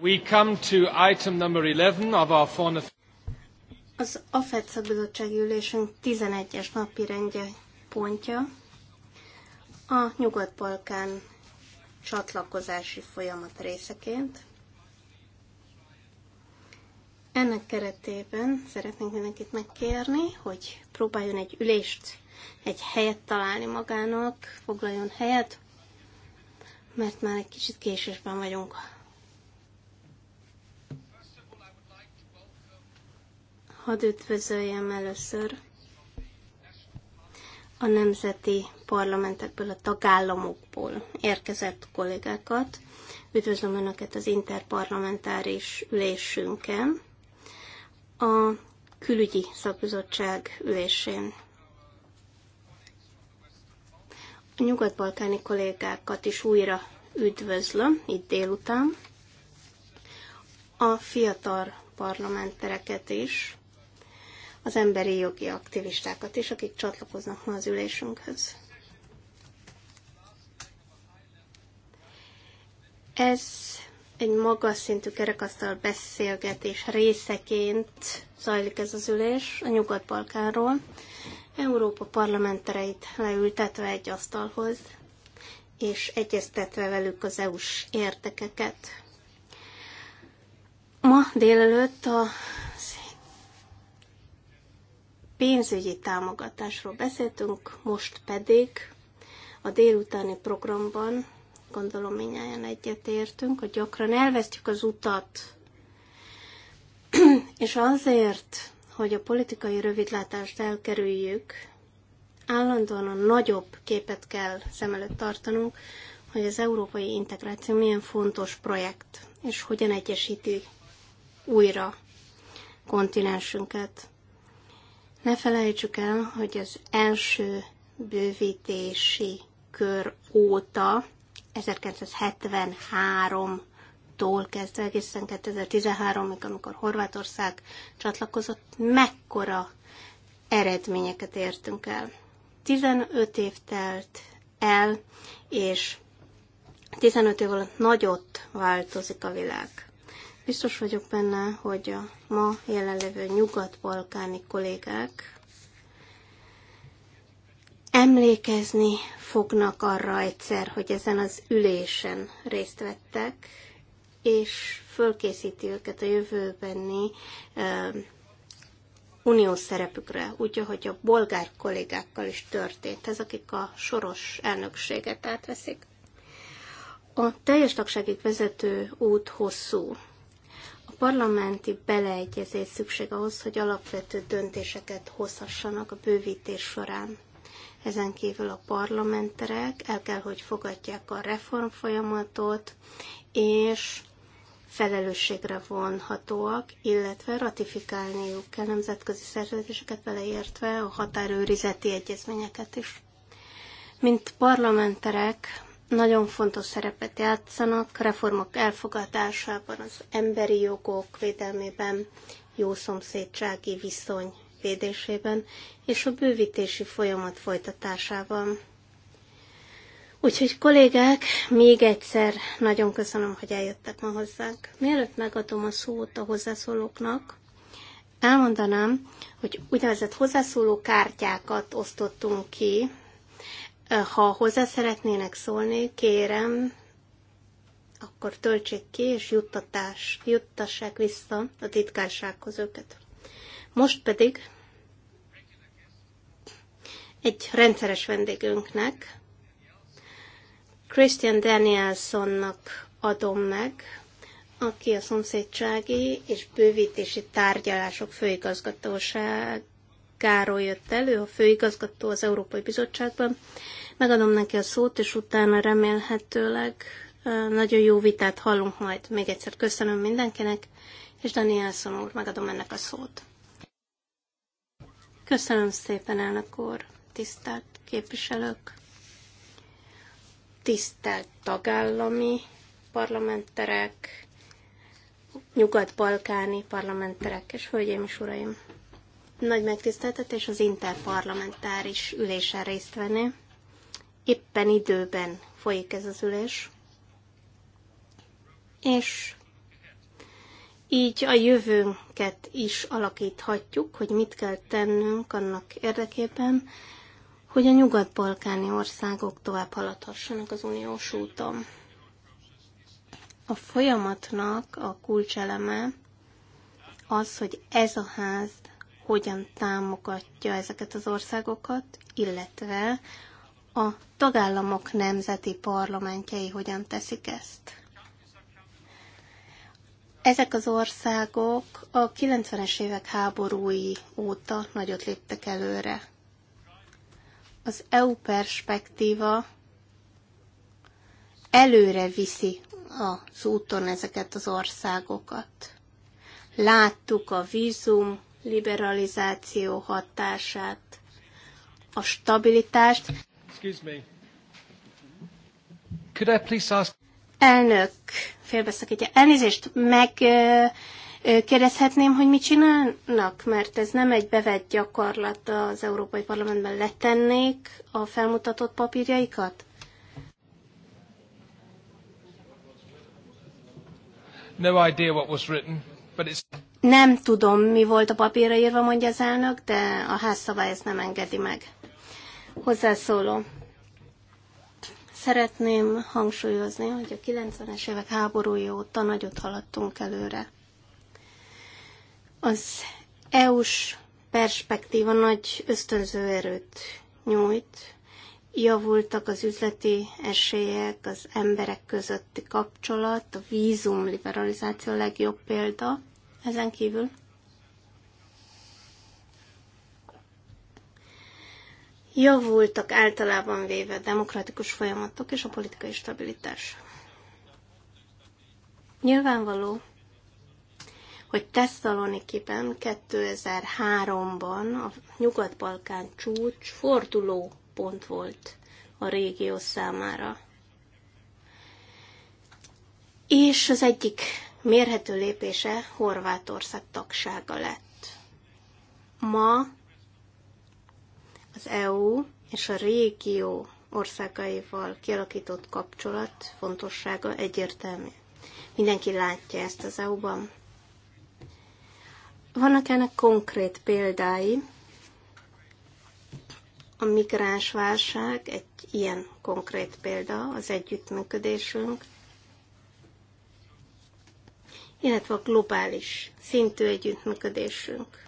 We come to item number 11 of our Az AFED szabadottsági ülésünk 11-es napi rendje pontja a Nyugat-Balkán csatlakozási folyamat részeként. Ennek keretében szeretnénk mindenkit megkérni, hogy próbáljon egy ülést, egy helyet találni magának, foglaljon helyet, mert már egy kicsit késésben vagyunk. Hadd üdvözöljem először a nemzeti parlamentekből, a tagállamokból érkezett kollégákat. Üdvözlöm Önöket az interparlamentáris ülésünken, a külügyi szakbizottság ülésén. A nyugat-balkáni kollégákat is újra üdvözlöm itt délután, a fiatal parlamentereket is, az emberi jogi aktivistákat is, akik csatlakoznak ma az ülésünkhöz. Ez egy magas szintű kerekasztal beszélgetés részeként zajlik ez az ülés a Nyugat-Balkánról, Európa parlamentereit leültetve egy asztalhoz, és egyeztetve velük az EU-s értekeket. Ma délelőtt a pénzügyi támogatásról beszéltünk, most pedig a délutáni programban, gondolom minnyáján egyetértünk, hogy gyakran elvesztjük az utat, és azért, hogy a politikai rövidlátást elkerüljük, állandóan a nagyobb képet kell szem előtt tartanunk, hogy az európai integráció milyen fontos projekt, és hogyan egyesíti újra kontinensünket. Ne felejtsük el, hogy az első bővítési kör óta, 1973-tól kezdve egészen 2013-ig, amikor Horvátország csatlakozott, mekkora eredményeket értünk el. 15 év telt el, és 15 év alatt nagyot változik a világ. Biztos vagyok benne, hogy a ma jelenlevő nyugat-balkáni kollégák emlékezni fognak arra egyszer, hogy ezen az ülésen részt vettek, és fölkészíti őket a jövőbeni uh, uniós szerepükre, úgy, ahogy a bolgár kollégákkal is történt, ez akik a soros elnökséget átveszik. A teljes tagságig vezető út hosszú, parlamenti beleegyezés szükség ahhoz, hogy alapvető döntéseket hozhassanak a bővítés során. Ezen kívül a parlamenterek el kell, hogy fogadják a reformfolyamatot, és felelősségre vonhatóak, illetve ratifikálniuk kell nemzetközi szerződéseket, beleértve a határőrizeti egyezményeket is. Mint parlamenterek nagyon fontos szerepet játszanak reformok elfogadásában, az emberi jogok védelmében, jó szomszédsági viszony védésében és a bővítési folyamat folytatásában. Úgyhogy kollégák, még egyszer nagyon köszönöm, hogy eljöttek ma hozzánk. Mielőtt megadom a szót a hozzászólóknak, elmondanám, hogy úgynevezett hozzászóló kártyákat osztottunk ki ha hozzá szeretnének szólni, kérem, akkor töltsék ki, és juttatás, juttassák vissza a titkársághoz őket. Most pedig egy rendszeres vendégünknek, Christian Danielsonnak adom meg, aki a szomszédsági és bővítési tárgyalások főigazgatóságáról jött elő, a főigazgató az Európai Bizottságban, Megadom neki a szót, és utána remélhetőleg nagyon jó vitát hallunk majd. Még egyszer köszönöm mindenkinek, és Danielson úr, megadom ennek a szót. Köszönöm szépen, elnök úr, tisztelt képviselők, tisztelt tagállami parlamenterek, nyugat-balkáni parlamenterek és hölgyeim és uraim. Nagy megtiszteltetés az interparlamentáris ülésen részt venni éppen időben folyik ez az ülés, és így a jövőnket is alakíthatjuk, hogy mit kell tennünk annak érdekében, hogy a nyugat-balkáni országok tovább haladhassanak az uniós úton. A folyamatnak a kulcseleme az, hogy ez a ház hogyan támogatja ezeket az országokat, illetve a tagállamok nemzeti parlamentjei hogyan teszik ezt. Ezek az országok a 90-es évek háborúi óta nagyot léptek előre. Az EU perspektíva előre viszi az úton ezeket az országokat. Láttuk a vízum liberalizáció hatását, a stabilitást. Excuse me. Could I please ask... Elnök, félbeszakítja. Elnézést, meg kérdezhetném, hogy mit csinálnak, mert ez nem egy bevett gyakorlat az Európai Parlamentben letennék a felmutatott papírjaikat? No idea what was written, but it's... Nem tudom, mi volt a papírra írva, mondja az elnök, de a házszabály ezt nem engedi meg hozzászóló. Szeretném hangsúlyozni, hogy a 90-es évek háborúja óta nagyot haladtunk előre. Az EU-s perspektíva nagy ösztönző erőt nyújt, javultak az üzleti esélyek, az emberek közötti kapcsolat, a vízum liberalizáció a legjobb példa ezen kívül. javultak általában véve a demokratikus folyamatok és a politikai stabilitás. Nyilvánvaló, hogy Tesszalonikiben 2003-ban a Nyugat-Balkán csúcs forduló pont volt a régió számára. És az egyik mérhető lépése Horvátország tagsága lett. Ma az EU és a régió országaival kialakított kapcsolat fontossága egyértelmű. Mindenki látja ezt az EU-ban. Vannak ennek konkrét példái. A migránsválság egy ilyen konkrét példa az együttműködésünk, illetve a globális szintű együttműködésünk.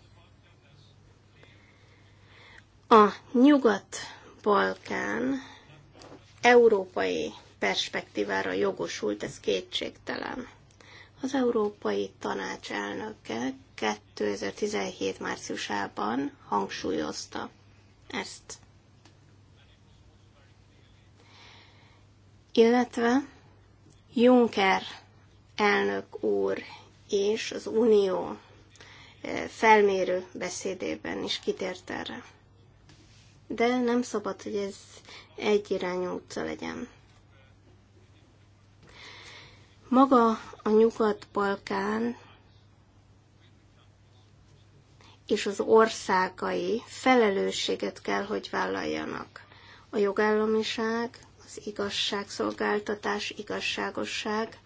A Nyugat-Balkán európai perspektívára jogosult, ez kétségtelen. Az Európai Tanács elnöke 2017 márciusában hangsúlyozta ezt. Illetve Juncker elnök úr és az Unió eh, felmérő beszédében is kitért erre de nem szabad, hogy ez egyirányú utca legyen. Maga a Nyugat-Balkán és az országai felelősséget kell, hogy vállaljanak. A jogállamiság, az igazságszolgáltatás, igazságosság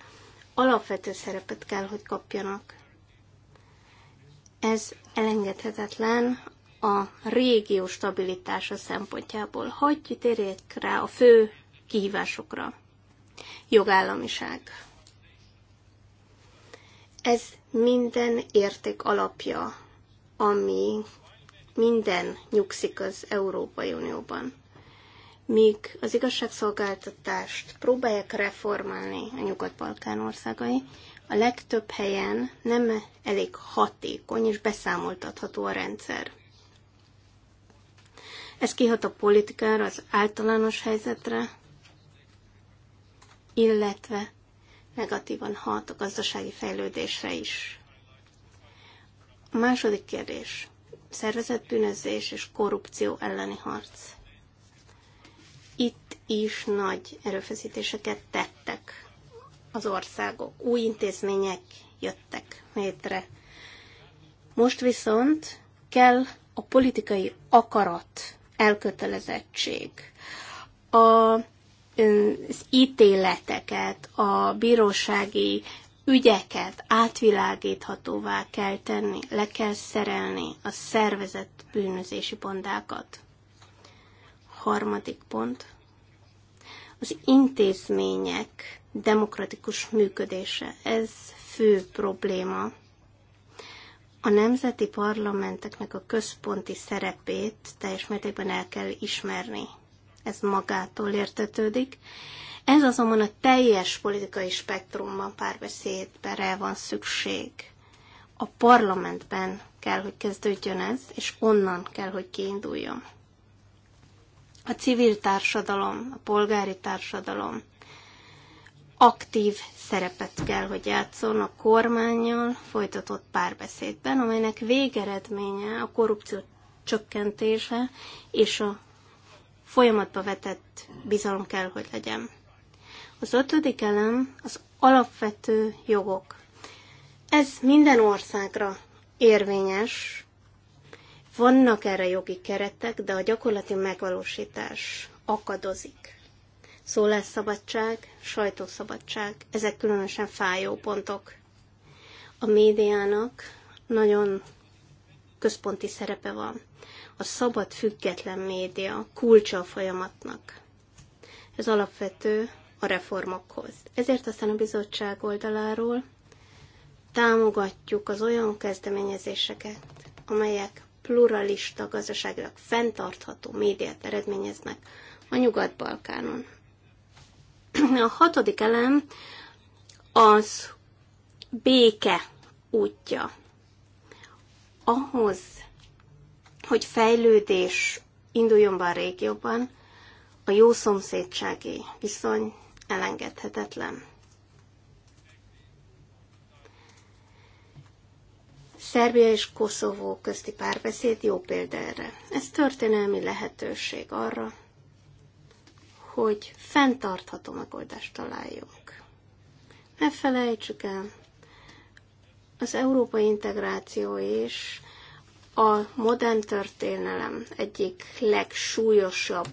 alapvető szerepet kell, hogy kapjanak. Ez elengedhetetlen a régió stabilitása szempontjából. Hogy térjek rá a fő kihívásokra? Jogállamiság. Ez minden érték alapja, ami minden nyugszik az Európai Unióban. Míg az igazságszolgáltatást próbálják reformálni a Nyugat-Balkán országai, a legtöbb helyen nem elég hatékony és beszámoltatható a rendszer. Ez kihat a politikára, az általános helyzetre, illetve negatívan hat a gazdasági fejlődésre is. A második kérdés. szervezetbűnözés és korrupció elleni harc. Itt is nagy erőfeszítéseket tettek az országok. Új intézmények jöttek létre. Most viszont kell a politikai akarat elkötelezettség. A, az ítéleteket, a bírósági ügyeket átvilágíthatóvá kell tenni, le kell szerelni a szervezett bűnözési bondákat. Harmadik pont. Az intézmények demokratikus működése. Ez fő probléma a nemzeti parlamenteknek a központi szerepét teljes mértékben el kell ismerni. Ez magától értetődik. Ez azonban a teljes politikai spektrumban párbeszédre van szükség. A parlamentben kell, hogy kezdődjön ez, és onnan kell, hogy kiinduljon. A civil társadalom, a polgári társadalom, aktív szerepet kell, hogy játszon a kormányjal folytatott párbeszédben, amelynek végeredménye a korrupció csökkentése és a folyamatba vetett bizalom kell, hogy legyen. Az ötödik elem az alapvető jogok. Ez minden országra érvényes, vannak erre jogi keretek, de a gyakorlati megvalósítás akadozik szólásszabadság, sajtószabadság, ezek különösen fájó pontok. A médiának nagyon központi szerepe van. A szabad, független média kulcsa a folyamatnak. Ez alapvető a reformokhoz. Ezért aztán a bizottság oldaláról támogatjuk az olyan kezdeményezéseket, amelyek pluralista, gazdaságilag fenntartható médiát eredményeznek a Nyugat-Balkánon. A hatodik elem az béke útja. Ahhoz, hogy fejlődés induljon be a régióban, a jó szomszédsági viszony elengedhetetlen. Szerbia és Koszovó közti párbeszéd jó példa erre. Ez történelmi lehetőség arra, hogy fenntartható megoldást találjunk. Ne felejtsük el, az európai integráció és a modern történelem egyik legsúlyosabb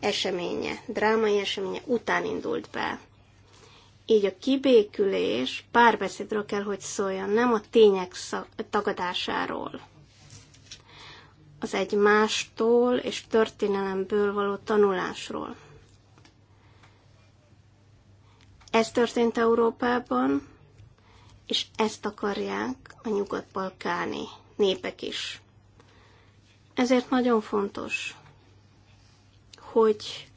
eseménye, drámai eseménye után indult be. Így a kibékülés párbeszédről kell, hogy szóljon, nem a tények tagadásáról. Az egymástól és történelemből való tanulásról. Ez történt Európában, és ezt akarják a nyugat-balkáni népek is. Ezért nagyon fontos, hogy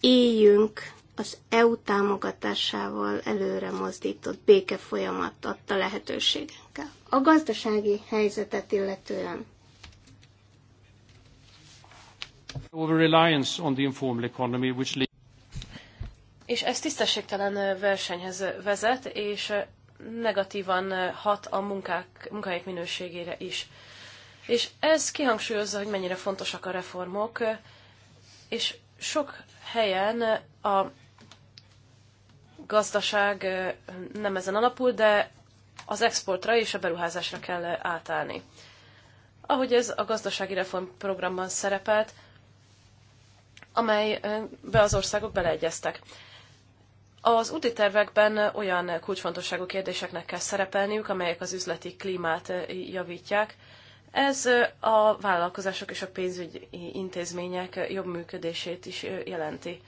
éljünk az EU támogatásával előre mozdított béke folyamat adta lehetőségekkel. A gazdasági helyzetet illetően. Over reliance on the informal economy, which és ez tisztességtelen versenyhez vezet, és negatívan hat a munkák, munkahelyek minőségére is. És ez kihangsúlyozza, hogy mennyire fontosak a reformok, és sok helyen a gazdaság nem ezen alapul, de az exportra és a beruházásra kell átállni. Ahogy ez a gazdasági reformprogramban szerepelt, amelybe az országok beleegyeztek. Az úti tervekben olyan kulcsfontosságú kérdéseknek kell szerepelniük, amelyek az üzleti klímát eh, javítják. Ez eh, a vállalkozások és a pénzügyi intézmények eh, jobb működését is jelenti.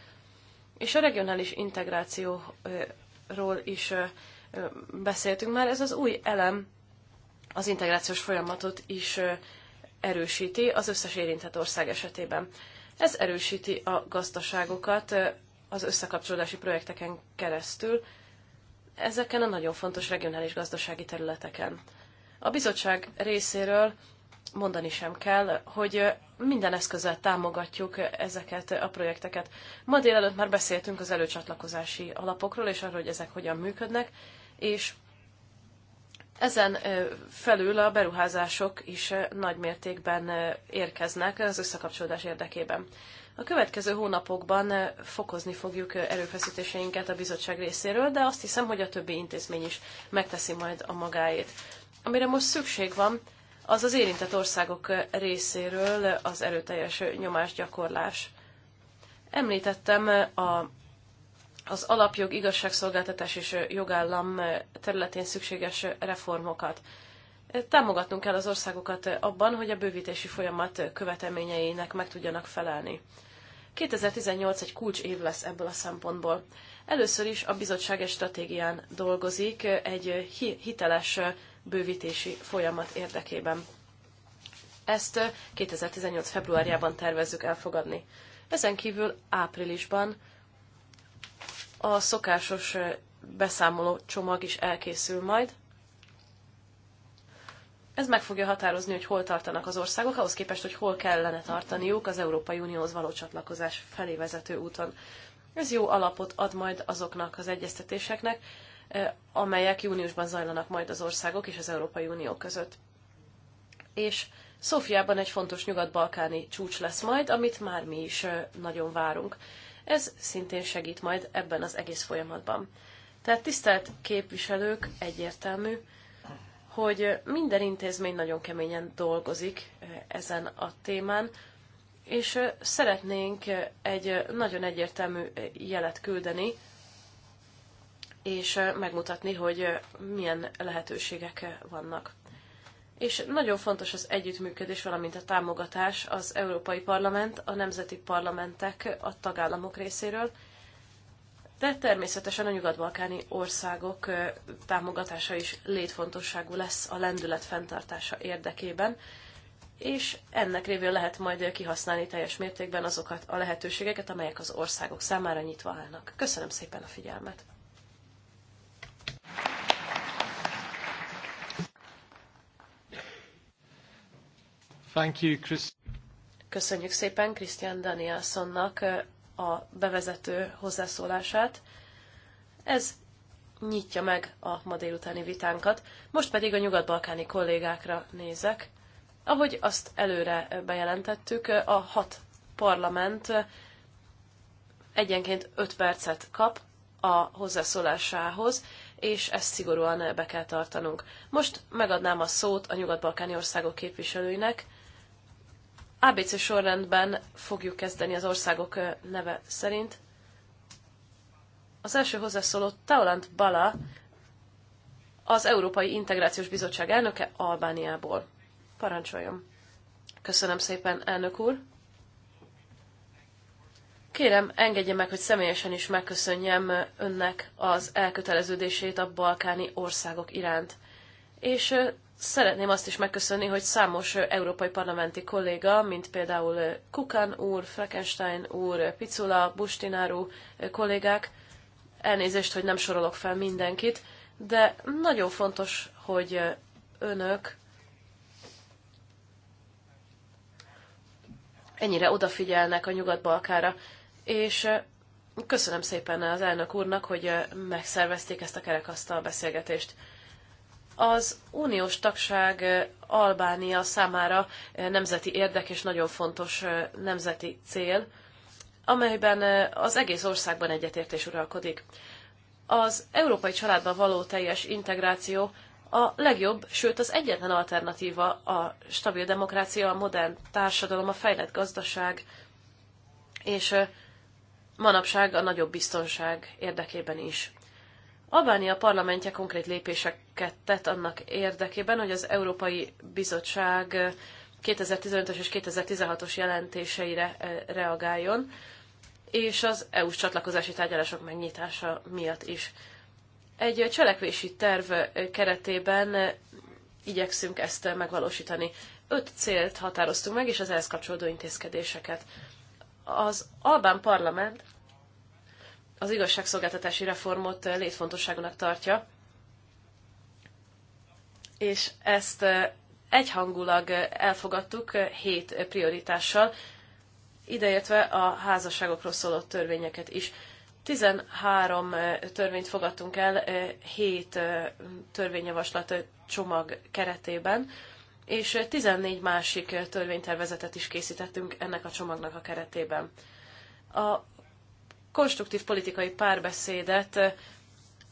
És a regionális integrációról is beszéltünk már, ez az új elem az integrációs folyamatot is erősíti az összes érintett ország esetében. Ez erősíti a gazdaságokat, az összekapcsolódási projekteken keresztül, ezeken a nagyon fontos regionális gazdasági területeken. A bizottság részéről mondani sem kell, hogy minden eszközzel támogatjuk ezeket a projekteket. Ma délelőtt már beszéltünk az előcsatlakozási alapokról, és arról, hogy ezek hogyan működnek, és ezen felül a beruházások is nagy mértékben érkeznek az összekapcsolódás érdekében. A következő hónapokban eh, fokozni fogjuk eh, erőfeszítéseinket a bizottság részéről, de azt hiszem, hogy a többi intézmény is megteszi majd a magáét. Amire most szükség van, az az érintett országok eh, részéről az erőteljes nyomásgyakorlás. Említettem a, az alapjog, igazságszolgáltatás és jogállam területén szükséges reformokat támogatnunk kell az országokat abban, hogy a bővítési folyamat követelményeinek meg tudjanak felelni. 2018 egy kulcs év lesz ebből a szempontból. Először is a bizottság egy stratégián dolgozik egy hiteles bővítési folyamat érdekében. Ezt 2018. februárjában tervezzük elfogadni. Ezen kívül áprilisban a szokásos beszámoló csomag is elkészül majd, ez meg fogja határozni, hogy hol tartanak az országok, ahhoz képest, hogy hol kellene tartaniuk az Európai Unióhoz való csatlakozás felé vezető úton. Ez jó alapot ad majd azoknak az egyeztetéseknek, eh, amelyek júniusban zajlanak majd az országok és az Európai Unió között. És Szófiában egy fontos nyugat-balkáni csúcs lesz majd, amit már mi is eh, nagyon várunk. Ez szintén segít majd ebben az egész folyamatban. Tehát tisztelt képviselők, egyértelmű, hogy minden intézmény nagyon keményen dolgozik eh, ezen a témán, és eh, szeretnénk eh, egy nagyon egyértelmű jelet küldeni, és megmutatni, hogy milyen lehetőségek vannak. És nagyon fontos az együttműködés, valamint a támogatás az Európai Parlament, a nemzeti parlamentek, a tagállamok részéről, de természetesen a nyugat-balkáni országok támogatása is létfontosságú lesz a lendület fenntartása érdekében, és ennek révén lehet majd kihasználni teljes mértékben azokat a lehetőségeket, amelyek az országok számára nyitva állnak. Köszönöm szépen a figyelmet! Thank you, Chris. Köszönjük szépen Christian Danielsonnak a bevezető hozzászólását. Ez nyitja meg a ma délutáni vitánkat. Most pedig a nyugat-balkáni kollégákra nézek. Ahogy azt előre bejelentettük, a hat parlament egyenként öt percet kap a hozzászólásához, és ezt szigorúan be kell tartanunk. Most megadnám a szót a nyugat-balkáni országok képviselőinek. ABC sorrendben fogjuk kezdeni az országok neve szerint. Az első hozzászóló Taolant Bala, az Európai Integrációs Bizottság elnöke Albániából. Parancsoljon. Köszönöm szépen, elnök úr. Kérem, engedje meg, hogy személyesen is megköszönjem önnek az elköteleződését a balkáni országok iránt. És Szeretném azt is megköszönni, hogy számos európai parlamenti kolléga, mint például Kukan úr, Frankenstein úr, Picula, Bustináru kollégák, elnézést, hogy nem sorolok fel mindenkit, de nagyon fontos, hogy önök ennyire odafigyelnek a Nyugat-Balkára, és köszönöm szépen az elnök úrnak, hogy megszervezték ezt a kerekasztal beszélgetést. Az uniós tagság Albánia számára nemzeti érdek és nagyon fontos nemzeti cél, amelyben az egész országban egyetértés uralkodik. Az európai családba való teljes integráció a legjobb, sőt az egyetlen alternatíva a stabil demokrácia, a modern társadalom, a fejlett gazdaság és manapság a nagyobb biztonság érdekében is. Albánia parlamentje konkrét lépések kettet tett annak érdekében, hogy az Európai Bizottság 2015-ös és 2016-os jelentéseire eh, reagáljon, és az EU-s csatlakozási tárgyalások megnyitása miatt is. Egy cselekvési terv eh, keretében eh, igyekszünk ezt megvalósítani. Öt célt határoztunk meg, és az ehhez kapcsolódó intézkedéseket. Az Albán Parlament az igazságszolgáltatási reformot létfontosságúnak tartja, és ezt egyhangulag elfogadtuk hét prioritással, ideértve a házasságokról szóló törvényeket is. 13 törvényt fogadtunk el 7 törvényjavaslat csomag keretében, és 14 másik törvénytervezetet is készítettünk ennek a csomagnak a keretében. A konstruktív politikai párbeszédet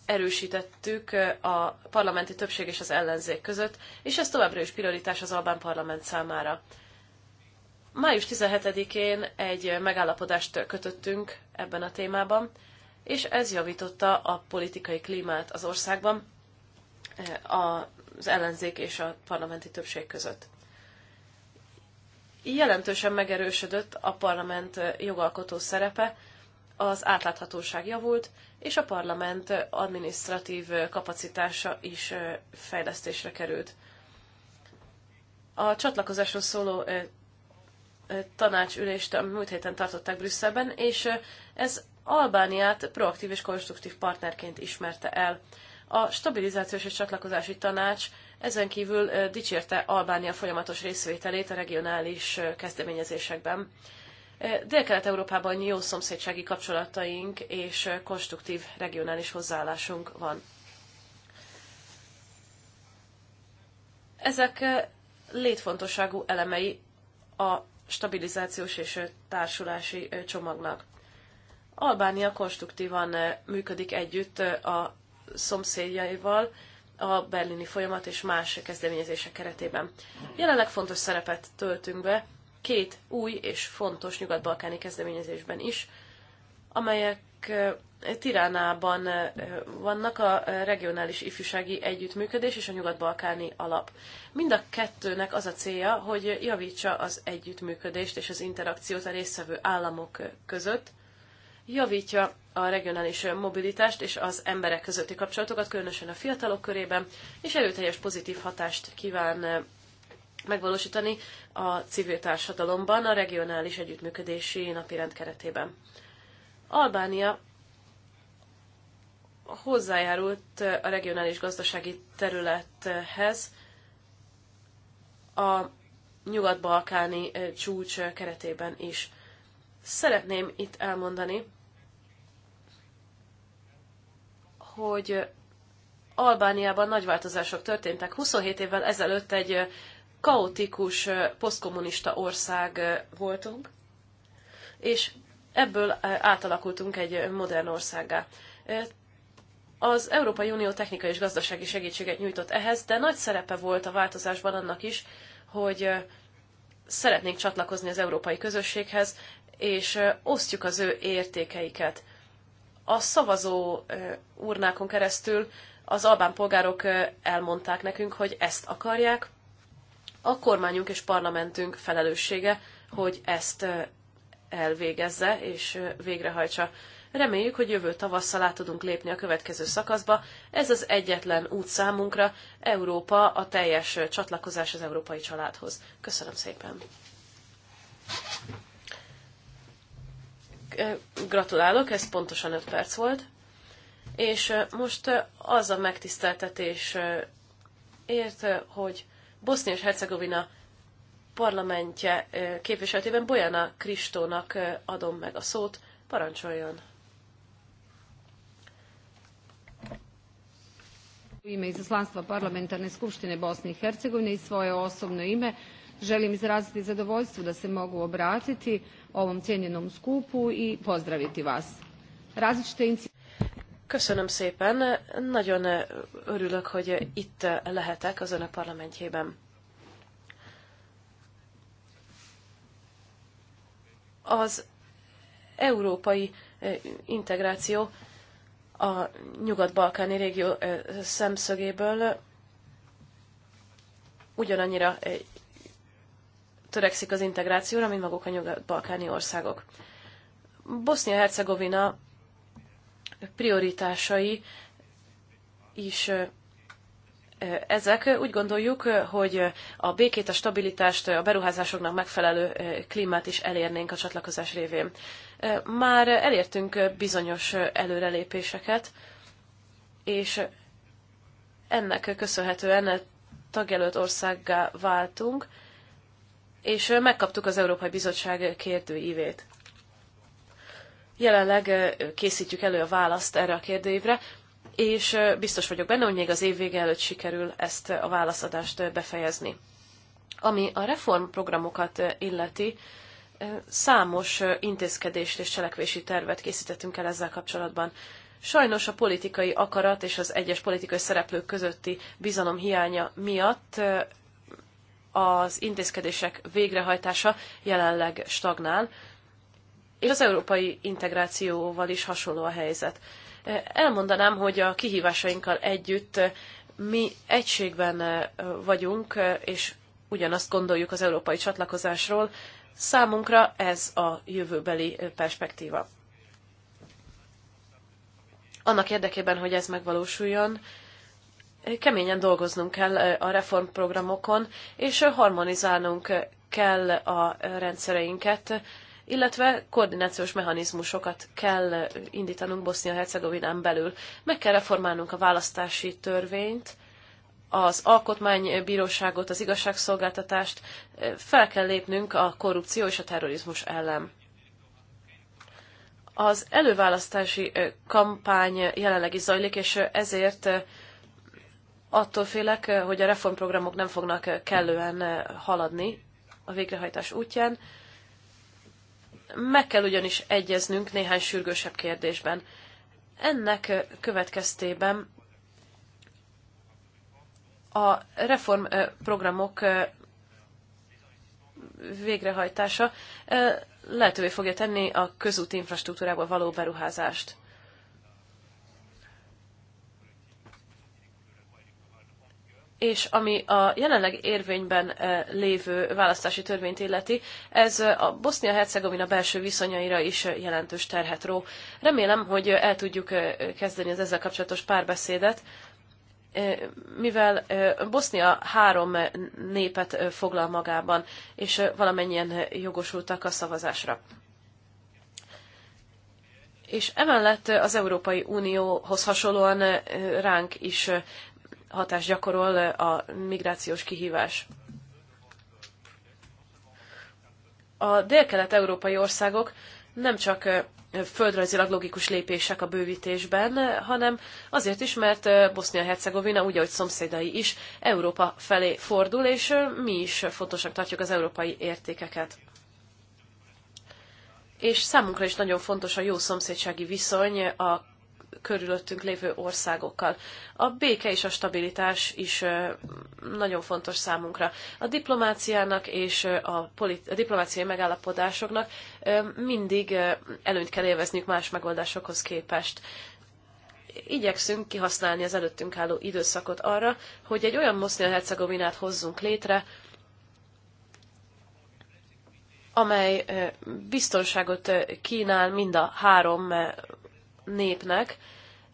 erősítettük eh, a parlamenti többség és az ellenzék között, és ez továbbra is prioritás az Albán parlament számára. Május 17-én egy megállapodást kötöttünk ebben a témában, és ez javította a politikai klímát az országban eh, az ellenzék és a parlamenti többség között. Jelentősen megerősödött a parlament jogalkotó szerepe, az átláthatóság javult, és a parlament administratív kapacitása is fejlesztésre került. A csatlakozásról szóló tanácsülést a múlt héten tartották Brüsszelben, és ez Albániát proaktív és konstruktív partnerként ismerte el. A stabilizációs és csatlakozási tanács ezen kívül dicsérte Albánia folyamatos részvételét a regionális kezdeményezésekben. Dél-Kelet-Európában jó szomszédsági kapcsolataink és konstruktív regionális hozzáállásunk van. Ezek létfontosságú elemei a stabilizációs és társulási csomagnak. Albánia konstruktívan működik együtt a szomszédjaival, a berlini folyamat és más kezdeményezések keretében. Jelenleg fontos szerepet töltünk be két új és fontos nyugat-balkáni kezdeményezésben is, amelyek Tiránában vannak a regionális ifjúsági együttműködés és a nyugat-balkáni alap. Mind a kettőnek az a célja, hogy javítsa az együttműködést és az interakciót a résztvevő államok között, javítja a regionális mobilitást és az emberek közötti kapcsolatokat, különösen a fiatalok körében, és erőteljes pozitív hatást kíván megvalósítani a civil társadalomban, a regionális együttműködési napirend keretében. Albánia hozzájárult a regionális gazdasági területhez a nyugat-balkáni csúcs keretében is. Szeretném itt elmondani, hogy Albániában nagy változások történtek. 27 évvel ezelőtt egy kaotikus posztkommunista ország voltunk, és ebből átalakultunk egy modern országá. Az Európai Unió technikai és gazdasági segítséget nyújtott ehhez, de nagy szerepe volt a változásban annak is, hogy szeretnénk csatlakozni az európai közösséghez, és osztjuk az ő értékeiket. A szavazó urnákon keresztül az albán polgárok elmondták nekünk, hogy ezt akarják, a kormányunk és parlamentünk felelőssége, hogy ezt elvégezze és végrehajtsa. Reméljük, hogy jövő tavasszal át tudunk lépni a következő szakaszba. Ez az egyetlen út számunkra, Európa a teljes csatlakozás az európai családhoz. Köszönöm szépen! Gratulálok, ez pontosan 5 perc volt. És most az a megtiszteltetés ért, hogy Bosznia és Hercegovina parlamentje képviseletében Bojana Kristónak adom meg a szót. Parancsoljon! U ime izaslanstva Parlamentarne skupštine Bosne i Hercegovine i svoje osobno ime želim izraziti zadovoljstvo da se mogu obratiti ovom cijenjenom skupu i pozdraviti vas. Različite incidente Köszönöm szépen, nagyon örülök, hogy itt lehetek az önök parlamentjében. Az európai integráció a nyugat-balkáni régió szemszögéből ugyanannyira törekszik az integrációra, mint maguk a nyugat-balkáni országok. Bosznia-Hercegovina prioritásai is ezek. Úgy gondoljuk, hogy a békét, a stabilitást, a beruházásoknak megfelelő klímát is elérnénk a csatlakozás révén. Már elértünk bizonyos előrelépéseket, és ennek köszönhetően tagjelölt országgá váltunk, és megkaptuk az Európai Bizottság kérdőívét. Jelenleg készítjük elő a választ erre a kérdőívre, és biztos vagyok benne, hogy még az év vége előtt sikerül ezt a válaszadást befejezni. Ami a reformprogramokat illeti, számos intézkedést és cselekvési tervet készítettünk el ezzel kapcsolatban. Sajnos a politikai akarat és az egyes politikai szereplők közötti bizalom hiánya miatt az intézkedések végrehajtása jelenleg stagnál, és az európai integrációval is hasonló a helyzet. Eh, elmondanám, hogy a kihívásainkkal együtt eh, mi egységben eh, vagyunk, és ugyanazt gondoljuk az európai csatlakozásról. Számunkra ez a jövőbeli perspektíva. Annak érdekében, hogy ez megvalósuljon, keményen dolgoznunk kell a reformprogramokon, és harmonizálnunk kell a rendszereinket, illetve koordinációs mechanizmusokat kell indítanunk Bosznia-Hercegovinán belül. Meg kell reformálnunk a választási törvényt, az alkotmánybíróságot, az igazságszolgáltatást, fel kell lépnünk a korrupció és a terrorizmus ellen. Az előválasztási kampány jelenleg is zajlik, és ezért attól félek, hogy a reformprogramok nem fognak kellően haladni a végrehajtás útján meg kell ugyanis egyeznünk néhány sürgősebb kérdésben. Ennek következtében a reformprogramok végrehajtása lehetővé fogja tenni a közúti infrastruktúrába való beruházást. és ami a jelenleg érvényben eh, lévő választási törvényt illeti, ez eh, a Bosznia-Hercegovina belső viszonyaira is eh, jelentős terhet ró. Remélem, hogy el tudjuk kezdeni az ezzel kapcsolatos párbeszédet, mivel Bosznia három népet foglal magában, és valamennyien jogosultak a szavazásra. És emellett az Európai Unióhoz hasonlóan ránk is hatást gyakorol a migrációs kihívás. A délkelet-európai országok nem csak földrajzilag logikus lépések a bővítésben, hanem azért is, mert Bosznia-Hercegovina, úgy, ahogy szomszédai is, Európa felé fordul, és mi is fontosak tartjuk az európai értékeket. És számunkra is nagyon fontos a jó szomszédsági viszony a körülöttünk lévő országokkal. A béke és a stabilitás is nagyon fontos számunkra. A diplomáciának és a, politi- a diplomáciai megállapodásoknak mindig előnyt kell élvezniük más megoldásokhoz képest igyekszünk kihasználni az előttünk álló időszakot arra, hogy egy olyan Bosznia-Hercegovinát hozzunk létre, amely biztonságot kínál mind a három népnek,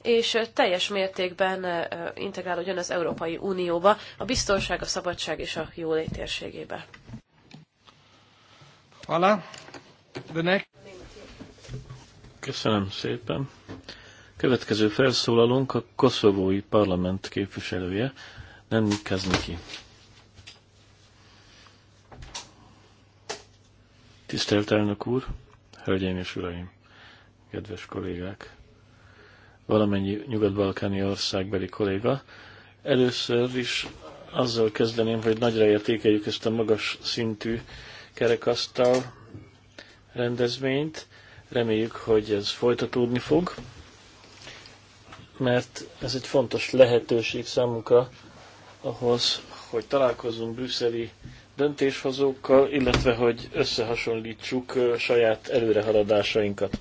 és teljes mértékben integrálódjon az Európai Unióba, a biztonság, a szabadság és a jólét térségébe. Voilà. The next. Köszönöm szépen. Következő felszólalónk a koszovói parlament képviselője, Nenni Kazniki. Tisztelt elnök úr, hölgyeim és uraim, kedves kollégák! valamennyi nyugat-balkáni országbeli kolléga. Először is azzal kezdeném, hogy nagyra értékeljük ezt a magas szintű kerekasztal rendezvényt. Reméljük, hogy ez folytatódni fog, mert ez egy fontos lehetőség számunkra ahhoz, hogy találkozunk brüsszeli döntéshozókkal, illetve hogy összehasonlítsuk saját előrehaladásainkat.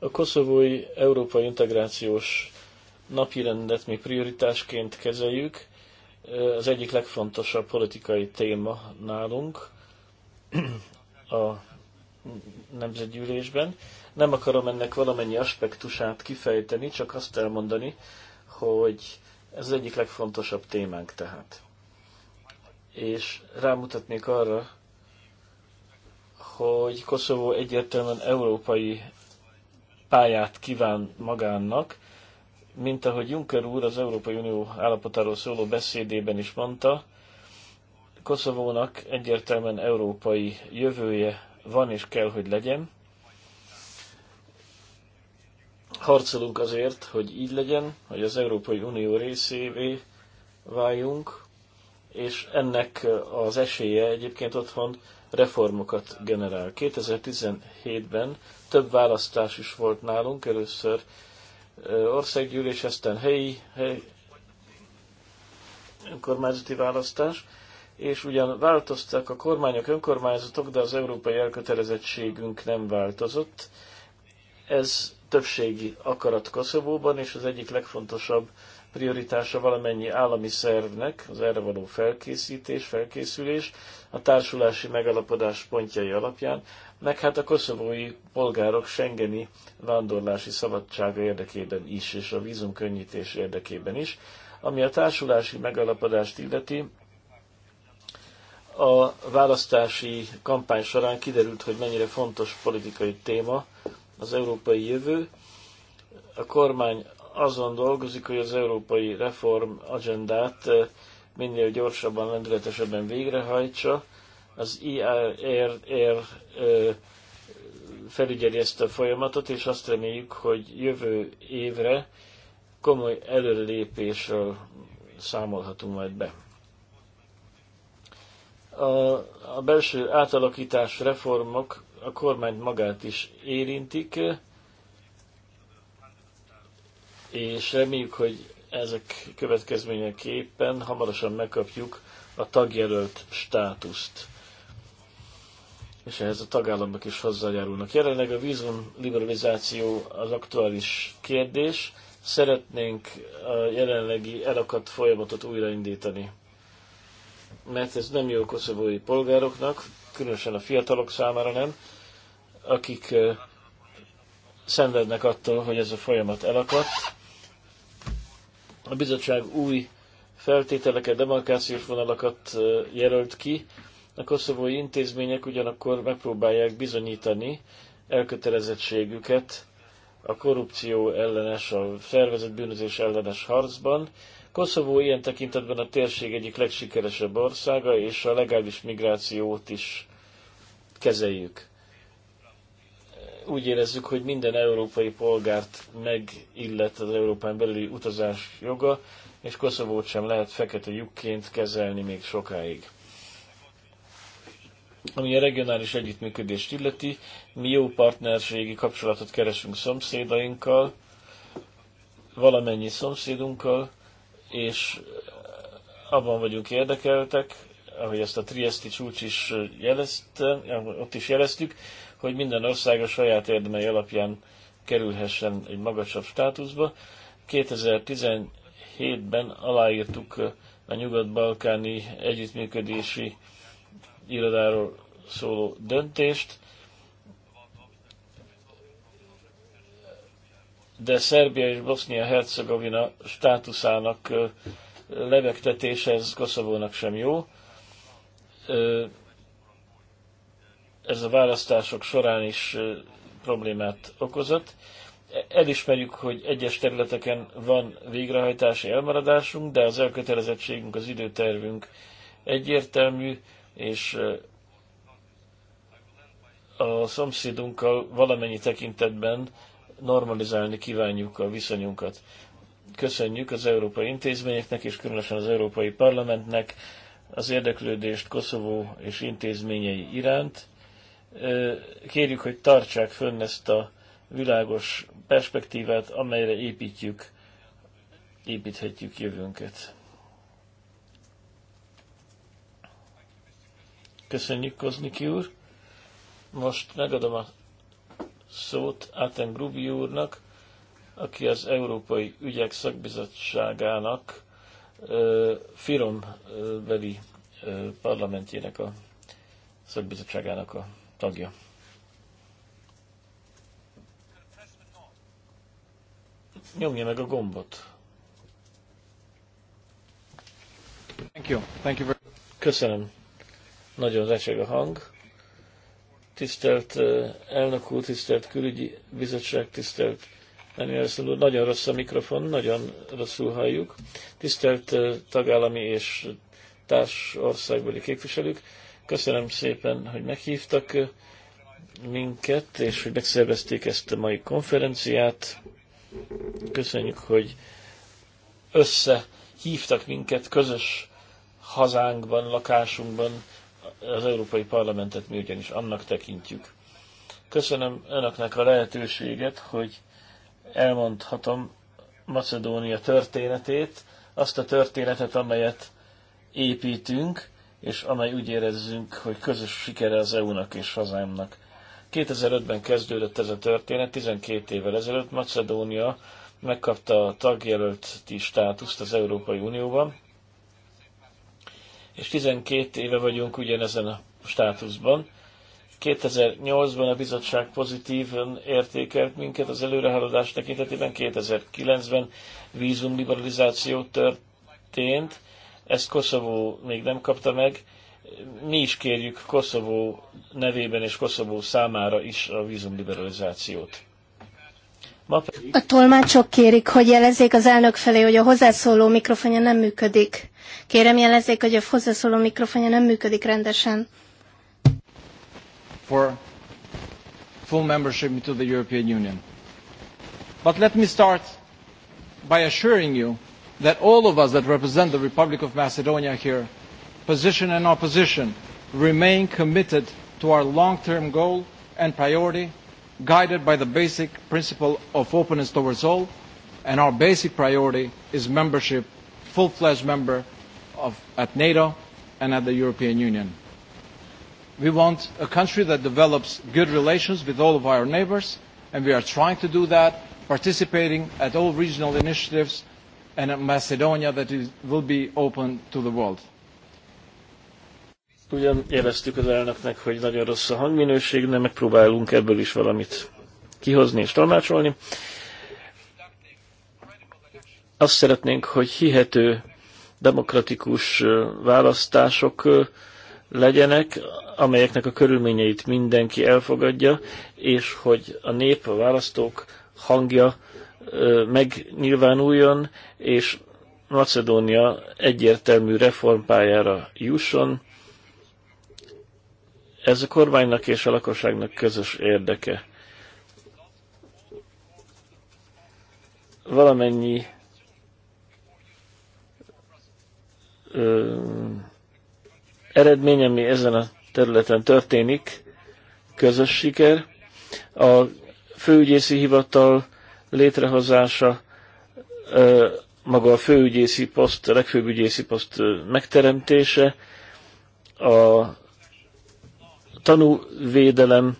A koszovói európai integrációs napirendet mi prioritásként kezeljük. Az egyik legfontosabb politikai téma nálunk a nemzetgyűlésben. Nem akarom ennek valamennyi aspektusát kifejteni, csak azt elmondani, hogy ez az egyik legfontosabb témánk tehát. És rámutatnék arra, hogy Koszovó egyértelműen európai pályát kíván magának, mint ahogy Juncker úr az Európai Unió állapotáról szóló beszédében is mondta, Koszovónak egyértelműen európai jövője van és kell, hogy legyen. Harcolunk azért, hogy így legyen, hogy az Európai Unió részévé váljunk, és ennek az esélye egyébként otthon reformokat generál. 2017-ben több választás is volt nálunk, először országgyűlés, aztán helyi, helyi önkormányzati választás, és ugyan változtak a kormányok, önkormányzatok, de az európai elkötelezettségünk nem változott. Ez többségi akarat Koszovóban, és az egyik legfontosabb prioritása valamennyi állami szervnek az erre való felkészítés, felkészülés a társulási megalapodás pontjai alapján, meg hát a koszovói polgárok Schengeni vándorlási szabadsága érdekében is, és a vízumkönnyítés érdekében is. Ami a társulási megalapodást illeti, a választási kampány során kiderült, hogy mennyire fontos politikai téma az európai jövő. A kormány azon dolgozik, hogy az európai reform agendát eh, minél gyorsabban, lendületesebben végrehajtsa. Az IR eh, felügyeli ezt a folyamatot, és azt reméljük, hogy jövő évre komoly előrelépésről számolhatunk majd be. A, a belső átalakítás reformok a kormányt magát is érintik, eh, és reméljük, hogy ezek következményeképpen hamarosan megkapjuk a tagjelölt státuszt. És ehhez a tagállamok is hozzájárulnak. Jelenleg a vízum liberalizáció az aktuális kérdés. Szeretnénk a jelenlegi elakadt folyamatot újraindítani. Mert ez nem jó koszovói polgároknak, különösen a fiatalok számára nem, akik szenvednek attól, hogy ez a folyamat elakadt a bizottság új feltételeket, demarkációs vonalakat jelölt ki. A koszovói intézmények ugyanakkor megpróbálják bizonyítani elkötelezettségüket a korrupció ellenes, a szervezett bűnözés ellenes harcban. Koszovó ilyen tekintetben a térség egyik legsikeresebb országa, és a legális migrációt is kezeljük úgy érezzük, hogy minden európai polgárt megillet az Európán belüli utazás joga, és Koszovót sem lehet fekete lyukként kezelni még sokáig. Ami a regionális együttműködést illeti, mi jó partnerségi kapcsolatot keresünk szomszédainkkal, valamennyi szomszédunkkal, és abban vagyunk érdekeltek, ahogy ezt a Triesti csúcs is jelezte, ott is jeleztük, hogy minden ország a saját érdemei alapján kerülhessen egy magasabb státuszba. 2017-ben aláírtuk a nyugat-balkáni együttműködési irodáról szóló döntést, de Szerbia és Bosznia-Hercegovina státuszának levegtetése ez Koszovónak sem jó ez a választások során is problémát okozott. E-, elismerjük, hogy egyes területeken van végrehajtási elmaradásunk, de az elkötelezettségünk, az időtervünk egyértelmű, és a szomszédunkkal valamennyi tekintetben normalizálni kívánjuk a viszonyunkat. Köszönjük az európai intézményeknek és különösen az Európai Parlamentnek az érdeklődést Koszovó és intézményei iránt Kérjük, hogy tartsák fönn ezt a világos perspektívát, amelyre építjük, építhetjük jövőnket. Köszönjük, Kozniki úr! Most megadom a szót Aten Grubi úrnak, aki az Európai Ügyek Szakbizottságának Firom beli parlamentjének a szakbizottságának a tagja. Nyomja meg a gombot. Thank you. Thank you very... Köszönöm. Nagyon recseg a hang. Tisztelt elnök úr, tisztelt külügyi bizottság, tisztelt Danielson úr, nagyon rossz a mikrofon, nagyon rosszul halljuk. Tisztelt tagállami és társ képviselők, Köszönöm szépen, hogy meghívtak minket, és hogy megszervezték ezt a mai konferenciát. Köszönjük, hogy összehívtak minket közös hazánkban, lakásunkban, az Európai Parlamentet mi ugyanis annak tekintjük. Köszönöm Önöknek a lehetőséget, hogy elmondhatom Macedónia történetét, azt a történetet, amelyet építünk, és amely úgy érezzünk, hogy közös sikere az EU-nak és hazámnak. 2005-ben kezdődött ez a történet, 12 évvel ezelőtt Macedónia megkapta a tagjelölti státuszt az Európai Unióban, és 12 éve vagyunk ugyanezen a státuszban. 2008-ban a bizottság pozitívan értékelt minket az előrehaladás tekintetében, 2009-ben vízumliberalizáció történt, ezt Koszovó még nem kapta meg. Mi is kérjük Koszovó nevében és Koszovó számára is a vízumliberalizációt. A tolmácsok kérik, hogy jelezzék az elnök felé, hogy a hozzászóló mikrofonja nem működik. Kérem jelezzék, hogy a hozzászóló mikrofonja nem működik rendesen. For full membership into the European Union. But let me start by assuring you that all of us that represent the Republic of Macedonia here, position and opposition, remain committed to our long-term goal and priority, guided by the basic principle of openness towards all, and our basic priority is membership, full-fledged member of, at NATO and at the European Union. We want a country that develops good relations with all of our neighbors, and we are trying to do that, participating at all regional initiatives and a Macedonia that is, will be open to the world. Ugyan jeleztük az elnöknek, hogy nagyon rossz a hangminőség, de megpróbálunk ebből is valamit kihozni és tanácsolni. Azt szeretnénk, hogy hihető demokratikus választások legyenek, amelyeknek a körülményeit mindenki elfogadja, és hogy a nép, a választók hangja megnyilvánuljon, és Macedónia egyértelmű reformpályára jusson. Ez a kormánynak és a lakosságnak közös érdeke. Valamennyi ö, eredmény, ami ezen a területen történik, közös siker. A főügyészi hivatal létrehozása, maga a főügyészi poszt, a legfőbb ügyészi poszt megteremtése, a tanúvédelem,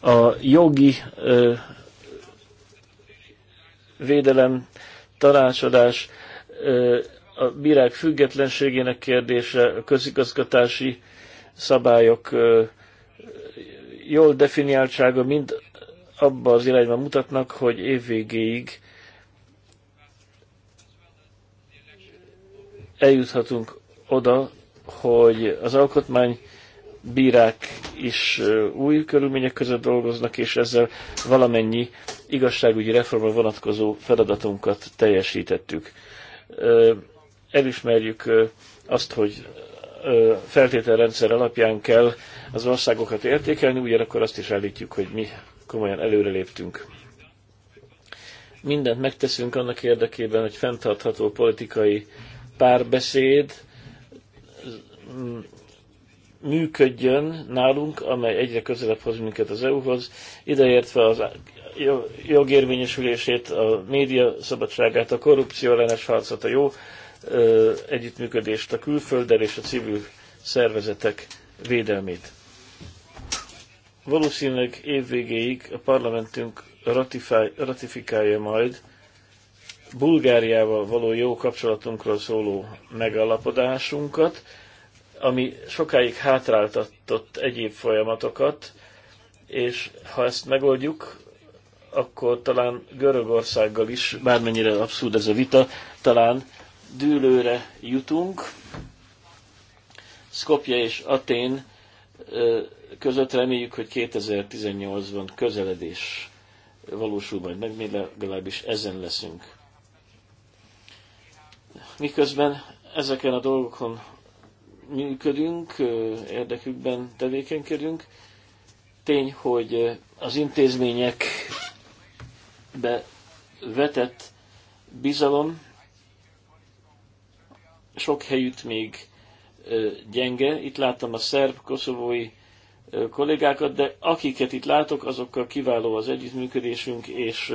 a jogi védelem, tanácsadás, a bírák függetlenségének kérdése, a közigazgatási szabályok jól definiáltsága mind abba az irányba mutatnak, hogy évvégéig eljuthatunk oda, hogy az alkotmány bírák is új körülmények között dolgoznak, és ezzel valamennyi igazságügyi reformra vonatkozó feladatunkat teljesítettük. Elismerjük azt, hogy feltételrendszer alapján kell az országokat értékelni, ugyanakkor azt is állítjuk, hogy mi komolyan előreléptünk. Mindent megteszünk annak érdekében, hogy fenntartható politikai párbeszéd mm, működjön nálunk, amely egyre közelebb hoz minket az EU-hoz, ideértve az jogérvényesülését, a média szabadságát, a korrupció ellenes harcot, a jó együttműködést a külfölddel és a civil szervezetek védelmét. Valószínűleg évvégéig a parlamentünk ratifikálja majd Bulgáriával való jó kapcsolatunkról szóló megalapodásunkat, ami sokáig hátráltatott egyéb folyamatokat, és ha ezt megoldjuk, akkor talán Görögországgal is, bármennyire abszurd ez a vita, talán dűlőre jutunk. Skopje és Atén között reméljük, hogy 2018-ban közeledés valósul majd meg, mi legalábbis ezen leszünk. Miközben ezeken a dolgokon működünk, érdekükben tevékenykedünk, tény, hogy az intézményekbe vetett bizalom sok helyütt még gyenge. Itt láttam a szerb-koszovói kollégákat, de akiket itt látok, azokkal kiváló az együttműködésünk, és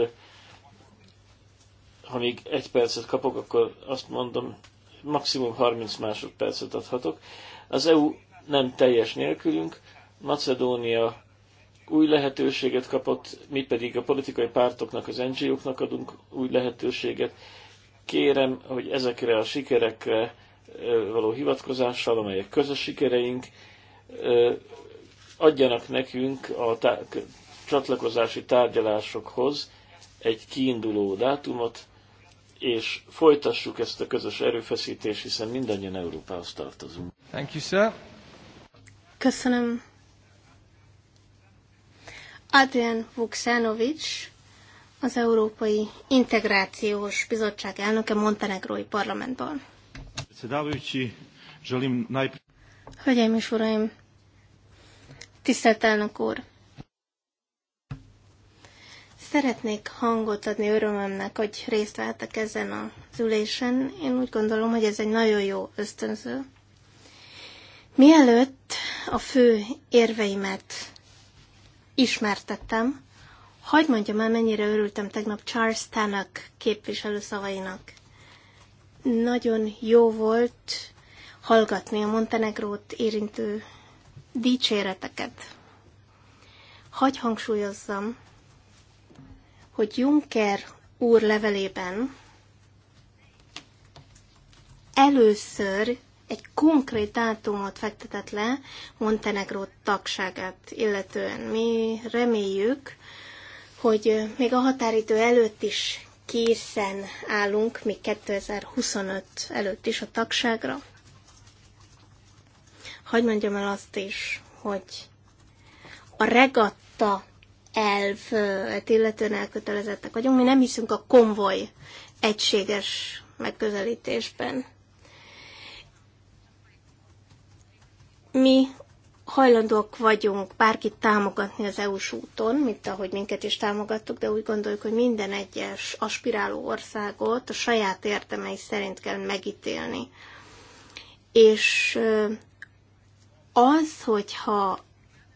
ha még egy percet kapok, akkor azt mondom, maximum 30 másodpercet adhatok. Az EU nem teljes nélkülünk, Macedónia új lehetőséget kapott, mi pedig a politikai pártoknak, az NGO-knak adunk új lehetőséget. Kérem, hogy ezekre a sikerekre való hivatkozással, amelyek közös sikereink, adjanak nekünk a tá- csatlakozási tárgyalásokhoz egy kiinduló dátumot, és folytassuk ezt a közös erőfeszítést, hiszen mindannyian Európához tartozunk. Thank you, sir. Köszönöm. Adrian Vuksanovics, az Európai Integrációs Bizottság elnöke Montenegrói Parlamentból. Hölgyeim és uraim, Tisztelt elnök úr! Szeretnék hangot adni örömömnek, hogy részt vettek ezen az ülésen. Én úgy gondolom, hogy ez egy nagyon jó ösztönző. Mielőtt a fő érveimet ismertettem, hagyd mondjam el, mennyire örültem tegnap Charles Tannock képviselő szavainak. Nagyon jó volt hallgatni a Montenegrót érintő dicséreteket. Hagy hangsúlyozzam, hogy Juncker úr levelében először egy konkrét dátumot fektetett le Montenegró tagságát, illetően mi reméljük, hogy még a határidő előtt is készen állunk, még 2025 előtt is a tagságra hagyd mondjam el azt is, hogy a regatta elvet illetően elkötelezettek vagyunk, mi nem hiszünk a konvoj egységes megközelítésben. Mi hajlandóak vagyunk bárkit támogatni az EU-s úton, mint ahogy minket is támogattuk, de úgy gondoljuk, hogy minden egyes aspiráló országot a saját értemei szerint kell megítélni. És az, hogyha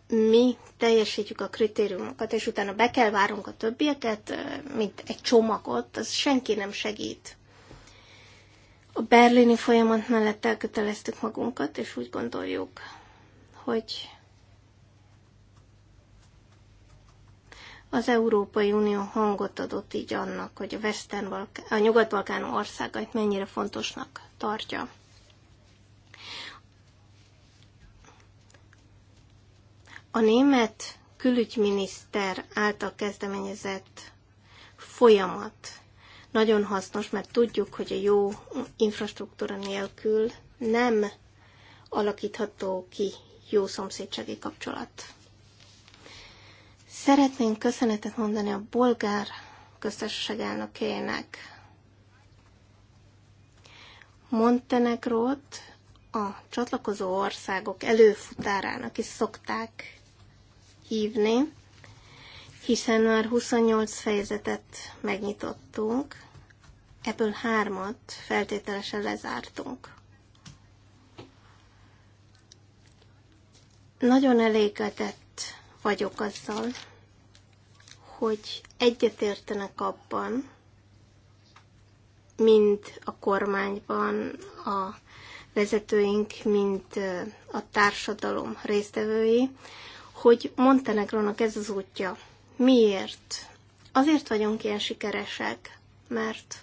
mi teljesítjük a kritériumokat, és utána be kell várunk a többieket, mint egy csomagot, az senki nem segít. A berlini folyamat mellett elköteleztük magunkat, és úgy gondoljuk, hogy az Európai Unió hangot adott így annak, hogy a, Western Balkán, a Nyugat-Balkán országait mennyire fontosnak tartja. A német külügyminiszter által kezdeményezett folyamat nagyon hasznos, mert tudjuk, hogy a jó infrastruktúra nélkül nem alakítható ki jó szomszédsági kapcsolat. Szeretnénk köszönetet mondani a bolgár köztársaság elnökének. Montenegrót a csatlakozó országok előfutárának is szokták hívni, hiszen már 28 fejezetet megnyitottunk, ebből hármat feltételesen lezártunk. Nagyon elégedett vagyok azzal, hogy egyetértenek abban, mind a kormányban a vezetőink, mind a társadalom résztvevői, hogy Montenegrónak ez az útja. Miért? Azért vagyunk ilyen sikeresek, mert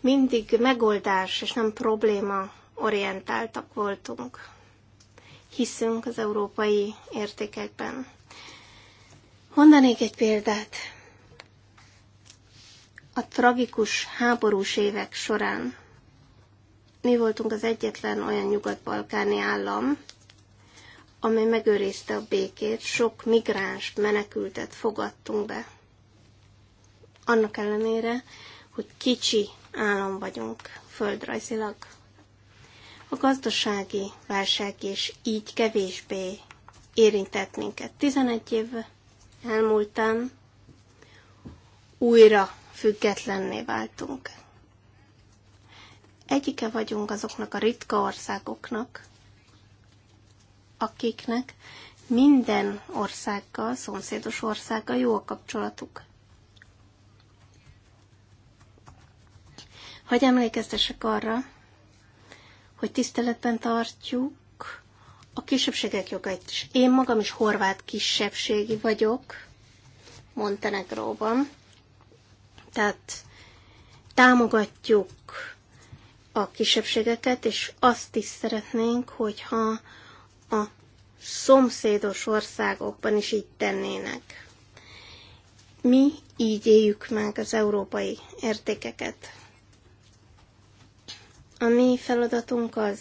mindig megoldás és nem probléma orientáltak voltunk. Hiszünk az európai értékekben. Mondanék egy példát. A tragikus háborús évek során mi voltunk az egyetlen olyan nyugat-balkáni állam, amely megőrizte a békét, sok migráns menekültet fogadtunk be. Annak ellenére, hogy kicsi állam vagyunk földrajzilag. A gazdasági válság is így kevésbé érintett minket. 11 év elmúltán újra függetlenné váltunk. Egyike vagyunk azoknak a ritka országoknak, akiknek minden országgal, szomszédos országgal jó a kapcsolatuk. Hogy emlékeztessek arra, hogy tiszteletben tartjuk a kisebbségek jogait is. Én magam is horvát kisebbségi vagyok Montenegróban, tehát támogatjuk a kisebbségeket, és azt is szeretnénk, hogyha a szomszédos országokban is így tennének. Mi így éljük meg az európai értékeket. A mi feladatunk az,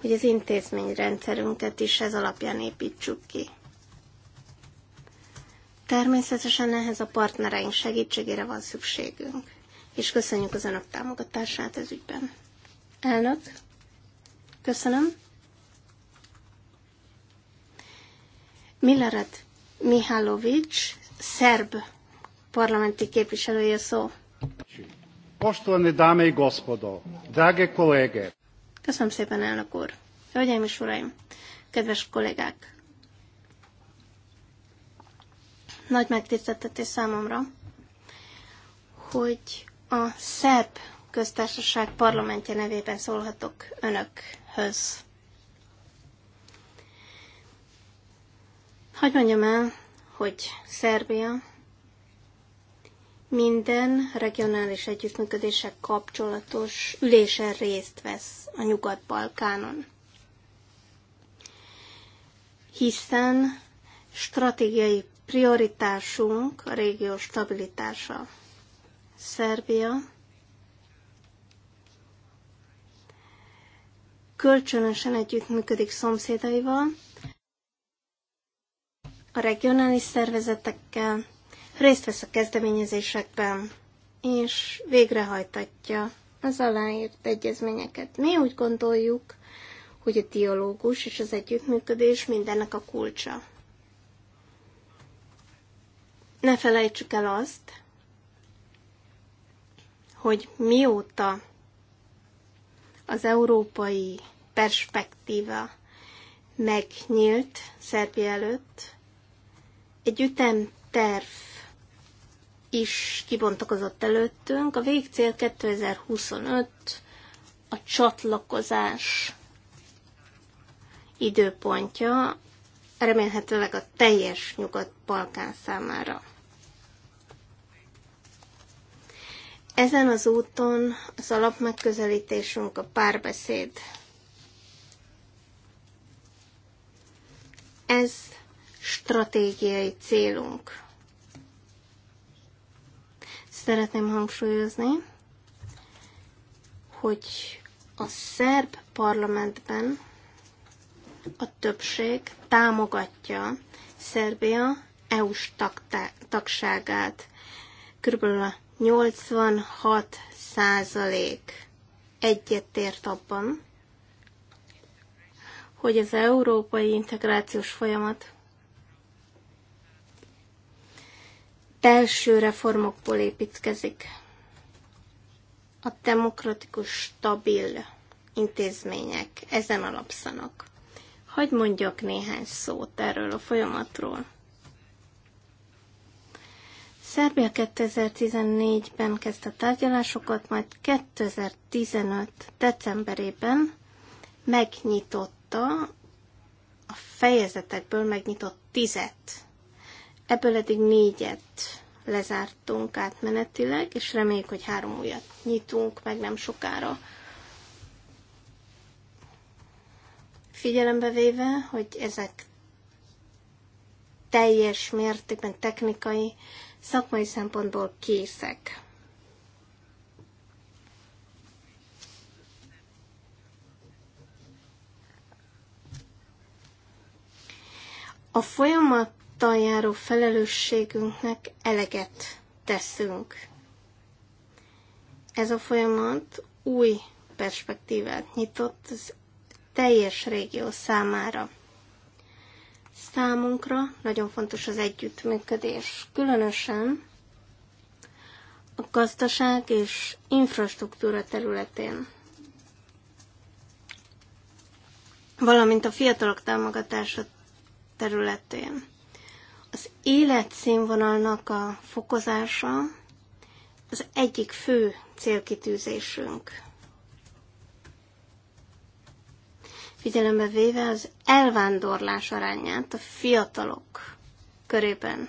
hogy az intézményrendszerünket is ez alapján építsük ki. Természetesen ehhez a partnereink segítségére van szükségünk, és köszönjük az önök támogatását ez ügyben. Elnök, köszönöm. Milorad Mihalovics, szerb parlamenti képviselője szó. Poštovane dame i gospodo, drage kolege. Köszönöm szépen, elnök úr. Hölgyeim és uraim, kedves kollégák. Nagy megtiszteltetés számomra, hogy a szerb köztársaság parlamentje nevében szólhatok önökhöz. Hogy mondjam el, hogy Szerbia minden regionális együttműködések kapcsolatos ülésen részt vesz a Nyugat-Balkánon. Hiszen stratégiai prioritásunk a régió stabilitása. Szerbia kölcsönösen együttműködik szomszédaival, a regionális szervezetekkel, részt vesz a kezdeményezésekben, és végrehajtatja az aláírt egyezményeket. Mi úgy gondoljuk, hogy a dialógus és az együttműködés mindennek a kulcsa. Ne felejtsük el azt, hogy mióta az európai perspektíva megnyílt Szerbia előtt, egy ütemterv is kibontakozott előttünk. A végcél 2025, a csatlakozás időpontja, remélhetőleg a teljes Nyugat-Balkán számára. Ezen az úton az alapmegközelítésünk a párbeszéd. Ez stratégiai célunk. Szeretném hangsúlyozni, hogy a szerb parlamentben a többség támogatja Szerbia EU-s tagságát. Körülbelül 86 százalék egyetért abban, hogy az európai integrációs folyamat belső reformokból építkezik. A demokratikus, stabil intézmények ezen alapszanak. Hagy mondjak néhány szót erről a folyamatról. Szerbia 2014-ben kezdte tárgyalásokat, majd 2015. decemberében megnyitotta a fejezetekből megnyitott tizet Ebből eddig négyet lezártunk átmenetileg, és reméljük, hogy három újat nyitunk meg nem sokára. Figyelembe véve, hogy ezek teljes mértékben technikai, szakmai szempontból készek. A folyamat tudattal járó felelősségünknek eleget teszünk. Ez a folyamat új perspektívát nyitott az teljes régió számára. Számunkra nagyon fontos az együttműködés, különösen a gazdaság és infrastruktúra területén, valamint a fiatalok támogatása területén. Az életszínvonalnak a fokozása az egyik fő célkitűzésünk. Figyelembe véve az elvándorlás arányát a fiatalok körében.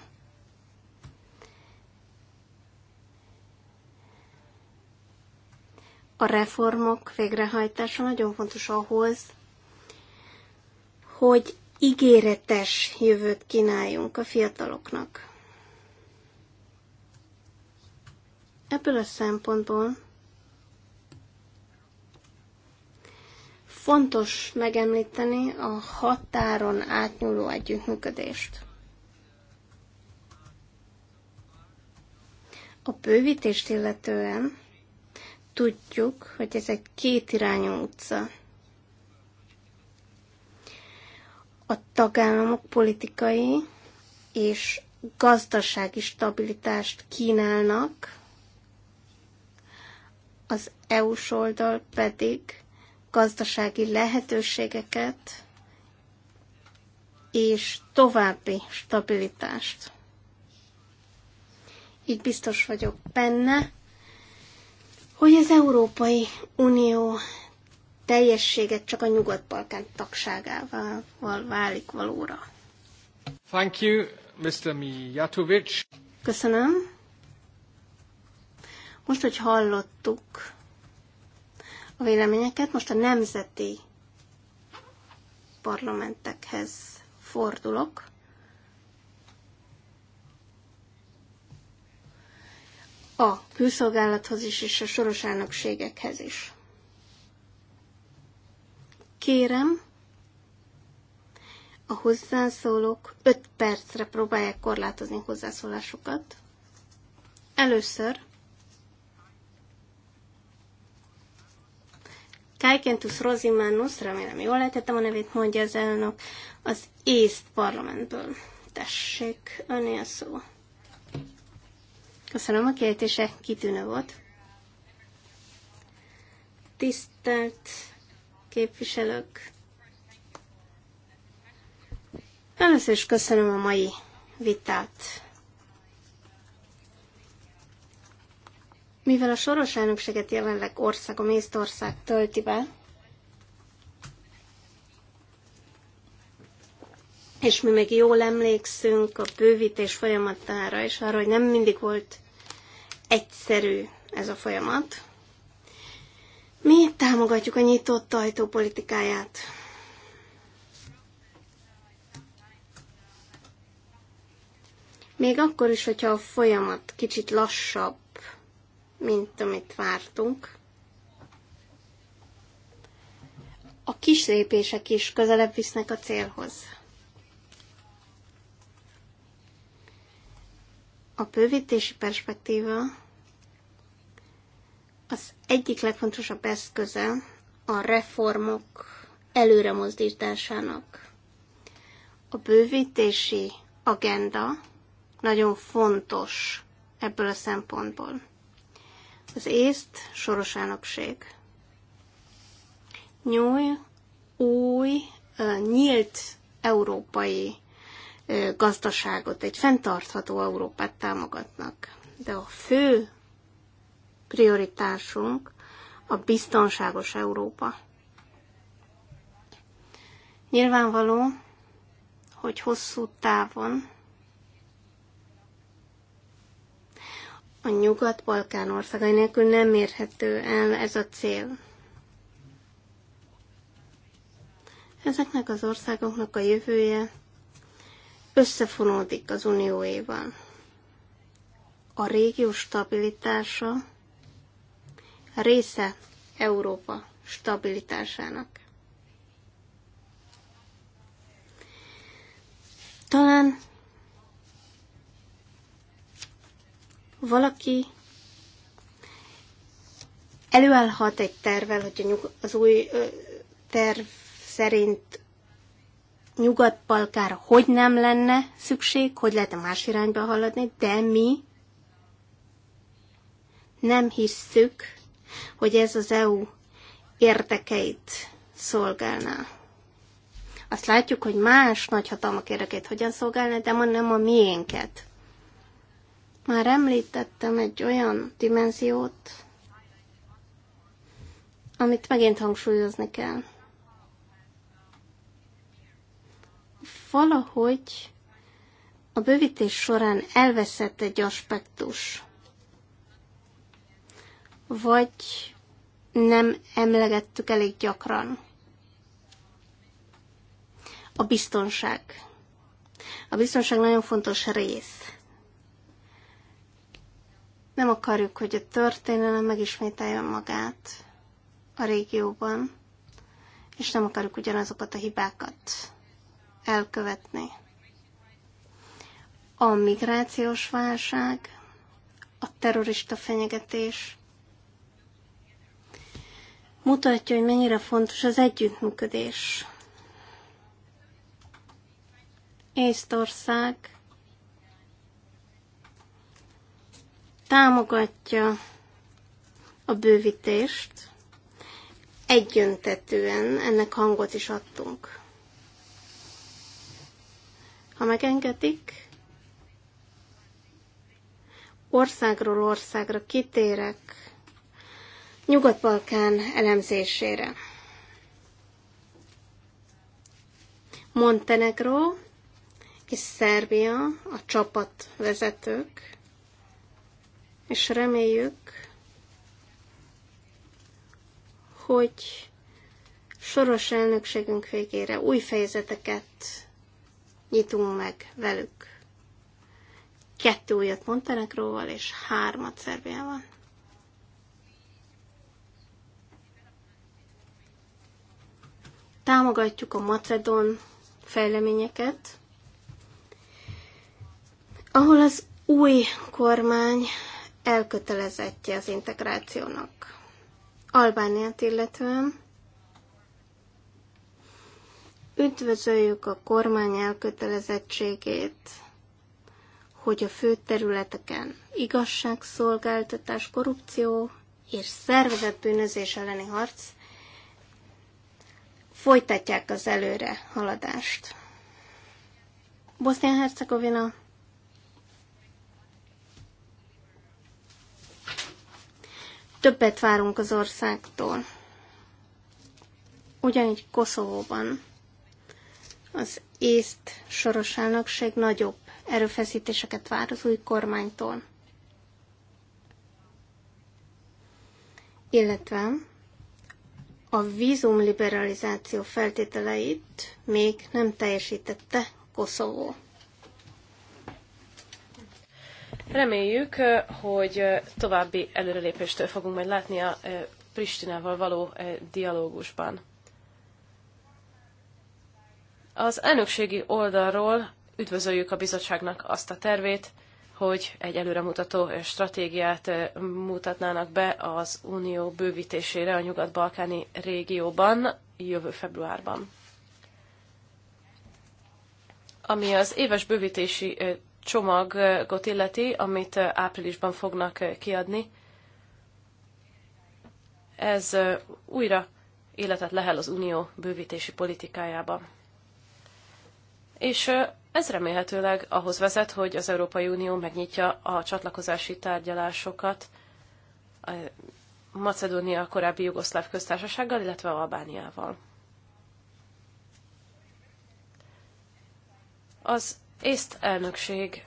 a reformok végrehajtása nagyon fontos ahhoz, hogy ígéretes jövőt kínáljunk a fiataloknak. Ebből a szempontból fontos megemlíteni a határon átnyúló együttműködést. A bővítést illetően tudjuk, hogy ez egy kétirányú utca. a tagállamok politikai és gazdasági stabilitást kínálnak, az EU-s oldal pedig gazdasági lehetőségeket és további stabilitást. Így biztos vagyok benne, hogy az Európai Unió teljességet csak a Nyugat-Balkán tagságával válik valóra. Thank you, Mr. Mijatovic. Köszönöm. Most, hogy hallottuk a véleményeket, most a nemzeti parlamentekhez fordulok. A külszolgálathoz is, és a soros elnökségekhez is. Kérem, a hozzászólók 5 percre próbálják korlátozni hozzászólásukat. Először Kajkentus Rosimannus, remélem jól lehetettem a nevét, mondja az elnök, az észt parlamentből. Tessék, öné a szó. Köszönöm, a kérdése kitűnő volt. Tisztelt képviselők! Először is köszönöm a mai vitát. Mivel a soros elnökséget jelenleg a Észtország tölti be, és mi meg jól emlékszünk a bővítés folyamatára, és arra, hogy nem mindig volt egyszerű ez a folyamat. Mi támogatjuk a nyitott ajtó politikáját. Még akkor is, hogyha a folyamat kicsit lassabb, mint amit vártunk, a kis lépések is közelebb visznek a célhoz. A bővítési perspektíva az egyik legfontosabb eszköze a reformok előremozdításának. A bővítési agenda nagyon fontos ebből a szempontból. Az észt soros elnökség nyúj új, nyílt európai gazdaságot, egy fenntartható Európát támogatnak. De a fő prioritásunk a biztonságos Európa. Nyilvánvaló, hogy hosszú távon a nyugat-balkán országai nélkül nem érhető el ez a cél. Ezeknek az országoknak a jövője összefonódik az unióéval. A régió stabilitása része Európa stabilitásának. Talán valaki előállhat egy tervel, hogy az új terv szerint Nyugat-Balkára hogy nem lenne szükség, hogy a más irányba haladni, de mi nem hisszük, hogy ez az EU érdekeit szolgálná. Azt látjuk, hogy más nagyhatalmak érdekeit hogyan szolgálná, de ma nem a miénket. Már említettem egy olyan dimenziót, amit megint hangsúlyozni kell. Valahogy a bővítés során elveszett egy aspektus vagy nem emlegettük elég gyakran. A biztonság. A biztonság nagyon fontos rész. Nem akarjuk, hogy a történelem megismételjen magát a régióban, és nem akarjuk ugyanazokat a hibákat elkövetni. A migrációs válság, a terrorista fenyegetés, mutatja, hogy mennyire fontos az együttműködés. Észtország támogatja a bővítést, egyöntetően ennek hangot is adtunk. Ha megengedik, országról országra kitérek Nyugat-Balkán elemzésére. Montenegro és Szerbia a csapat vezetők és reméljük, hogy soros elnökségünk végére új fejezeteket nyitunk meg velük. Kettő újat Montenegróval és hármat Szerbiával. támogatjuk a macedon fejleményeket, ahol az új kormány elkötelezettje az integrációnak. Albániát illetően üdvözöljük a kormány elkötelezettségét, hogy a fő területeken igazságszolgáltatás, korrupció és szervezett bűnözés elleni harc – folytatják az előre haladást. Bosznia-Hercegovina többet várunk az országtól. Ugyanígy Koszovóban az észt soros elnökség nagyobb erőfeszítéseket vár az új kormánytól. Illetve a vízumliberalizáció feltételeit még nem teljesítette Koszovó. Reméljük, hogy további előrelépéstől fogunk majd látni a Pristinával való dialógusban. Az elnökségi oldalról üdvözöljük a bizottságnak azt a tervét, hogy egy előremutató stratégiát mutatnának be az unió bővítésére a nyugat-balkáni régióban jövő februárban. Ami az éves bővítési csomagot illeti, amit áprilisban fognak kiadni, ez újra életet lehel az unió bővítési politikájába. És ez remélhetőleg ahhoz vezet, hogy az Európai Unió megnyitja a csatlakozási tárgyalásokat a Macedónia korábbi jugoszláv köztársasággal, illetve Albániával. Az észt elnökség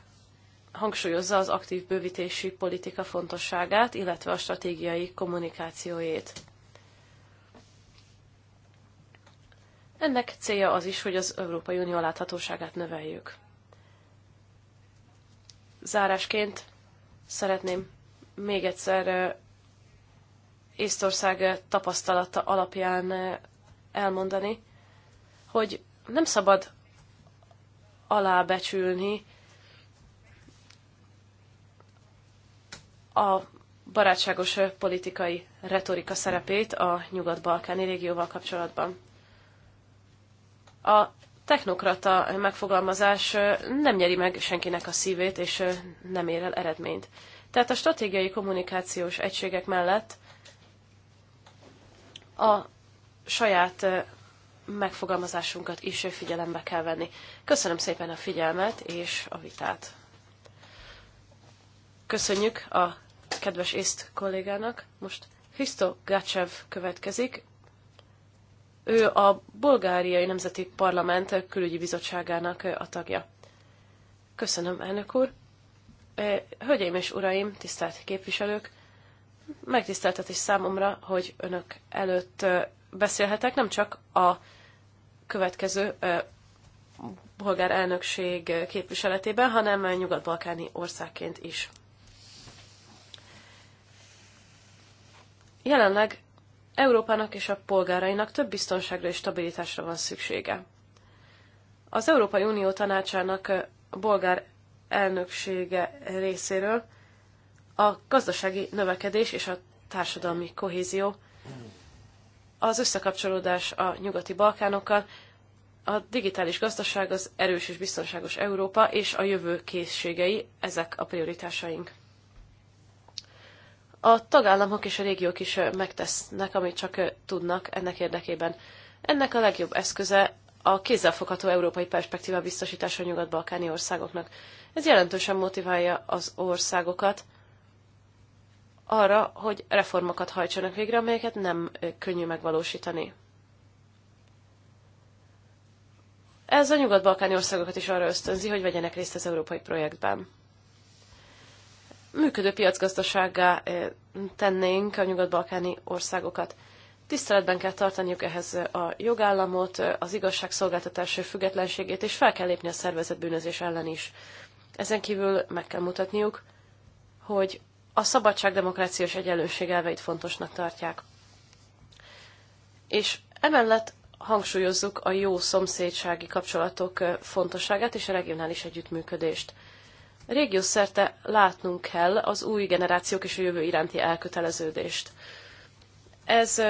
hangsúlyozza az aktív bővítési politika fontosságát, illetve a stratégiai kommunikációjét. Ennek célja az is, hogy az Európai Unió láthatóságát növeljük. Zárásként szeretném még egyszer Észtország tapasztalata alapján elmondani, hogy nem szabad alábecsülni a barátságos politikai retorika szerepét a nyugat-balkáni régióval kapcsolatban. A technokrata megfogalmazás nem nyeri meg senkinek a szívét, és nem ér el eredményt. Tehát a stratégiai kommunikációs egységek mellett a saját megfogalmazásunkat is figyelembe kell venni. Köszönöm szépen a figyelmet és a vitát. Köszönjük a kedves észt kollégának. Most Histo Gacev következik, ő a Bulgáriai Nemzeti Parlament külügyi bizottságának a tagja. Köszönöm, elnök úr. Hölgyeim és uraim, tisztelt képviselők! Megtiszteltetés számomra, hogy önök előtt beszélhetek, nem csak a következő bolgár elnökség képviseletében, hanem nyugat-balkáni országként is. Jelenleg Európának és a polgárainak több biztonságra és stabilitásra van szüksége. Az Európai Unió tanácsának a bolgár elnöksége részéről a gazdasági növekedés és a társadalmi kohézió, az összekapcsolódás a nyugati Balkánokkal, a digitális gazdaság, az erős és biztonságos Európa és a jövő készségei, ezek a prioritásaink a tagállamok és a régiók is megtesznek, amit csak tudnak ennek érdekében. Ennek a legjobb eszköze a kézzelfogható európai perspektíva biztosítása a nyugat-balkáni országoknak. Ez jelentősen motiválja az országokat arra, hogy reformokat hajtsanak végre, amelyeket nem könnyű megvalósítani. Ez a nyugat-balkáni országokat is arra ösztönzi, hogy vegyenek részt az európai projektben működő piacgazdasággá tennénk a nyugat-balkáni országokat. Tiszteletben kell tartaniuk ehhez a jogállamot, az igazságszolgáltatás függetlenségét, és fel kell lépni a szervezet bűnözés ellen is. Ezen kívül meg kell mutatniuk, hogy a szabadság, demokrácia és egyenlőség elveit fontosnak tartják. És emellett hangsúlyozzuk a jó szomszédsági kapcsolatok fontosságát és a regionális együttműködést régiószerte látnunk kell az új generációk és a jövő iránti elköteleződést. Ez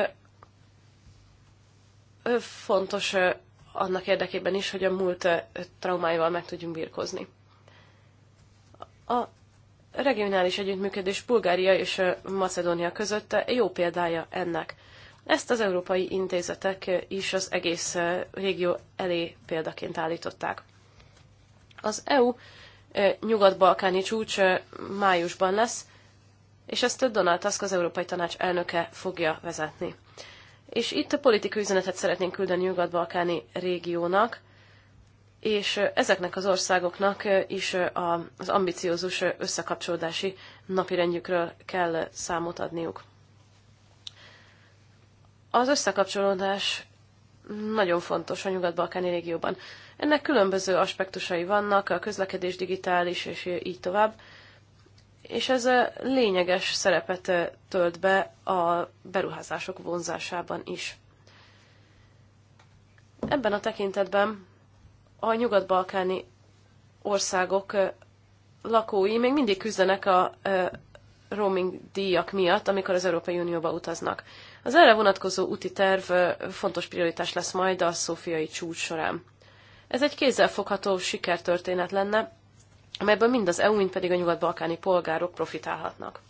fontos annak érdekében is, hogy a múlt traumáival meg tudjunk birkozni. A regionális együttműködés Bulgária és Macedónia között jó példája ennek. Ezt az európai intézetek is az egész régió elé példaként állították. Az EU nyugat-balkáni csúcs májusban lesz, és ezt Donald Tusk az Európai Tanács elnöke fogja vezetni. És itt a politikai üzenetet szeretnénk küldeni nyugat-balkáni régiónak, és ezeknek az országoknak is az ambiciózus összekapcsolódási napirendjükről kell számot adniuk. Az összekapcsolódás nagyon fontos a nyugat-balkáni régióban. Ennek különböző aspektusai vannak, a közlekedés digitális, és így tovább. És ez lényeges szerepet tölt be a beruházások vonzásában is. Ebben a tekintetben a nyugat-balkáni országok lakói még mindig küzdenek a roaming díjak miatt, amikor az Európai Unióba utaznak. Az erre vonatkozó úti terv fontos prioritás lesz majd a szófiai csúcs során. Ez egy kézzelfogható sikertörténet lenne, amelyből mind az EU, mind pedig a nyugat-balkáni polgárok profitálhatnak.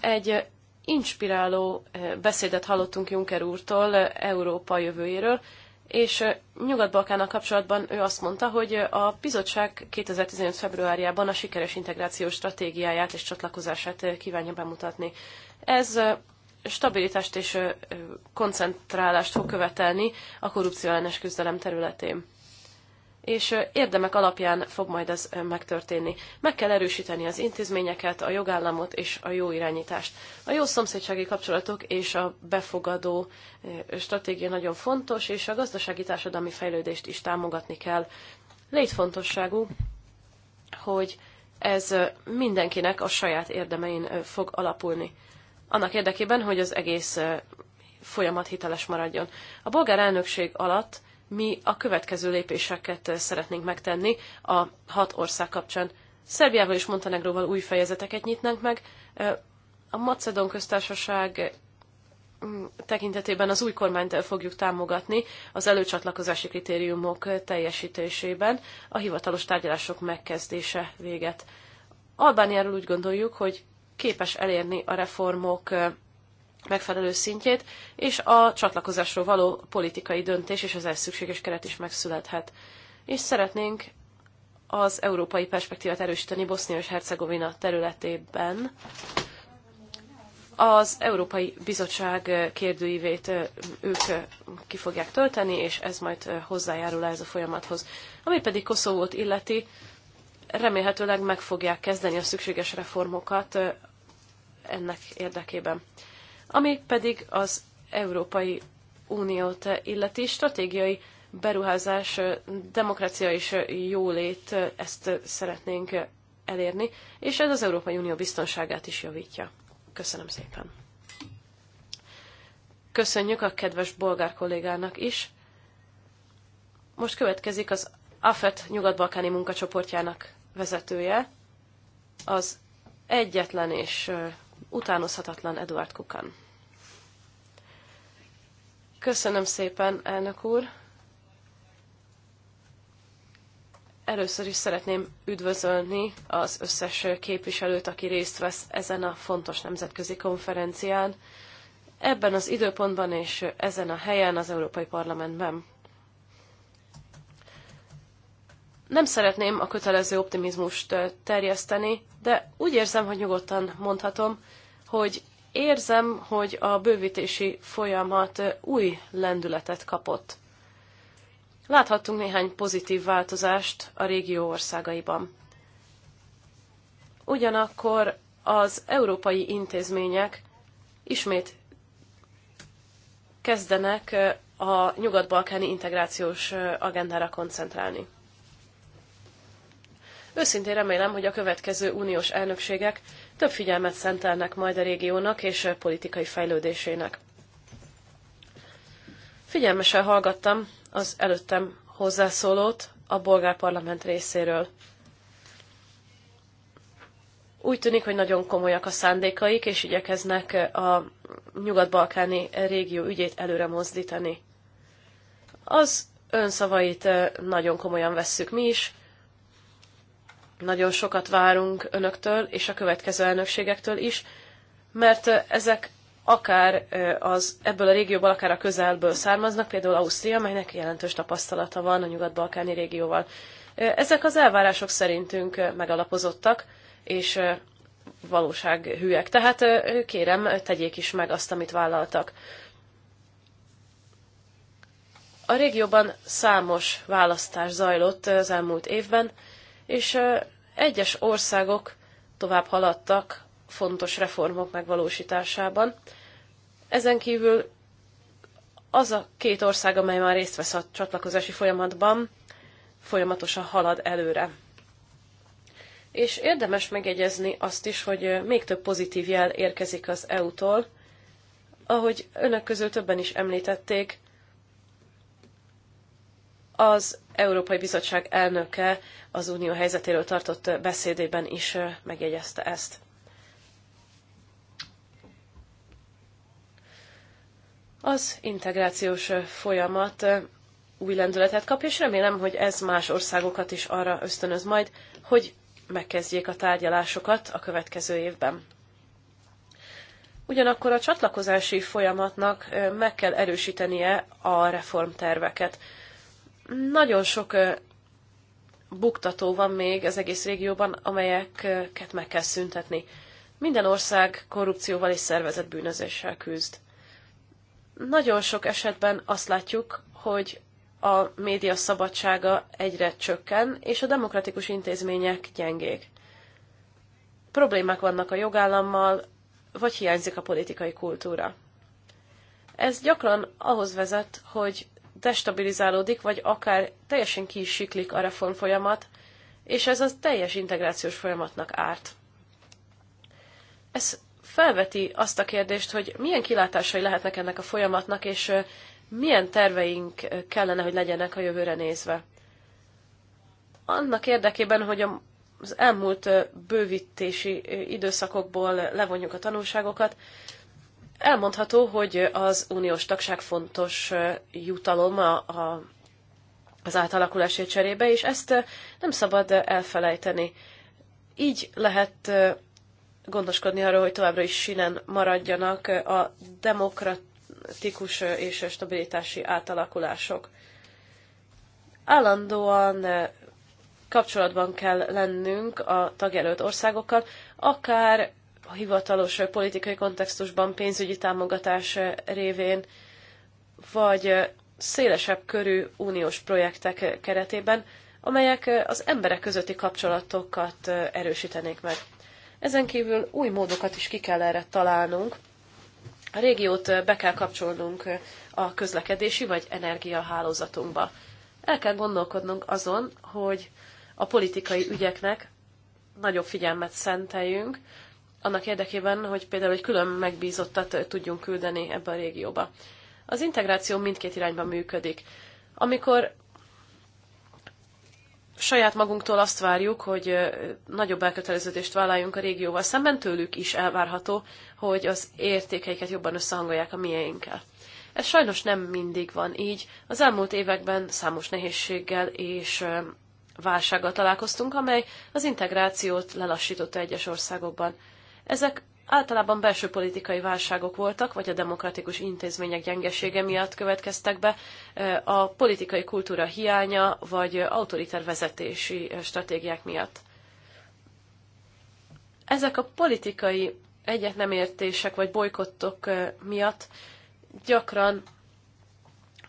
Egy eh, inspiráló eh, beszédet hallottunk Juncker úrtól eh, Európa jövőjéről, és Nyugat-Balkánnal kapcsolatban ő azt mondta, hogy a bizottság 2015. februárjában a sikeres integrációs stratégiáját és csatlakozását kívánja bemutatni. Ez stabilitást és koncentrálást fog követelni a korrupció ellenes küzdelem területén és érdemek alapján fog majd ez megtörténni. Meg kell erősíteni az intézményeket, a jogállamot és a jó irányítást. A jó szomszédsági kapcsolatok és a befogadó stratégia nagyon fontos, és a gazdasági társadalmi fejlődést is támogatni kell. Létfontosságú, hogy ez mindenkinek a saját érdemein fog alapulni. Annak érdekében, hogy az egész folyamat hiteles maradjon. A bolgár elnökség alatt mi a következő lépéseket eh, szeretnénk megtenni a hat ország kapcsán. Szerbiával és Montenegróval új fejezeteket nyitnánk meg. Eh, a Macedon köztársaság mm, tekintetében az új kormányt eh, fogjuk támogatni az előcsatlakozási kritériumok teljesítésében a hivatalos tárgyalások megkezdése véget. Albániáról úgy gondoljuk, hogy képes elérni a reformok megfelelő szintjét, és a csatlakozásról való politikai döntés és az ehhez szükséges keret is megszülethet. És szeretnénk az európai perspektívát erősíteni Bosznia és Hercegovina területében. Az Európai Bizottság kérdőívét ők ki fogják tölteni, és ez majd hozzájárul ez a folyamathoz. Ami pedig Koszovót illeti, remélhetőleg meg fogják kezdeni a szükséges reformokat ennek érdekében ami pedig az Európai Uniót illeti stratégiai beruházás, demokrácia és jólét, ezt szeretnénk elérni, és ez az Európai Unió biztonságát is javítja. Köszönöm szépen. Köszönjük a kedves bolgár kollégának is. Most következik az AFET nyugat-balkáni munkacsoportjának vezetője, az egyetlen és utánozhatatlan Eduard Kukan. Köszönöm szépen, elnök úr. Először is szeretném üdvözölni az összes képviselőt, aki részt vesz ezen a fontos nemzetközi konferencián, ebben az időpontban és ezen a helyen az Európai Parlamentben. Nem szeretném a kötelező optimizmust terjeszteni, de úgy érzem, hogy nyugodtan mondhatom, hogy érzem, hogy a bővítési folyamat új lendületet kapott. Láthattunk néhány pozitív változást a régió országaiban. Ugyanakkor az európai intézmények ismét kezdenek a nyugat-balkáni integrációs agendára koncentrálni. Őszintén remélem, hogy a következő uniós elnökségek több figyelmet szentelnek majd a régiónak és a politikai fejlődésének. Figyelmesen hallgattam az előttem hozzászólót a bolgár parlament részéről. Úgy tűnik, hogy nagyon komolyak a szándékaik, és igyekeznek a nyugat-balkáni régió ügyét előre mozdítani. Az önszavait eh, nagyon komolyan vesszük mi is, nagyon sokat várunk önöktől és a következő elnökségektől is, mert ezek akár az, ebből a régióból, akár a közelből származnak, például Ausztria, melynek jelentős tapasztalata van a nyugat-balkáni régióval. Ezek az elvárások szerintünk megalapozottak, és hűek. Tehát kérem, tegyék is meg azt, amit vállaltak. A régióban számos választás zajlott az elmúlt évben, és egyes országok tovább haladtak fontos reformok megvalósításában. Ezen kívül az a két ország, amely már részt vesz a csatlakozási folyamatban, folyamatosan halad előre. És érdemes megjegyezni azt is, hogy még több pozitív jel érkezik az EU-tól. Ahogy önök közül többen is említették, az Európai Bizottság elnöke az unió helyzetéről tartott beszédében is megjegyezte ezt. Az integrációs folyamat új lendületet kap, és remélem, hogy ez más országokat is arra ösztönöz majd, hogy megkezdjék a tárgyalásokat a következő évben. Ugyanakkor a csatlakozási folyamatnak meg kell erősítenie a reformterveket. Nagyon sok buktató van még az egész régióban, amelyeket meg kell szüntetni. Minden ország korrupcióval és szervezett bűnözéssel küzd. Nagyon sok esetben azt látjuk, hogy a média szabadsága egyre csökken, és a demokratikus intézmények gyengék. Problémák vannak a jogállammal, vagy hiányzik a politikai kultúra. Ez gyakran ahhoz vezet, hogy destabilizálódik, vagy akár teljesen ki is siklik a reform folyamat, és ez a teljes integrációs folyamatnak árt. Ez felveti azt a kérdést, hogy milyen kilátásai lehetnek ennek a folyamatnak, és milyen terveink kellene, hogy legyenek a jövőre nézve. Annak érdekében, hogy az elmúlt bővítési időszakokból levonjuk a tanulságokat, elmondható, hogy az uniós tagság fontos jutalom a, a, az átalakulásért cserébe, és ezt nem szabad elfelejteni. Így lehet gondoskodni arról, hogy továbbra is sinen maradjanak a demokratikus és stabilitási átalakulások. Állandóan kapcsolatban kell lennünk a tagjelölt országokkal, akár a hivatalos politikai kontextusban pénzügyi támogatás révén, vagy szélesebb körű uniós projektek keretében, amelyek az emberek közötti kapcsolatokat erősítenék meg. Ezen kívül új módokat is ki kell erre találnunk. A régiót be kell kapcsolnunk a közlekedési vagy energiahálózatunkba. El kell gondolkodnunk azon, hogy a politikai ügyeknek nagyobb figyelmet szenteljünk, annak érdekében, hogy például egy külön megbízottat tudjunk küldeni ebbe a régióba. Az integráció mindkét irányban működik. Amikor saját magunktól azt várjuk, hogy nagyobb elköteleződést vállaljunk a régióval szemben, tőlük is elvárható, hogy az értékeiket jobban összehangolják a mieinkkel. Ez sajnos nem mindig van így. Az elmúlt években számos nehézséggel és válsággal találkoztunk, amely az integrációt lelassította egyes országokban. Ezek általában belső politikai válságok voltak, vagy a demokratikus intézmények gyengesége miatt következtek be, a politikai kultúra hiánya, vagy autoriter vezetési stratégiák miatt. Ezek a politikai egyet nem értések vagy bolykottok miatt gyakran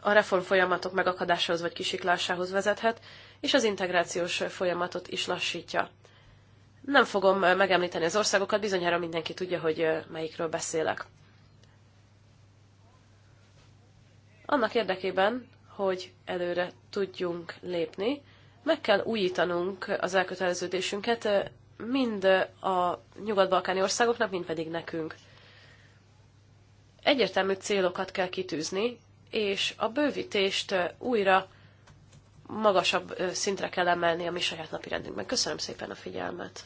a reform folyamatok megakadásához vagy kisiklásához vezethet, és az integrációs folyamatot is lassítja. Nem fogom megemlíteni az országokat, bizonyára mindenki tudja, hogy melyikről beszélek. Annak érdekében, hogy előre tudjunk lépni, meg kell újítanunk az elköteleződésünket mind a nyugat-balkáni országoknak, mind pedig nekünk. Egyértelmű célokat kell kitűzni, és a bővítést újra magasabb szintre kell emelni a mi saját napirendünkben. Köszönöm szépen a figyelmet!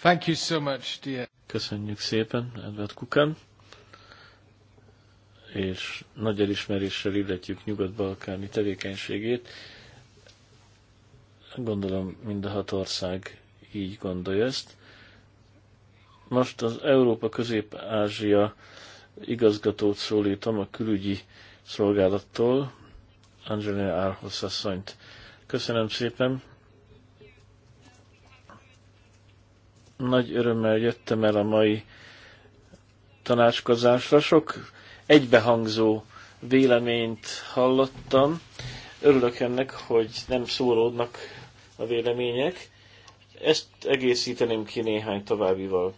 Thank you so much, dear. Köszönjük szépen, Edward Kukan. És nagy elismeréssel illetjük nyugat-balkáni tevékenységét. Gondolom mind a hat ország így gondolja ezt. Most az Európa-Közép-Ázsia igazgatót szólítom a külügyi szolgálattól, Angelina Árhoz asszonyt. Köszönöm szépen. Nagy örömmel jöttem el a mai tanácskozásra. Sok egybehangzó véleményt hallottam. Örülök ennek, hogy nem szóródnak a vélemények. Ezt egészíteném ki néhány továbbival,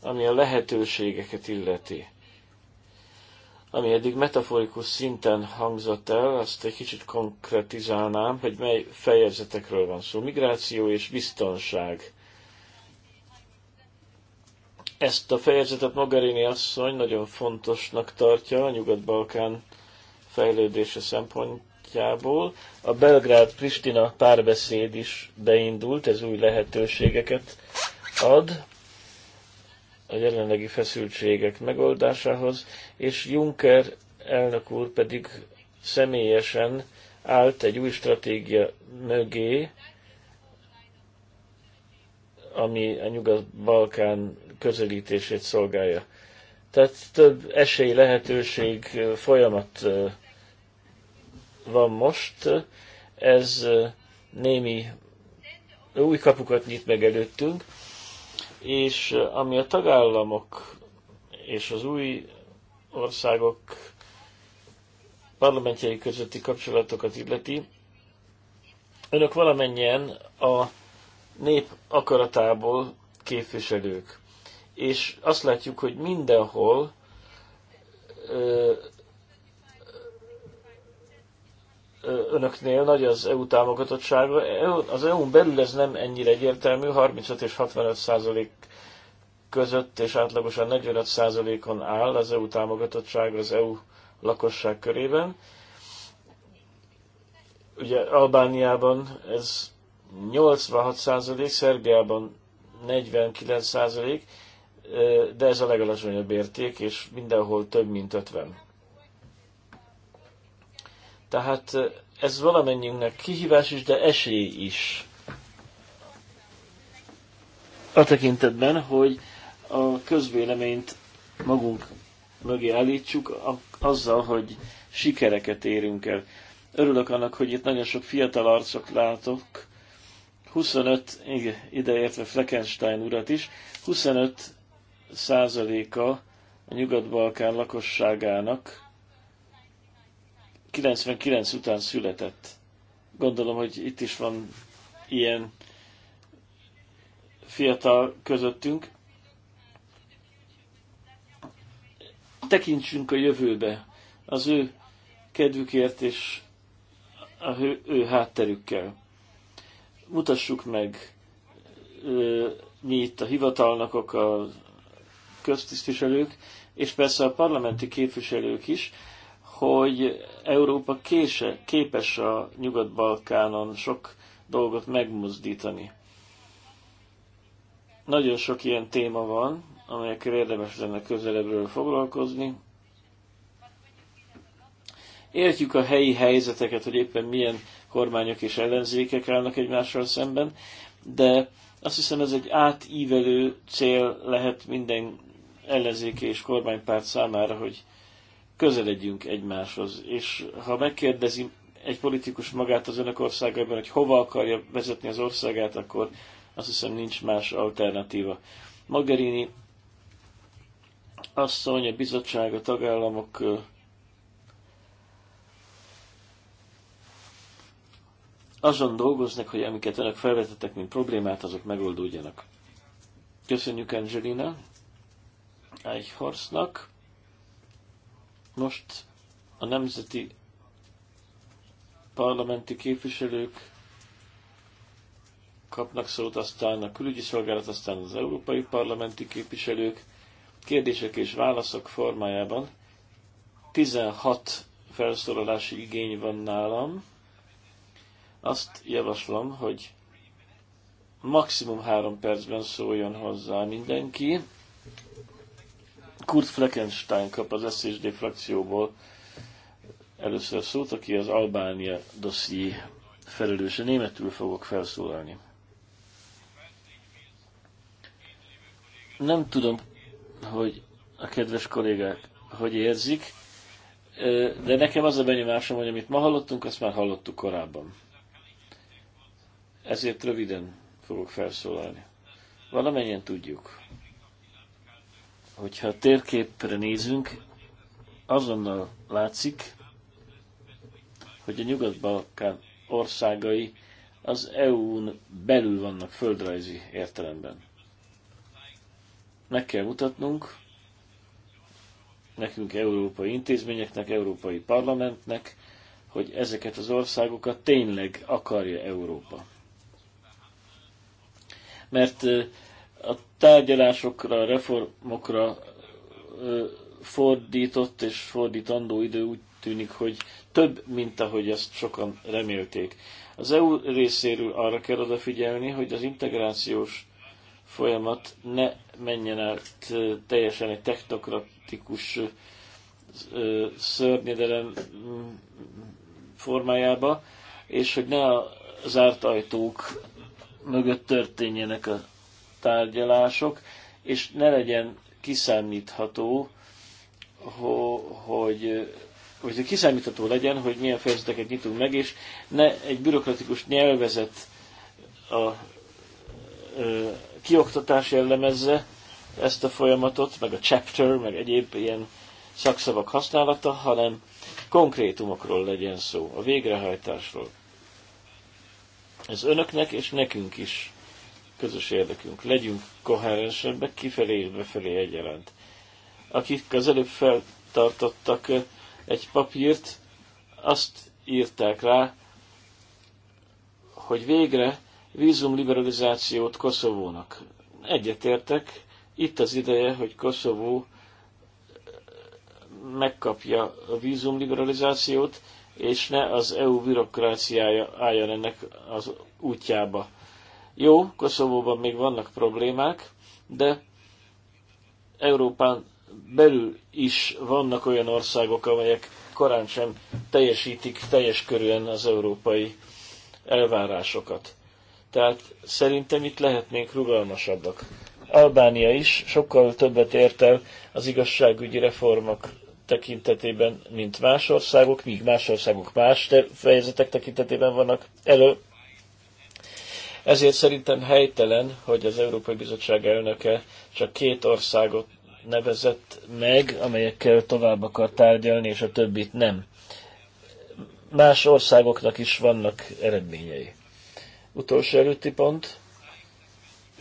ami a lehetőségeket illeti. Ami eddig metaforikus szinten hangzott el, azt egy kicsit konkretizálnám, hogy mely fejezetekről van szó. Migráció és biztonság. Ezt a fejezetet Mogherini asszony nagyon fontosnak tartja a Nyugat-Balkán fejlődése szempontjából. A Belgrád-Pristina párbeszéd is beindult, ez új lehetőségeket ad a jelenlegi feszültségek megoldásához, és Juncker elnök úr pedig személyesen állt egy új stratégia mögé, ami a Nyugat-Balkán közelítését szolgálja. Tehát több esély, lehetőség, folyamat van most. Ez némi új kapukat nyit meg előttünk és eh, ami a tagállamok és az új országok parlamentjei közötti kapcsolatokat illeti, önök valamennyien a nép akaratából képviselők. És azt látjuk, hogy mindenhol eh, önöknél nagy az EU támogatottsága. E az EU-n belül ez nem ennyire egyértelmű, 35 és 65 százalék között és átlagosan 45 százalékon áll az EU támogatottság az EU lakosság körében. Ugye Albániában ez 86 százalék, Szerbiában 49 százalék, de ez a legalacsonyabb érték, és mindenhol több mint 50. Tehát ez valamennyiünknek kihívás is, de esély is. A tekintetben, hogy a közvéleményt magunk mögé állítsuk azzal, hogy sikereket érünk el. Örülök annak, hogy itt nagyon sok fiatal arcok látok, 25, igen, ideértve Fleckenstein urat is, 25 százaléka a Nyugat-Balkán lakosságának 99 után született. Gondolom, hogy itt is van ilyen fiatal közöttünk. Tekintsünk a jövőbe, az ő kedvükért és a ő, ő hátterükkel. Mutassuk meg mi itt a hivatalnokok, a köztisztviselők, és persze a parlamenti képviselők is, hogy Európa kése, képes a Nyugat-Balkánon sok dolgot megmozdítani. Nagyon sok ilyen téma van, amelyekkel érdemes lenne közelebbről foglalkozni. Értjük a helyi helyzeteket, hogy éppen milyen kormányok és ellenzékek állnak egymással szemben, de azt hiszem ez egy átívelő cél lehet minden ellenzéki és kormánypárt számára, hogy közeledjünk egymáshoz. És ha megkérdezi egy politikus magát az önök országában, hogy hova akarja vezetni az országát, akkor azt hiszem nincs más alternatíva. Mogherini asszony, a bizottság, a tagállamok azon dolgoznak, hogy amiket önök felvetettek, mint problémát, azok megoldódjanak. Köszönjük Angelina Eichhorstnak. Most a nemzeti parlamenti képviselők kapnak szót, aztán a külügyi szolgálat, aztán az európai parlamenti képviselők kérdések és válaszok formájában 16 felszólalási igény van nálam. Azt javaslom, hogy maximum három percben szóljon hozzá mindenki. Kurt Fleckenstein kap az SZSD frakcióból először szót, aki az Albánia dosszié felelőse. Németül fogok felszólalni. Nem tudom, hogy a kedves kollégák hogy érzik, de nekem az a benyomásom, hogy amit ma hallottunk, azt már hallottuk korábban. Ezért röviden fogok felszólalni. Valamennyien tudjuk, Hogyha a térképre nézünk, azonnal látszik, hogy a Nyugat-Balkán országai az EU-n belül vannak földrajzi értelemben. Meg kell mutatnunk, nekünk európai intézményeknek, európai parlamentnek, hogy ezeket az országokat tényleg akarja Európa. Mert a tárgyalásokra, a reformokra fordított és fordítandó idő úgy tűnik, hogy több, mint ahogy ezt sokan remélték. Az EU részéről arra kell odafigyelni, hogy az integrációs folyamat ne menjen át teljesen egy technokratikus szörnyedelem mm, formájába, és hogy ne a zárt ajtók mögött történjenek a tárgyalások, és ne legyen kiszámítható, hogy, hogy kiszámítható legyen, hogy milyen fejezeteket nyitunk meg, és ne egy bürokratikus nyelvezet a kioktatás jellemezze ezt a folyamatot, meg a chapter, meg egyéb ilyen szakszavak használata, hanem konkrétumokról legyen szó, a végrehajtásról. Ez önöknek és nekünk is közös érdekünk. Legyünk koherensebbek kifelé és befelé egyaránt. Akik az előbb feltartottak egy papírt, azt írták rá, hogy végre vízumliberalizációt Koszovónak. Egyetértek, itt az ideje, hogy Koszovó megkapja a vízumliberalizációt, és ne az EU bürokráciája álljon ennek az útjába. Jó, Koszovóban még vannak problémák, de Európán belül is vannak olyan országok, amelyek korán sem teljesítik teljes körűen az európai elvárásokat. Tehát szerintem itt lehetnénk rugalmasabbak. Albánia is sokkal többet ért el az igazságügyi reformok tekintetében, mint más országok, míg más országok más fejezetek tekintetében vannak elő, ezért szerintem helytelen, hogy az Európai Bizottság elnöke csak két országot nevezett meg, amelyekkel tovább akar tárgyalni, és a többit nem. Más országoknak is vannak eredményei. Utolsó előtti pont.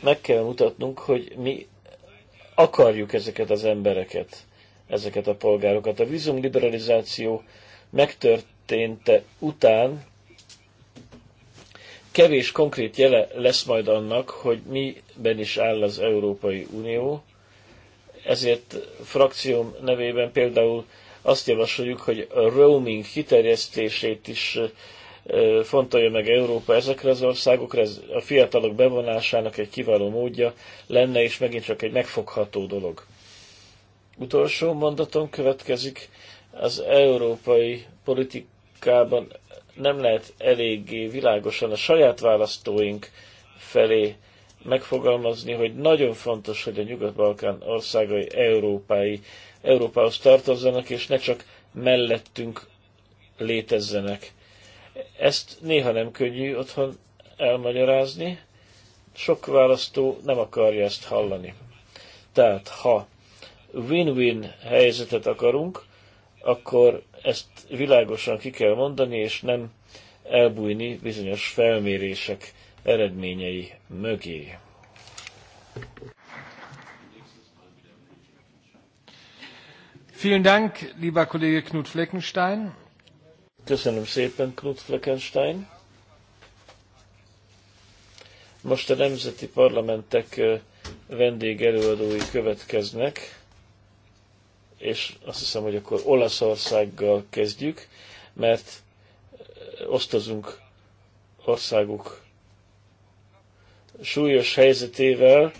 Meg kell mutatnunk, hogy mi akarjuk ezeket az embereket, ezeket a polgárokat. A vízumliberalizáció megtörténte után kevés konkrét jele lesz majd annak, hogy miben is áll az Európai Unió. Ezért frakcióm nevében például azt javasoljuk, hogy a roaming kiterjesztését is fontolja meg Európa ezekre az országokra, ez a fiatalok bevonásának egy kiváló módja lenne, és megint csak egy megfogható dolog. Utolsó mondatom következik, az európai politikában nem lehet eléggé világosan a saját választóink felé megfogalmazni, hogy nagyon fontos, hogy a Nyugat-Balkán országai európai, Európához tartozzanak, és ne csak mellettünk létezzenek. Ezt néha nem könnyű otthon elmagyarázni, sok választó nem akarja ezt hallani. Tehát, ha win-win helyzetet akarunk, akkor ezt világosan ki kell mondani, és nem elbújni bizonyos felmérések eredményei mögé. Vielen Dank, lieber Kollege Knut Fleckenstein. Köszönöm szépen, Knut Fleckenstein. Most a nemzeti parlamentek vendégelőadói következnek és azt hiszem, hogy akkor Olaszországgal kezdjük, mert osztozunk országuk súlyos helyzetével,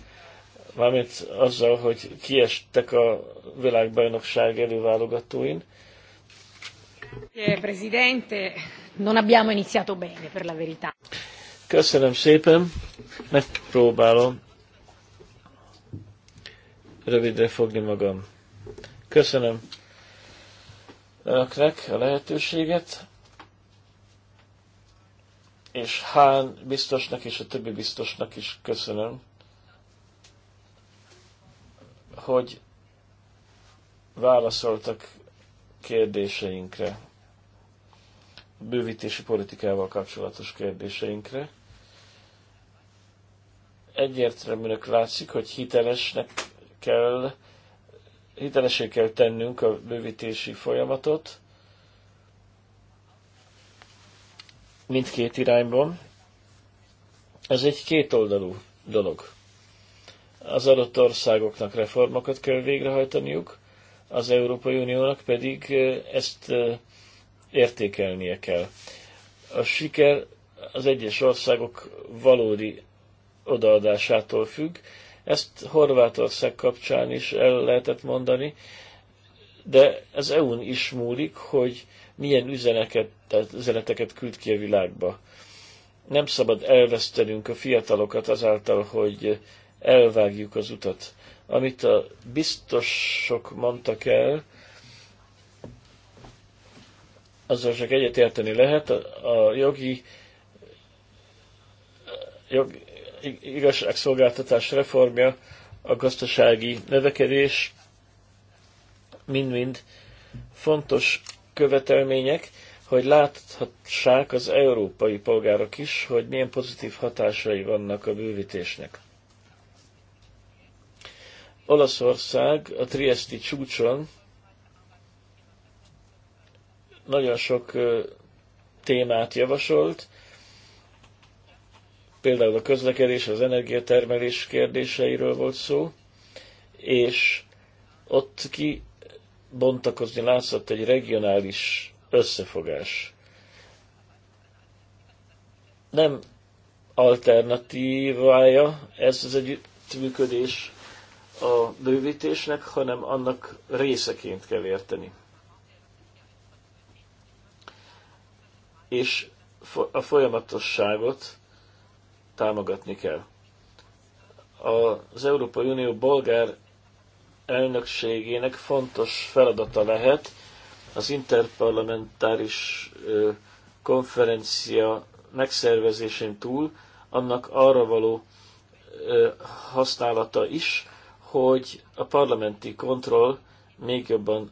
mármint azzal, hogy kiestek a világbajnokság előválogatóin. Eh, Presidente, non abbiamo iniziato bene, per la verità. Köszönöm szépen, megpróbálom rövidre fogni magam. Köszönöm önöknek a lehetőséget, és Hán biztosnak és a többi biztosnak is köszönöm, hogy válaszoltak kérdéseinkre, bővítési politikával kapcsolatos kérdéseinkre. Egyértelműnek látszik, hogy hitelesnek kell hitelesé kell tennünk a bővítési folyamatot mindkét irányban. Ez egy kétoldalú dolog. Az adott országoknak reformokat kell végrehajtaniuk, az Európai Uniónak pedig ezt értékelnie kell. A siker az egyes országok valódi odaadásától függ, ezt Horvátország kapcsán is el lehetett mondani, de ez EU-n is múlik, hogy milyen üzeneket, tehát üzeneteket küld ki a világba. Nem szabad elvesztenünk a fiatalokat azáltal, hogy elvágjuk az utat. Amit a biztosok mondtak el, azzal csak egyetérteni lehet, a, jogi, jogi igazságszolgáltatás reformja, a gazdasági növekedés mind-mind fontos követelmények, hogy láthassák az európai polgárok is, hogy milyen pozitív hatásai vannak a bővítésnek. Olaszország a Triesti csúcson nagyon sok témát javasolt, például a közlekedés, az energiatermelés kérdéseiről volt szó, és ott ki bontakozni látszott egy regionális összefogás. Nem alternatívája ez az együttműködés a bővítésnek, hanem annak részeként kell érteni. És a folyamatosságot támogatni kell. Az Európai Unió bolgár elnökségének fontos feladata lehet az interparlamentáris konferencia megszervezésén túl annak arra való használata is, hogy a parlamenti kontroll még jobban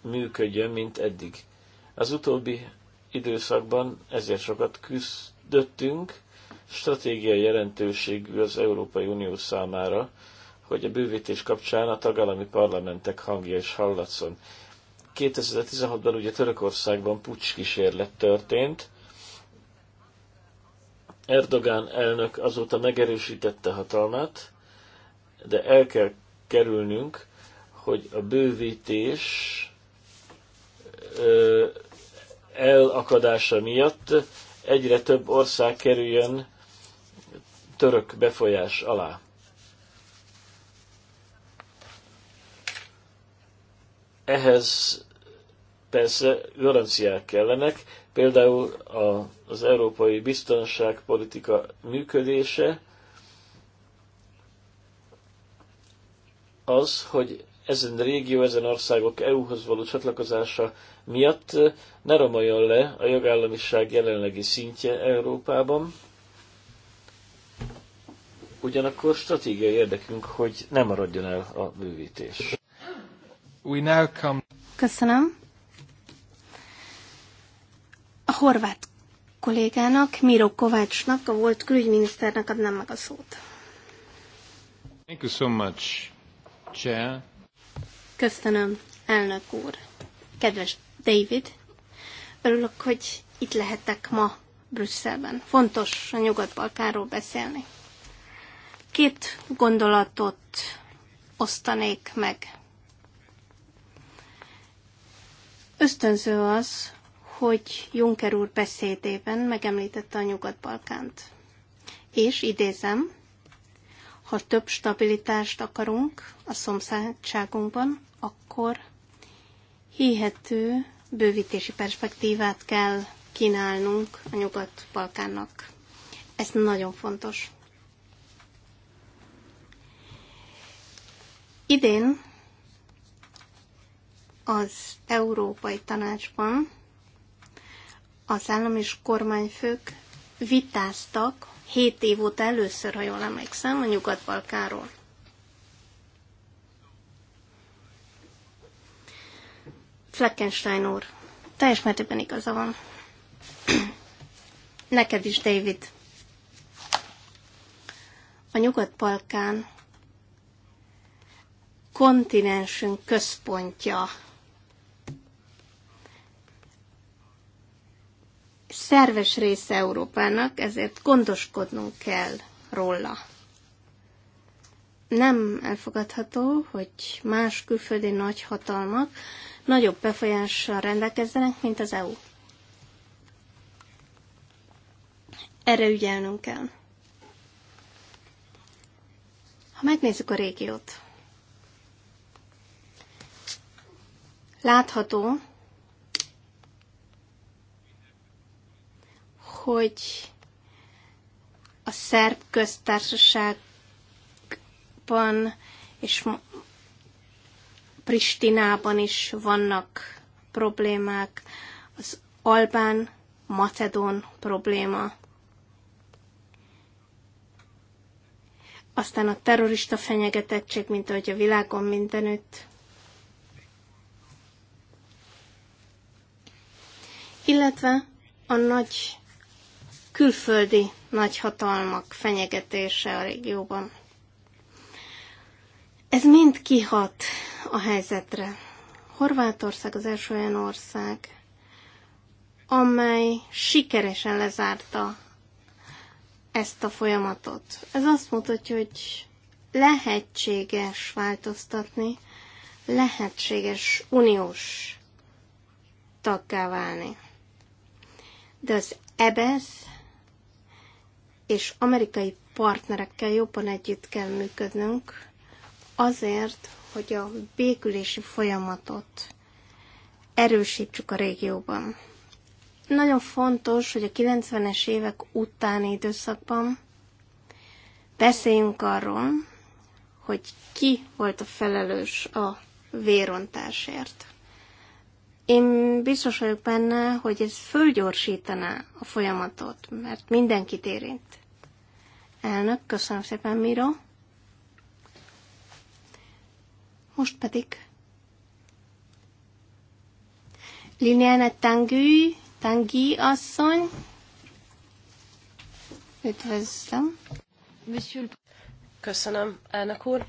működjön, mint eddig. Az utóbbi időszakban ezért sokat küzdöttünk, stratégiai jelentőségű az Európai Unió számára, hogy a bővítés kapcsán a tagállami parlamentek hangja is hallatszon. 2016-ban ugye Törökországban pucs kísérlet történt. Erdogán elnök azóta megerősítette hatalmát, de el kell kerülnünk, hogy a bővítés elakadása miatt egyre több ország kerüljön török befolyás alá. Ehhez persze garanciák kellenek, például a, az európai biztonságpolitika működése, az, hogy ezen régió, ezen országok EU-hoz való csatlakozása miatt eh, ne romoljon le a jogállamiság jelenlegi szintje Európában. Ugyanakkor stratégiai érdekünk, hogy nem maradjon el a bővítés. We now come... Köszönöm. A horvát kollégának, Miro Kovácsnak, a volt külügyminiszternek adnám meg a szót. Thank you so much, Chair. Köszönöm, elnök úr. Kedves David, örülök, hogy itt lehetek ma Brüsszelben. Fontos a Nyugat-Balkánról beszélni. Két gondolatot osztanék meg. Ösztönző az, hogy Juncker úr beszédében megemlítette a Nyugat-Balkánt. És idézem, ha több stabilitást akarunk a szomszédságunkban, akkor hihető bővítési perspektívát kell kínálnunk a Nyugat-Balkánnak. Ez nagyon fontos. Idén az Európai Tanácsban az állam és kormányfők vitáztak 7 év óta először, ha jól emlékszem, a Nyugat-Balkánról. Fleckenstein úr, teljes mértékben igaza van. Neked is, David. A Nyugat-Balkán kontinensünk központja. Szerves része Európának, ezért gondoskodnunk kell róla. Nem elfogadható, hogy más külföldi nagyhatalmak nagyobb befolyással rendelkezzenek, mint az EU. Erre ügyelnünk kell. Ha megnézzük a régiót, látható, hogy a szerb köztársaságban és Pristinában is vannak problémák, az albán, macedón probléma. Aztán a terrorista fenyegetettség, mint ahogy a világon mindenütt. Illetve a nagy külföldi nagyhatalmak fenyegetése a régióban. Ez mind kihat a helyzetre. Horvátország az első olyan ország, amely sikeresen lezárta ezt a folyamatot. Ez azt mutatja, hogy lehetséges változtatni, lehetséges uniós taggá válni. De az EBSZ e és amerikai partnerekkel jobban együtt kell működnünk, azért, hogy a békülési folyamatot erősítsük a régióban. Nagyon fontos, hogy a 90-es évek utáni időszakban beszéljünk arról, hogy ki volt a felelős a vérontásért. Én biztos vagyok benne, hogy ez fölgyorsítaná a folyamatot, mert mindenkit érint. Elnök, köszönöm szépen, Miro. Most pedig Liliana tangü Tangi asszony. Üdvözlöm. Köszönöm, elnök úr.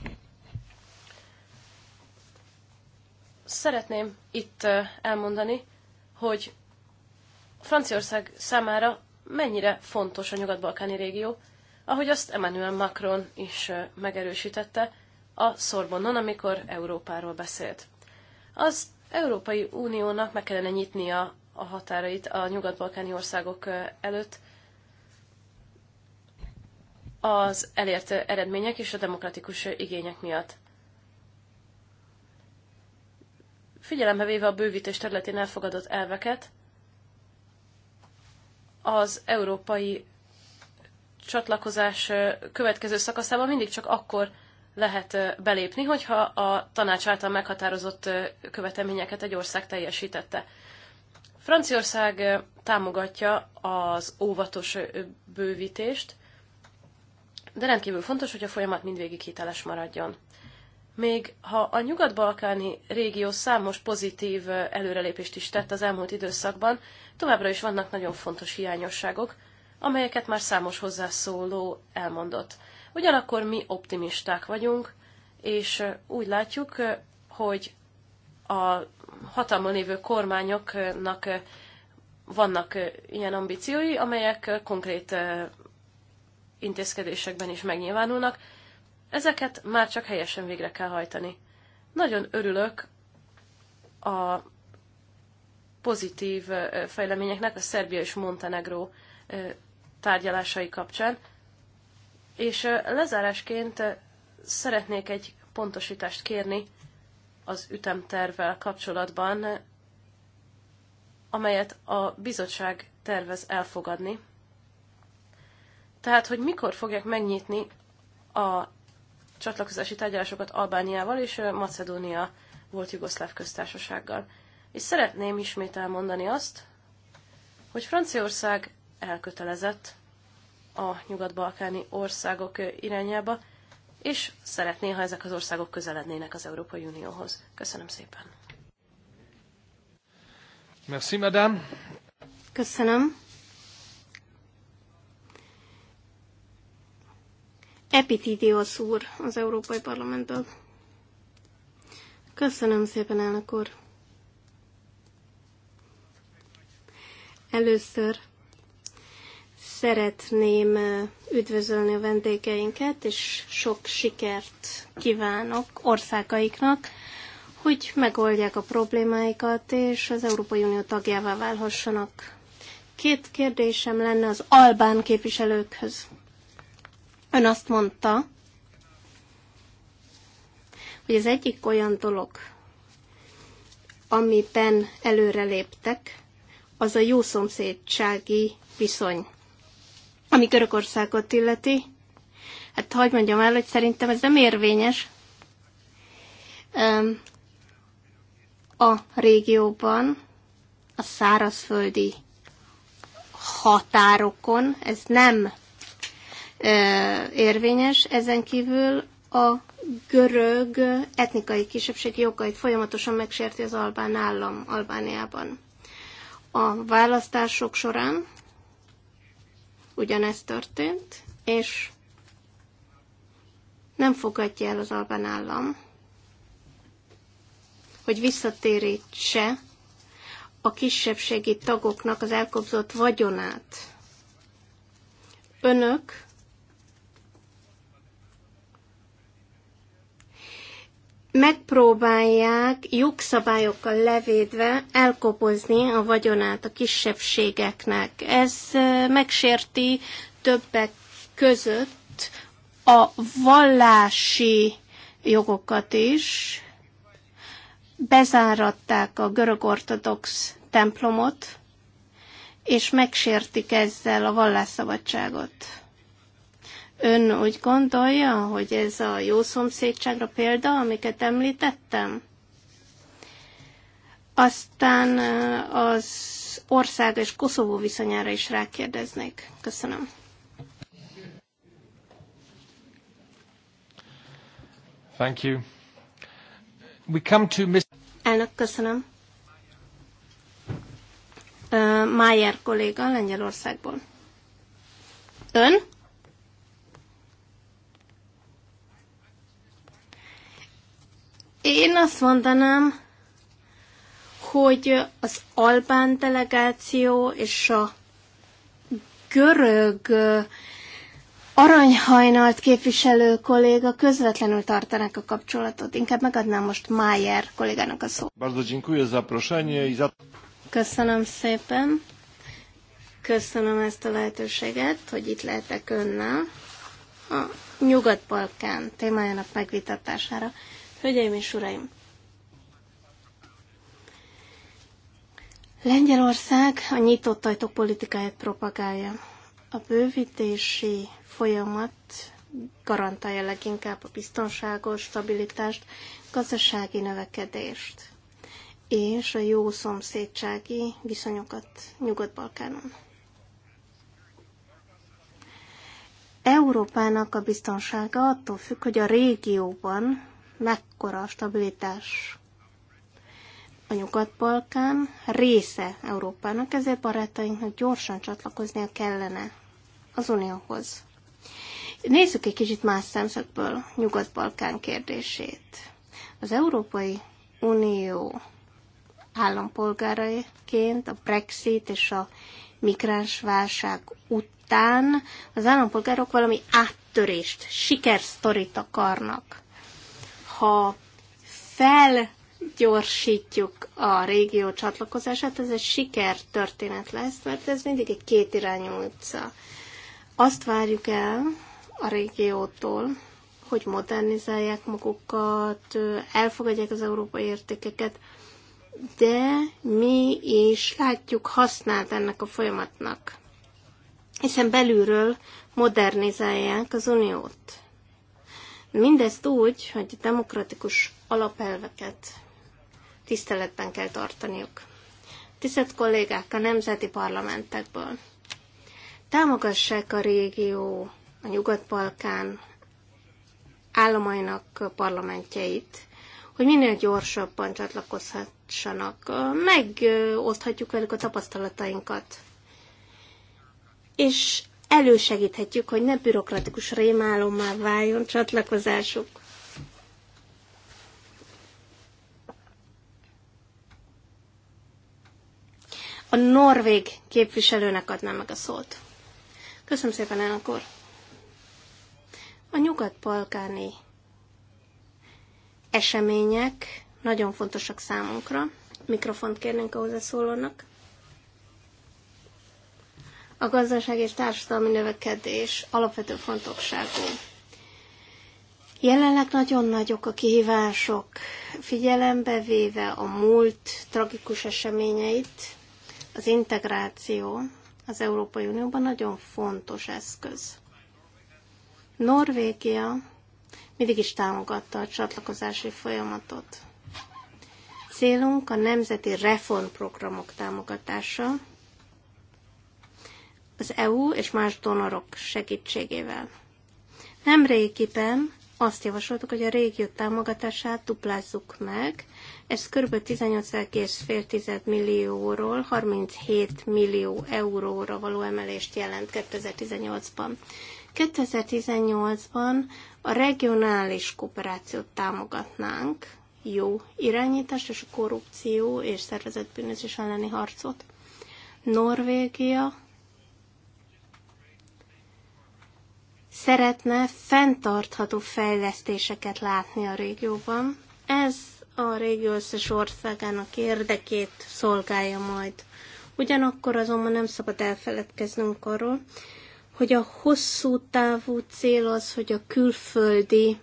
Szeretném itt elmondani, hogy Franciaország számára mennyire fontos a nyugat-balkáni régió, ahogy azt Emmanuel Macron is megerősítette, a Szorbonon, amikor Európáról beszélt. Az Európai Uniónak meg kellene nyitnia a határait a nyugat-balkáni országok előtt az elért eredmények és a demokratikus igények miatt. Figyelembe véve a bővítés területén elfogadott elveket, az európai csatlakozás következő szakaszában mindig csak akkor lehet belépni, hogyha a tanács által meghatározott követelményeket egy ország teljesítette. Franciaország támogatja az óvatos bővítést, de rendkívül fontos, hogy a folyamat mindvégig hiteles maradjon. Még ha a nyugat-balkáni régió számos pozitív előrelépést is tett az elmúlt időszakban, továbbra is vannak nagyon fontos hiányosságok, amelyeket már számos hozzászóló elmondott. Ugyanakkor mi optimisták vagyunk, és úgy látjuk, hogy a hatalmon lévő kormányoknak vannak ilyen ambíciói, amelyek konkrét intézkedésekben is megnyilvánulnak. Ezeket már csak helyesen végre kell hajtani. Nagyon örülök a pozitív fejleményeknek a Szerbia és Montenegró tárgyalásai kapcsán. És lezárásként szeretnék egy pontosítást kérni az ütemtervvel kapcsolatban, amelyet a bizottság tervez elfogadni. Tehát, hogy mikor fogják megnyitni a csatlakozási tárgyalásokat Albániával és Macedónia volt Jugoszláv köztársasággal. És szeretném ismét elmondani azt, hogy Franciaország elkötelezett a nyugat-balkáni országok irányába, és szeretné, ha ezek az országok közelednének az Európai Unióhoz. Köszönöm szépen. Merci, madame. Köszönöm. Epitidios úr az Európai Parlamentből. Köszönöm szépen, elnök úr. Először Szeretném üdvözölni a vendégeinket, és sok sikert kívánok országaiknak, hogy megoldják a problémáikat, és az Európai Unió tagjává válhassanak. Két kérdésem lenne az albán képviselőkhöz. Ön azt mondta, hogy az egyik olyan dolog, amiben előreléptek, az a szomszédsági viszony. Ami Görögországot illeti, hát hagyd mondjam el, hogy szerintem ez nem érvényes. A régióban, a szárazföldi határokon ez nem érvényes, ezen kívül a görög etnikai kisebbségi jogait folyamatosan megsérti az albán állam Albániában. A választások során ugyanezt történt, és nem fogadja el az albán állam, hogy visszatérítse a kisebbségi tagoknak az elkobzott vagyonát. Önök megpróbálják jogszabályokkal levédve elkopozni a vagyonát a kisebbségeknek. Ez megsérti többek között a vallási jogokat is. Bezáratták a görög ortodox templomot, és megsértik ezzel a vallásszabadságot. Ön úgy gondolja, hogy ez a jó szomszédságra példa, amiket említettem? Aztán az ország és Koszovó viszonyára is rákérdeznék. Köszönöm. Thank you. We come to Ms. Elnök, köszönöm. Uh, Mayer kolléga Lengyelországból. Ön? Én azt mondanám, hogy az albán delegáció és a görög aranyhajnalt képviselő kolléga közvetlenül tartanak a kapcsolatot. Inkább megadnám most Mayer kollégának a szót. Köszönöm szépen. Köszönöm ezt a lehetőséget, hogy itt lehetek önnel a Nyugat-Balkán témájának megvitatására. Hölgyeim és uraim! Lengyelország a nyitott ajtók politikáját propagálja. A bővítési folyamat garantálja leginkább a biztonságos stabilitást, gazdasági növekedést és a jó szomszédsági viszonyokat Nyugat-Balkánon. Európának a biztonsága attól függ, hogy a régióban mekkora a stabilitás a Nyugat-Balkán része Európának, ezért barátainknak gyorsan csatlakoznia kellene az Unióhoz. Nézzük egy kicsit más szemszögből Nyugat-Balkán kérdését. Az Európai Unió állampolgáraiként a Brexit és a migráns válság után az állampolgárok valami áttörést, sikersztorit akarnak ha felgyorsítjuk a régió csatlakozását, ez egy sikertörténet lesz, mert ez mindig egy kétirányú utca. Azt várjuk el a régiótól, hogy modernizálják magukat, elfogadják az európai értékeket, de mi is látjuk hasznát ennek a folyamatnak, hiszen belülről modernizálják az uniót. Mindezt úgy, hogy a demokratikus alapelveket tiszteletben kell tartaniuk. Tisztelt kollégák a nemzeti parlamentekből, támogassák a régió, a Nyugat-Balkán államainak parlamentjeit, hogy minél gyorsabban csatlakozhassanak. Megoszthatjuk velük a tapasztalatainkat. És elősegíthetjük, hogy ne bürokratikus rémálommá váljon csatlakozásuk. A norvég képviselőnek adnám meg a szót. Köszönöm szépen, elnök úr. A nyugat-balkáni események nagyon fontosak számunkra. Mikrofont kérnénk a hozzászólónak a gazdaság és társadalmi növekedés alapvető fontosságú. Jelenleg nagyon nagyok a kihívások, figyelembe véve a múlt tragikus eseményeit, az integráció az Európai Unióban nagyon fontos eszköz. Norvégia mindig is támogatta a csatlakozási folyamatot. Célunk a nemzeti reformprogramok támogatása, az EU és más donorok segítségével. Nem régiben azt javasoltuk, hogy a régió támogatását duplázzuk meg, ez kb. 18,5 millióról 37 millió euróra való emelést jelent 2018-ban. 2018-ban a regionális kooperációt támogatnánk, jó irányítást és a korrupció és szervezetbűnözés elleni harcot. Norvégia szeretne fenntartható fejlesztéseket látni a régióban. Ez a régió összes országának érdekét szolgálja majd. Ugyanakkor azonban nem szabad elfeledkeznünk arról, hogy a hosszú távú cél az, hogy a külföldi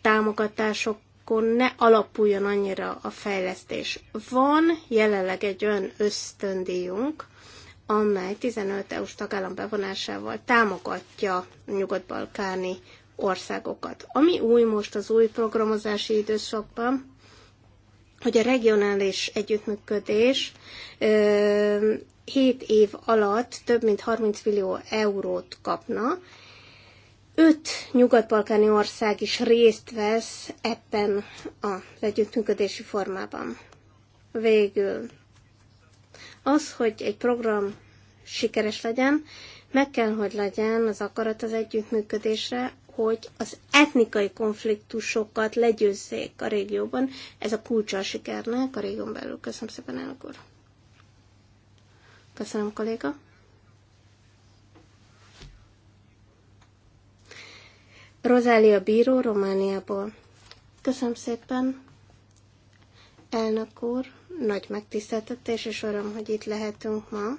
támogatásokon ne alapuljon annyira a fejlesztés. Van jelenleg egy olyan ösztöndíjunk, amely 15 EU-s tagállam bevonásával támogatja a nyugat-balkáni országokat. Ami új most az új programozási időszakban, hogy a regionális együttműködés 7 év alatt több mint 30 millió eurót kapna. Öt nyugat-balkáni ország is részt vesz ebben az együttműködési formában. Végül az, hogy egy program sikeres legyen, meg kell, hogy legyen az akarat az együttműködésre, hogy az etnikai konfliktusokat legyőzzék a régióban. Ez a kulcsa a sikernek a régión belül. Köszönöm szépen, elnök úr. Köszönöm, kolléga. Rozália Bíró, Romániából. Köszönöm szépen, elnök úr, nagy megtiszteltetés és öröm, hogy itt lehetünk ma.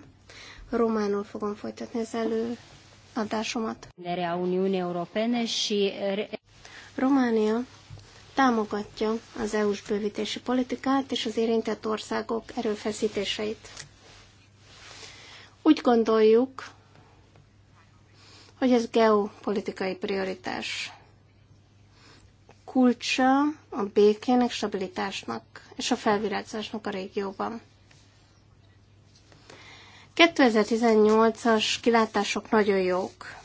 Románul fogom folytatni az előadásomat. A Románia támogatja az EU-s bővítési politikát és az érintett országok erőfeszítéseit. Úgy gondoljuk, hogy ez geopolitikai prioritás. Kulcsa a békének, stabilitásnak és a felvirágzásnak a régióban. 2018-as kilátások nagyon jók.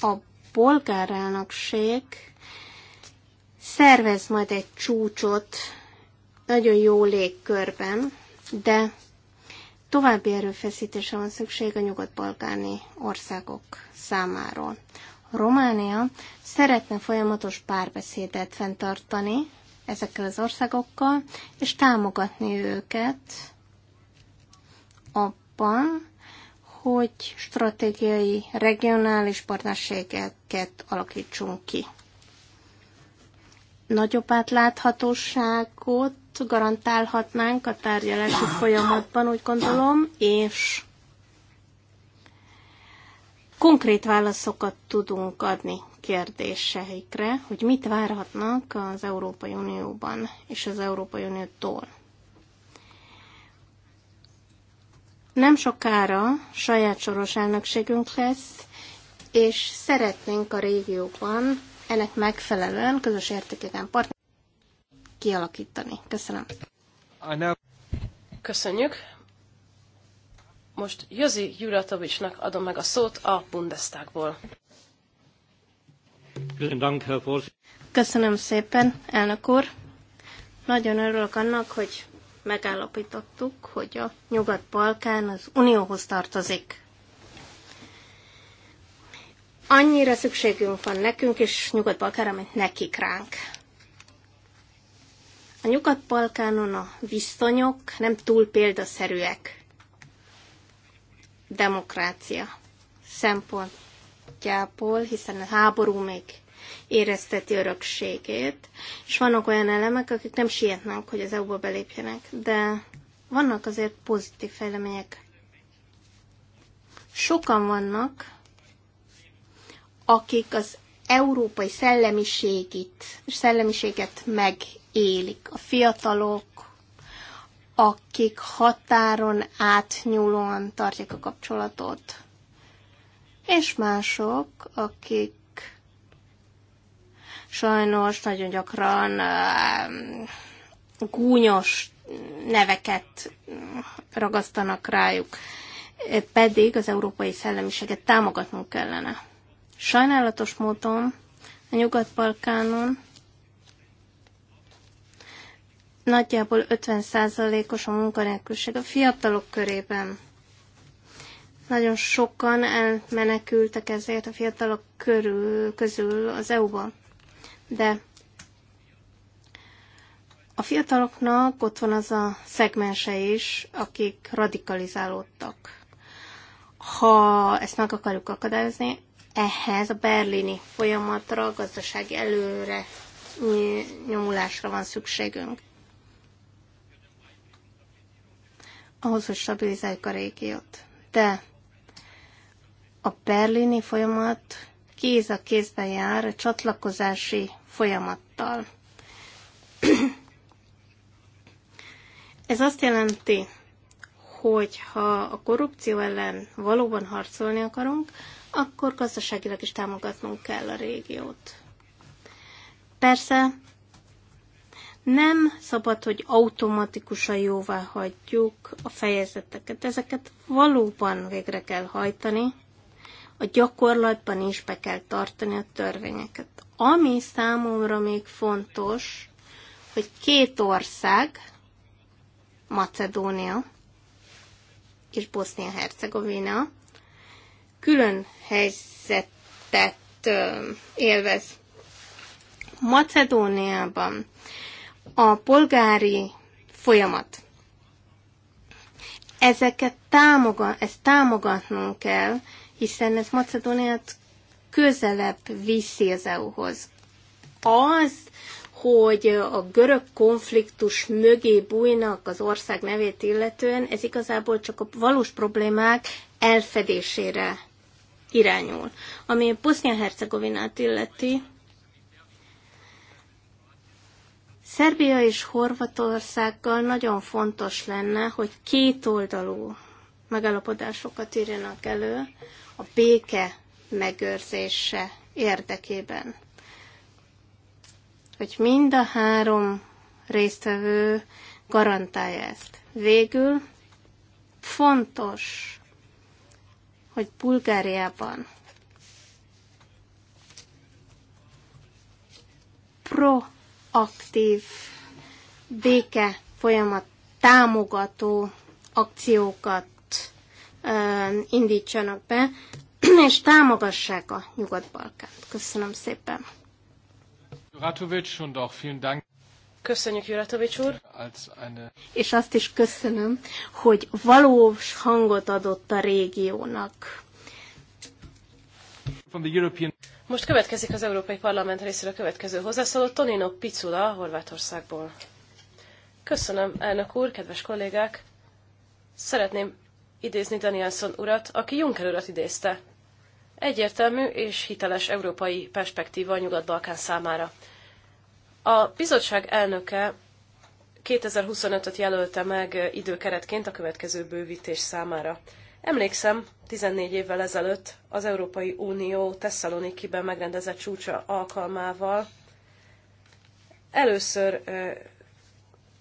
A bolgár elnökség szervez majd egy csúcsot nagyon jó légkörben, de további erőfeszítésre van szükség a nyugat-balkáni országok számáról. Románia szeretne folyamatos párbeszédet fenntartani ezekkel az országokkal, és támogatni őket a abban, hogy stratégiai, regionális partnerségeket alakítsunk ki. Nagyobb átláthatóságot garantálhatnánk a tárgyalási folyamatban, úgy gondolom, és konkrét válaszokat tudunk adni kérdéseikre, hogy mit várhatnak az Európai Unióban és az Európai Uniótól. Nem sokára saját soros elnökségünk lesz, és szeretnénk a régióban ennek megfelelően közös értékeken partner kialakítani. Köszönöm. Köszönjük. Most Józi Juratovicsnak adom meg a szót a Bundestagból. Köszönöm szépen, elnök úr. Nagyon örülök annak, hogy megállapítottuk, hogy a Nyugat-Balkán az Unióhoz tartozik. Annyira szükségünk van nekünk és Nyugat-Balkánra, mint nekik ránk. A Nyugat-Balkánon a viszonyok nem túl példaszerűek. Demokrácia szempontjából, hiszen a háború még érezteti örökségét, és vannak olyan elemek, akik nem sietnek, hogy az EU-ba belépjenek, de vannak azért pozitív fejlemények. Sokan vannak, akik az európai szellemiségit, szellemiséget megélik. A fiatalok, akik határon átnyúlóan tartják a kapcsolatot, és mások, akik Sajnos nagyon gyakran eh, gúnyos neveket ragasztanak rájuk, pedig az európai szellemiséget támogatnunk kellene. Sajnálatos módon a Nyugat-Balkánon nagyjából 50%-os a munkanélküliség a fiatalok körében. Nagyon sokan elmenekültek ezért a fiatalok körül, közül az EU-ba de a fiataloknak ott van az a szegmense is, akik radikalizálódtak. Ha ezt meg akarjuk akadályozni, ehhez a berlini folyamatra, a gazdaság előre nyomulásra van szükségünk. Ahhoz, hogy stabilizáljuk a régiót. De a berlini folyamat kéz a kézben jár a csatlakozási folyamattal. Ez azt jelenti, hogy ha a korrupció ellen valóban harcolni akarunk, akkor gazdaságilag is támogatnunk kell a régiót. Persze nem szabad, hogy automatikusan jóvá hagyjuk a fejezeteket. Ezeket valóban végre kell hajtani, a gyakorlatban is be kell tartani a törvényeket. Ami számomra még fontos, hogy két ország, Macedónia és Bosznia-Hercegovina, külön helyzetet élvez. Macedóniában a polgári folyamat. Ezeket támogat, ezt támogatnunk kell, hiszen ez Macedóniát közelebb viszi az EU-hoz. Az, hogy a görög konfliktus mögé bújnak az ország nevét illetően, ez igazából csak a valós problémák elfedésére irányul. Ami Bosznia-Hercegovinát illeti, Szerbia és Horvatországgal nagyon fontos lenne, hogy kétoldalú megállapodásokat írjanak elő, a béke megőrzése érdekében. Hogy mind a három résztvevő garantálja ezt. Végül fontos, hogy Bulgáriában proaktív béke folyamat támogató akciókat indítsanak be, és támogassák a Nyugat-Balkánt. Köszönöm szépen. Juratovics, Köszönjük, Juratovics úr. És azt is köszönöm, hogy valós hangot adott a régiónak. Most következik az Európai Parlament részéről a következő hozzászóló, Tonino Picula, Horvátországból. Köszönöm, elnök úr, kedves kollégák! Szeretném idézni Danielson urat, aki Juncker urat idézte. Egyértelmű és hiteles európai perspektíva a Nyugat-Balkán számára. A bizottság elnöke 2025-öt jelölte meg időkeretként a következő bővítés számára. Emlékszem, 14 évvel ezelőtt az Európai Unió Tesszalonikiben megrendezett csúcsa alkalmával először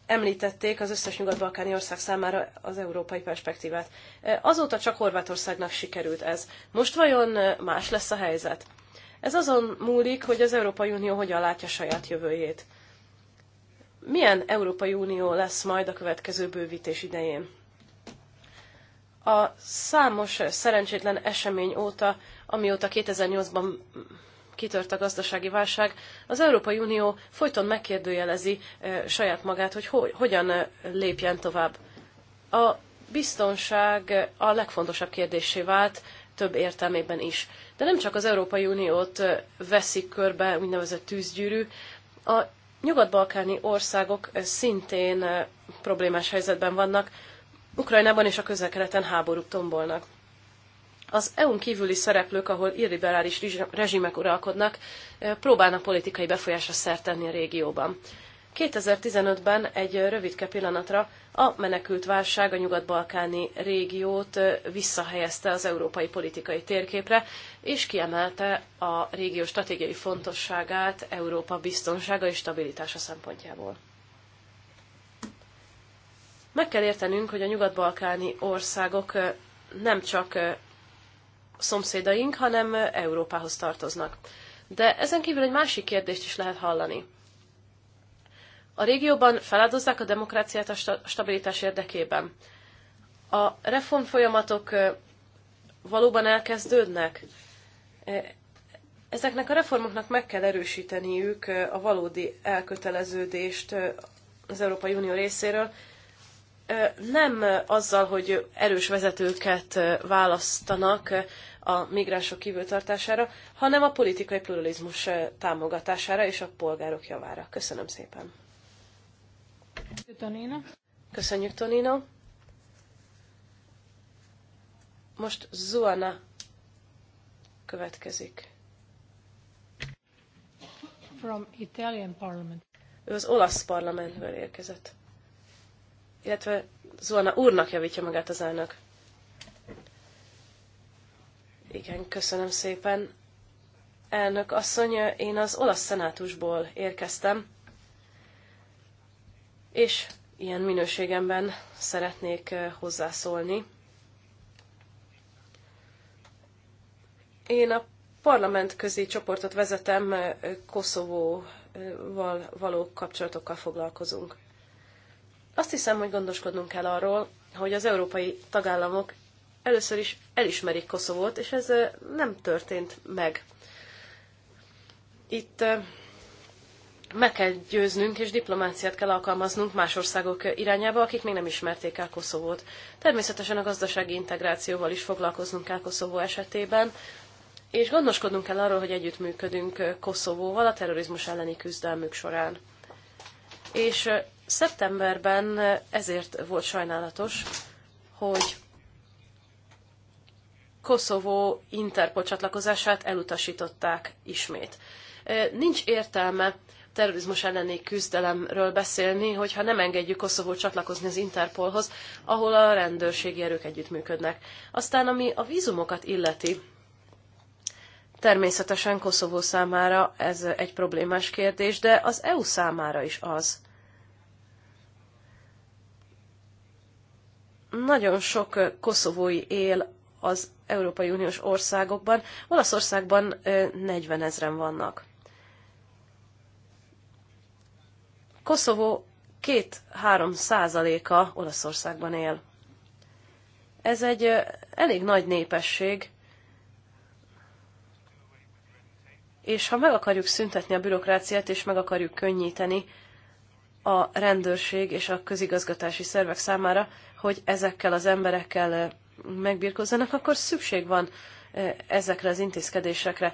említették az összes nyugat-balkáni ország számára az európai perspektívát. Azóta csak Horvátországnak sikerült ez. Most vajon más lesz a helyzet? Ez azon múlik, hogy az Európai Unió hogyan látja saját jövőjét. Milyen Európai Unió lesz majd a következő bővítés idején? A számos szerencsétlen esemény óta, amióta 2008-ban kitört a gazdasági válság, az Európai Unió folyton megkérdőjelezi saját magát, hogy ho- hogyan lépjen tovább. A biztonság a legfontosabb kérdésé vált, több értelmében is. De nem csak az Európai Uniót veszik körbe úgynevezett tűzgyűrű, a nyugat-balkáni országok szintén problémás helyzetben vannak, Ukrajnában és a közelkeleten háborúk tombolnak az EU-n kívüli szereplők, ahol illiberális rezsimek uralkodnak, próbálnak politikai befolyásra szert tenni a régióban. 2015-ben egy rövidke pillanatra a menekült válság a nyugat-balkáni régiót visszahelyezte az európai politikai térképre, és kiemelte a régió stratégiai fontosságát Európa biztonsága és stabilitása szempontjából. Meg kell értenünk, hogy a nyugat-balkáni országok nem csak szomszédaink, hanem Európához tartoznak. De ezen kívül egy másik kérdést is lehet hallani. A régióban feláldozzák a demokráciát a stabilitás érdekében. A reform folyamatok valóban elkezdődnek. Ezeknek a reformoknak meg kell erősíteniük a valódi elköteleződést az Európai Unió részéről, nem azzal, hogy erős vezetőket választanak a migránsok kívültartására, hanem a politikai pluralizmus támogatására és a polgárok javára. Köszönöm szépen. Tonina. Köszönjük, Tonino. Most Zuana következik. From Italian Parliament. Ő az olasz parlamentből érkezett illetve Zuana úrnak javítja magát az elnök. Igen, köszönöm szépen. Elnök asszony, én az olasz szenátusból érkeztem, és ilyen minőségemben szeretnék eh, hozzászólni. Én a parlament közé csoportot vezetem, eh, Koszovóval való kapcsolatokkal foglalkozunk. Azt hiszem, hogy gondoskodnunk kell arról, hogy az európai tagállamok először is elismerik Koszovót, és ez nem történt meg. Itt meg kell győznünk, és diplomáciát kell alkalmaznunk más országok irányába, akik még nem ismerték el Koszovót. Természetesen a gazdasági integrációval is foglalkoznunk kell Koszovó esetében, és gondoskodnunk kell arról, hogy együttműködünk Koszovóval a terrorizmus elleni küzdelmük során. És Szeptemberben ezért volt sajnálatos, hogy Koszovó Interpol csatlakozását elutasították ismét. Nincs értelme terrorizmus elleni küzdelemről beszélni, hogyha nem engedjük Koszovót csatlakozni az Interpolhoz, ahol a rendőrségi erők együttműködnek. Aztán, ami a vízumokat illeti, természetesen Koszovó számára ez egy problémás kérdés, de az EU számára is az. nagyon sok koszovói él az Európai Uniós országokban, Olaszországban 40 ezren vannak. Koszovó 2-3 százaléka Olaszországban él. Ez egy elég nagy népesség, és ha meg akarjuk szüntetni a bürokráciát, és meg akarjuk könnyíteni a rendőrség és a közigazgatási szervek számára, hogy ezekkel az emberekkel megbirkózzanak, akkor szükség van ezekre az intézkedésekre.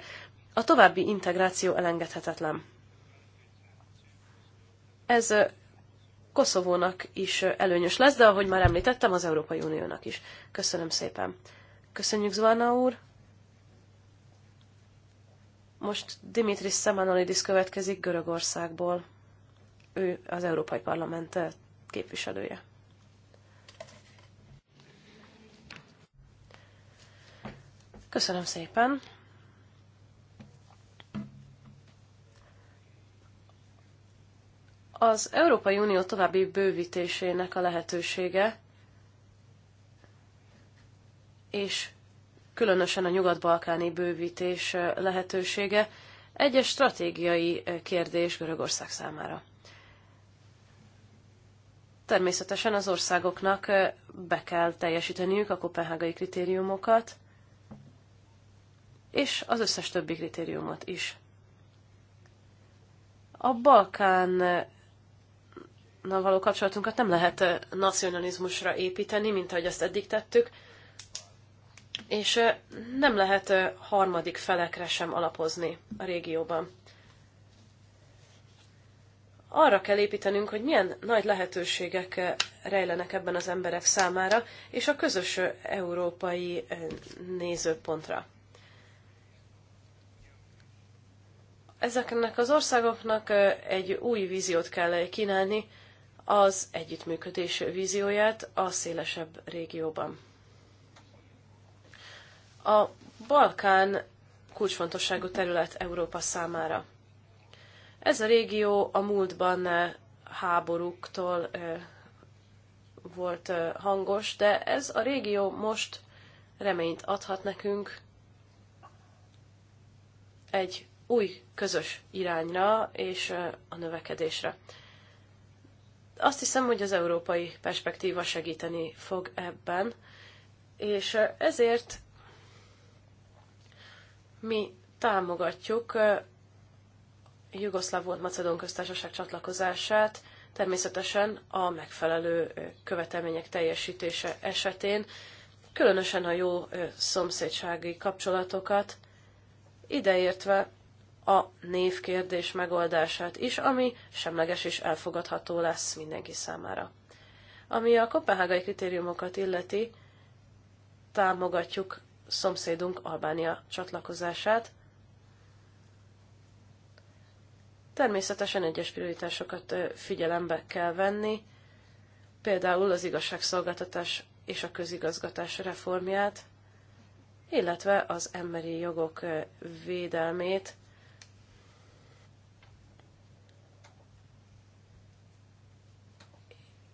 A további integráció elengedhetetlen. Ez Koszovónak is előnyös lesz, de ahogy már említettem, az Európai Uniónak is. Köszönöm szépen. Köszönjük, Zvana úr! Most Dimitris Szemanolidis következik Görögországból ő az Európai Parlament képviselője. Köszönöm szépen. Az Európai Unió további bővítésének a lehetősége, és különösen a nyugat-balkáni bővítés lehetősége egy stratégiai kérdés Görögország számára. Természetesen az országoknak be kell teljesíteniük a kopenhágai kritériumokat, és az összes többi kritériumot is. A Balkán na való kapcsolatunkat nem lehet nacionalizmusra építeni, mint ahogy azt eddig tettük, és nem lehet harmadik felekre sem alapozni a régióban arra kell építenünk, hogy milyen nagy lehetőségek rejlenek ebben az emberek számára, és a közös európai nézőpontra. Ezeknek az országoknak egy új víziót kell kínálni, az együttműködés vízióját a szélesebb régióban. A Balkán kulcsfontosságú terület Európa számára. Ez a régió a múltban eh, háborúktól eh, volt eh, hangos, de ez a régió most reményt adhat nekünk egy új közös irányra és a növekedésre. Azt hiszem, hogy az európai perspektíva segíteni fog ebben, és ezért mi támogatjuk Jugoszláv volt Macedón köztársaság csatlakozását, természetesen a megfelelő követelmények teljesítése esetén, különösen a jó szomszédsági kapcsolatokat, ideértve a névkérdés megoldását is, ami semleges és elfogadható lesz mindenki számára. Ami a kopenhágai kritériumokat illeti, támogatjuk szomszédunk Albánia csatlakozását, Természetesen egyes prioritásokat figyelembe kell venni, például az igazságszolgáltatás és a közigazgatás reformját, illetve az emberi jogok védelmét,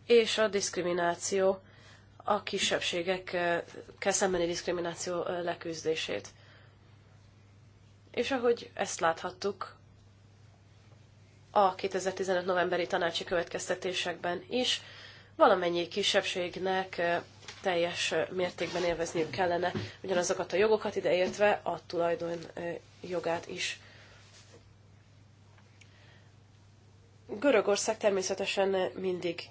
és a diszkrimináció, a kisebbségek szembeni diszkrimináció leküzdését. És ahogy ezt láthattuk a 2015. novemberi tanácsi következtetésekben is valamennyi kisebbségnek teljes mértékben élvezniük kellene ugyanazokat a jogokat, ideértve a tulajdon jogát is. Görögország természetesen mindig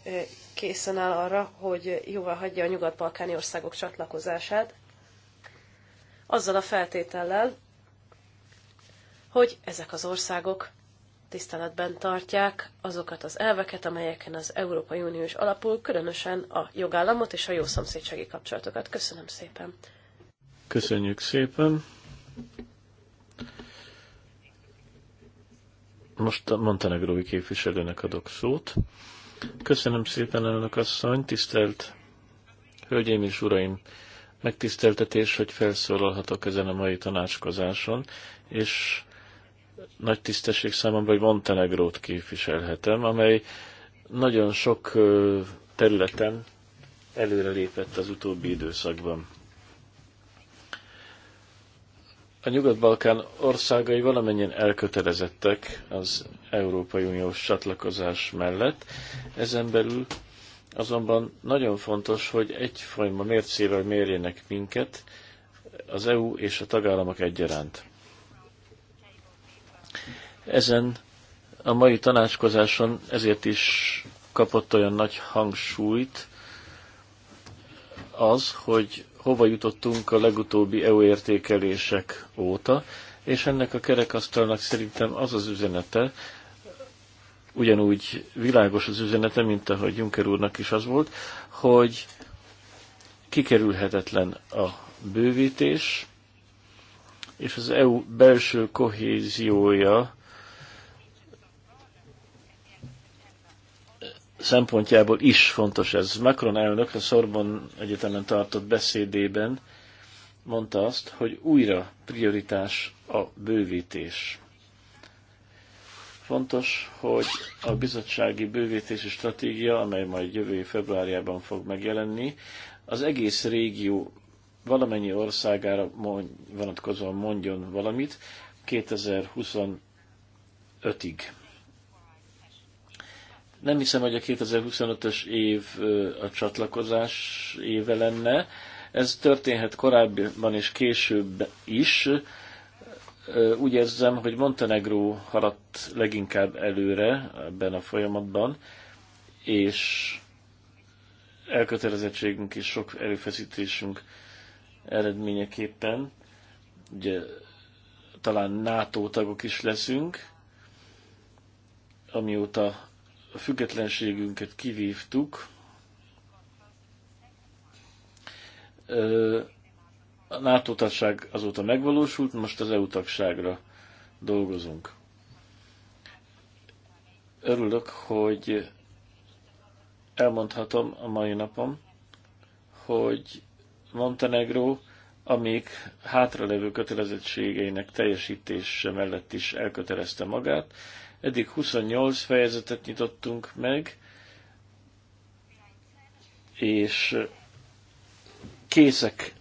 készen áll arra, hogy jóvá hagyja a nyugat-balkáni országok csatlakozását, azzal a feltétellel, hogy ezek az országok tiszteletben tartják azokat az elveket, amelyeken az Európai Unió is alapul, különösen a jogállamot és a jó szomszédsági kapcsolatokat. Köszönöm szépen! Köszönjük szépen! Most a Montenegrói képviselőnek adok szót. Köszönöm szépen, elnök asszony, tisztelt hölgyeim és uraim! Megtiszteltetés, hogy felszólalhatok ezen a mai tanácskozáson, és nagy tisztesség számomra, hogy Montenegrót képviselhetem, amely nagyon sok területen előrelépett az utóbbi időszakban. A Nyugat-Balkán országai valamennyien elkötelezettek az Európai Uniós csatlakozás mellett. Ezen belül azonban nagyon fontos, hogy egyforma mércével mérjenek minket az EU és a tagállamok egyaránt. Ezen a mai tanácskozáson ezért is kapott olyan nagy hangsúlyt az, hogy hova jutottunk a legutóbbi EU értékelések óta, és ennek a kerekasztalnak szerintem az az üzenete, ugyanúgy világos az üzenete, mint ahogy Juncker úrnak is az volt, hogy kikerülhetetlen a bővítés, és az EU belső kohéziója szempontjából is fontos ez. Macron elnök a Szorbon Egyetemen tartott beszédében mondta azt, hogy újra prioritás a bővítés. Fontos, hogy a bizottsági bővítési stratégia, amely majd jövő februárjában fog megjelenni, az egész régió valamennyi országára mond, vonatkozóan mondjon valamit 2025-ig. Nem hiszem, hogy a 2025-ös év a csatlakozás éve lenne. Ez történhet korábban és később is. Úgy érzem, hogy Montenegró haladt leginkább előre ebben a folyamatban, és elkötelezettségünk és sok erőfeszítésünk eredményeképpen, ugye talán NATO tagok is leszünk, amióta a függetlenségünket kivívtuk, a NATO tagság azóta megvalósult, most az EU tagságra dolgozunk. Örülök, hogy elmondhatom a mai napom, hogy Montenegro, amíg hátralevő kötelezettségeinek teljesítése mellett is elkötelezte magát. Eddig 28 fejezetet nyitottunk meg, és készek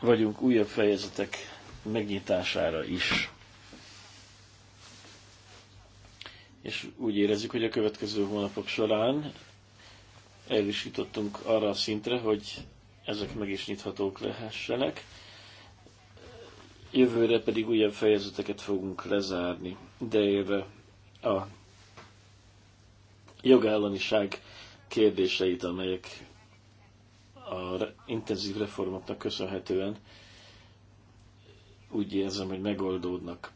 vagyunk újabb fejezetek megnyitására is. És úgy érezzük, hogy a következő hónapok során el is jutottunk arra a szintre, hogy ezek meg is nyithatók lehessenek. Jövőre pedig újabb fejezeteket fogunk lezárni, éve a jogállamiság kérdéseit, amelyek a intenzív reformoknak köszönhetően úgy érzem, hogy megoldódnak.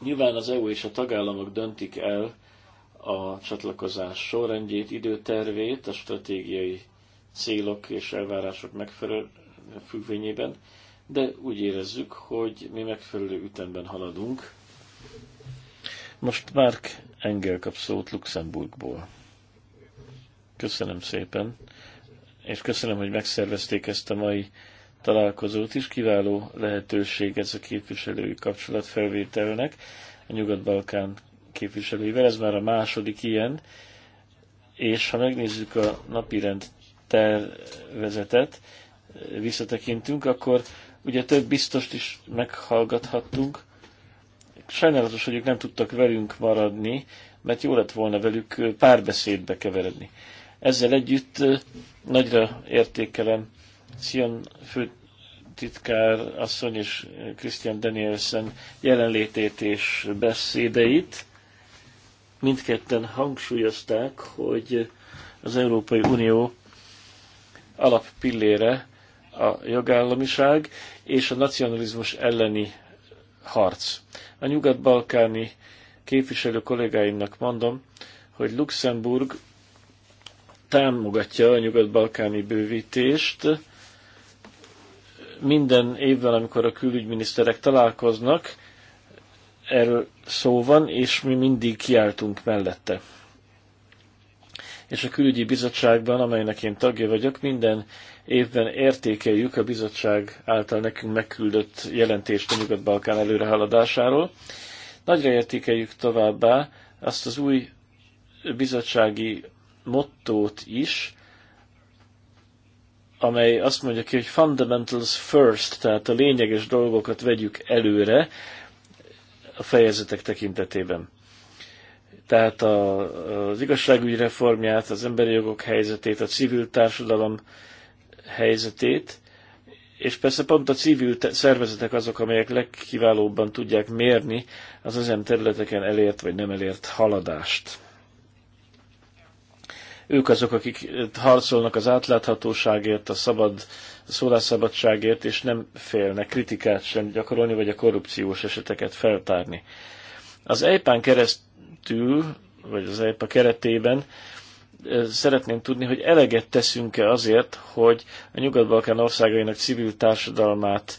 Nyilván az EU és a tagállamok döntik el a csatlakozás sorrendjét, időtervét, a stratégiai célok és elvárások megfelelő függvényében, de úgy érezzük, hogy mi megfelelő ütemben haladunk. Most Márk Engel kap szót Luxemburgból. Köszönöm szépen, és köszönöm, hogy megszervezték ezt a mai találkozót is. Kiváló lehetőség ez a képviselői kapcsolat felvételnek a Nyugat-Balkán képviselőivel. Ez már a második ilyen, és ha megnézzük a napirend tervezetet visszatekintünk, akkor ugye több biztost is meghallgathattunk. Sajnálatos, hogy ők nem tudtak velünk maradni, mert jó lett volna velük párbeszédbe keveredni. Ezzel együtt nagyra értékelem Szion főtitkár asszony és Christian Danielsen jelenlétét és beszédeit. Mindketten hangsúlyozták, hogy az Európai Unió alappillére a jogállamiság és a nacionalizmus elleni harc. A nyugat-balkáni képviselő kollégáimnak mondom, hogy Luxemburg támogatja a nyugat-balkáni bővítést. Minden évben, amikor a külügyminiszterek találkoznak, erről szó van, és mi mindig kiáltunk mellette és a külügyi bizottságban, amelynek én tagja vagyok, minden évben értékeljük a bizottság által nekünk megküldött jelentést a Nyugat-Balkán előrehaladásáról. Nagyra értékeljük továbbá azt az új bizottsági mottót is, amely azt mondja ki, hogy fundamentals first, tehát a lényeges dolgokat vegyük előre a fejezetek tekintetében. Tehát a, az igazságügyi reformját, az emberi jogok helyzetét, a civil társadalom helyzetét, és persze pont a civil szervezetek azok, amelyek legkiválóbban tudják mérni az ezen területeken elért vagy nem elért haladást. Ők azok, akik harcolnak az átláthatóságért, a szabad a szólásszabadságért, és nem félnek kritikát sem gyakorolni, vagy a korrupciós eseteket feltárni. Az EIPÁN keresztül, vagy az EIPA keretében szeretném tudni, hogy eleget teszünk-e azért, hogy a Nyugat-Balkán országainak civil társadalmát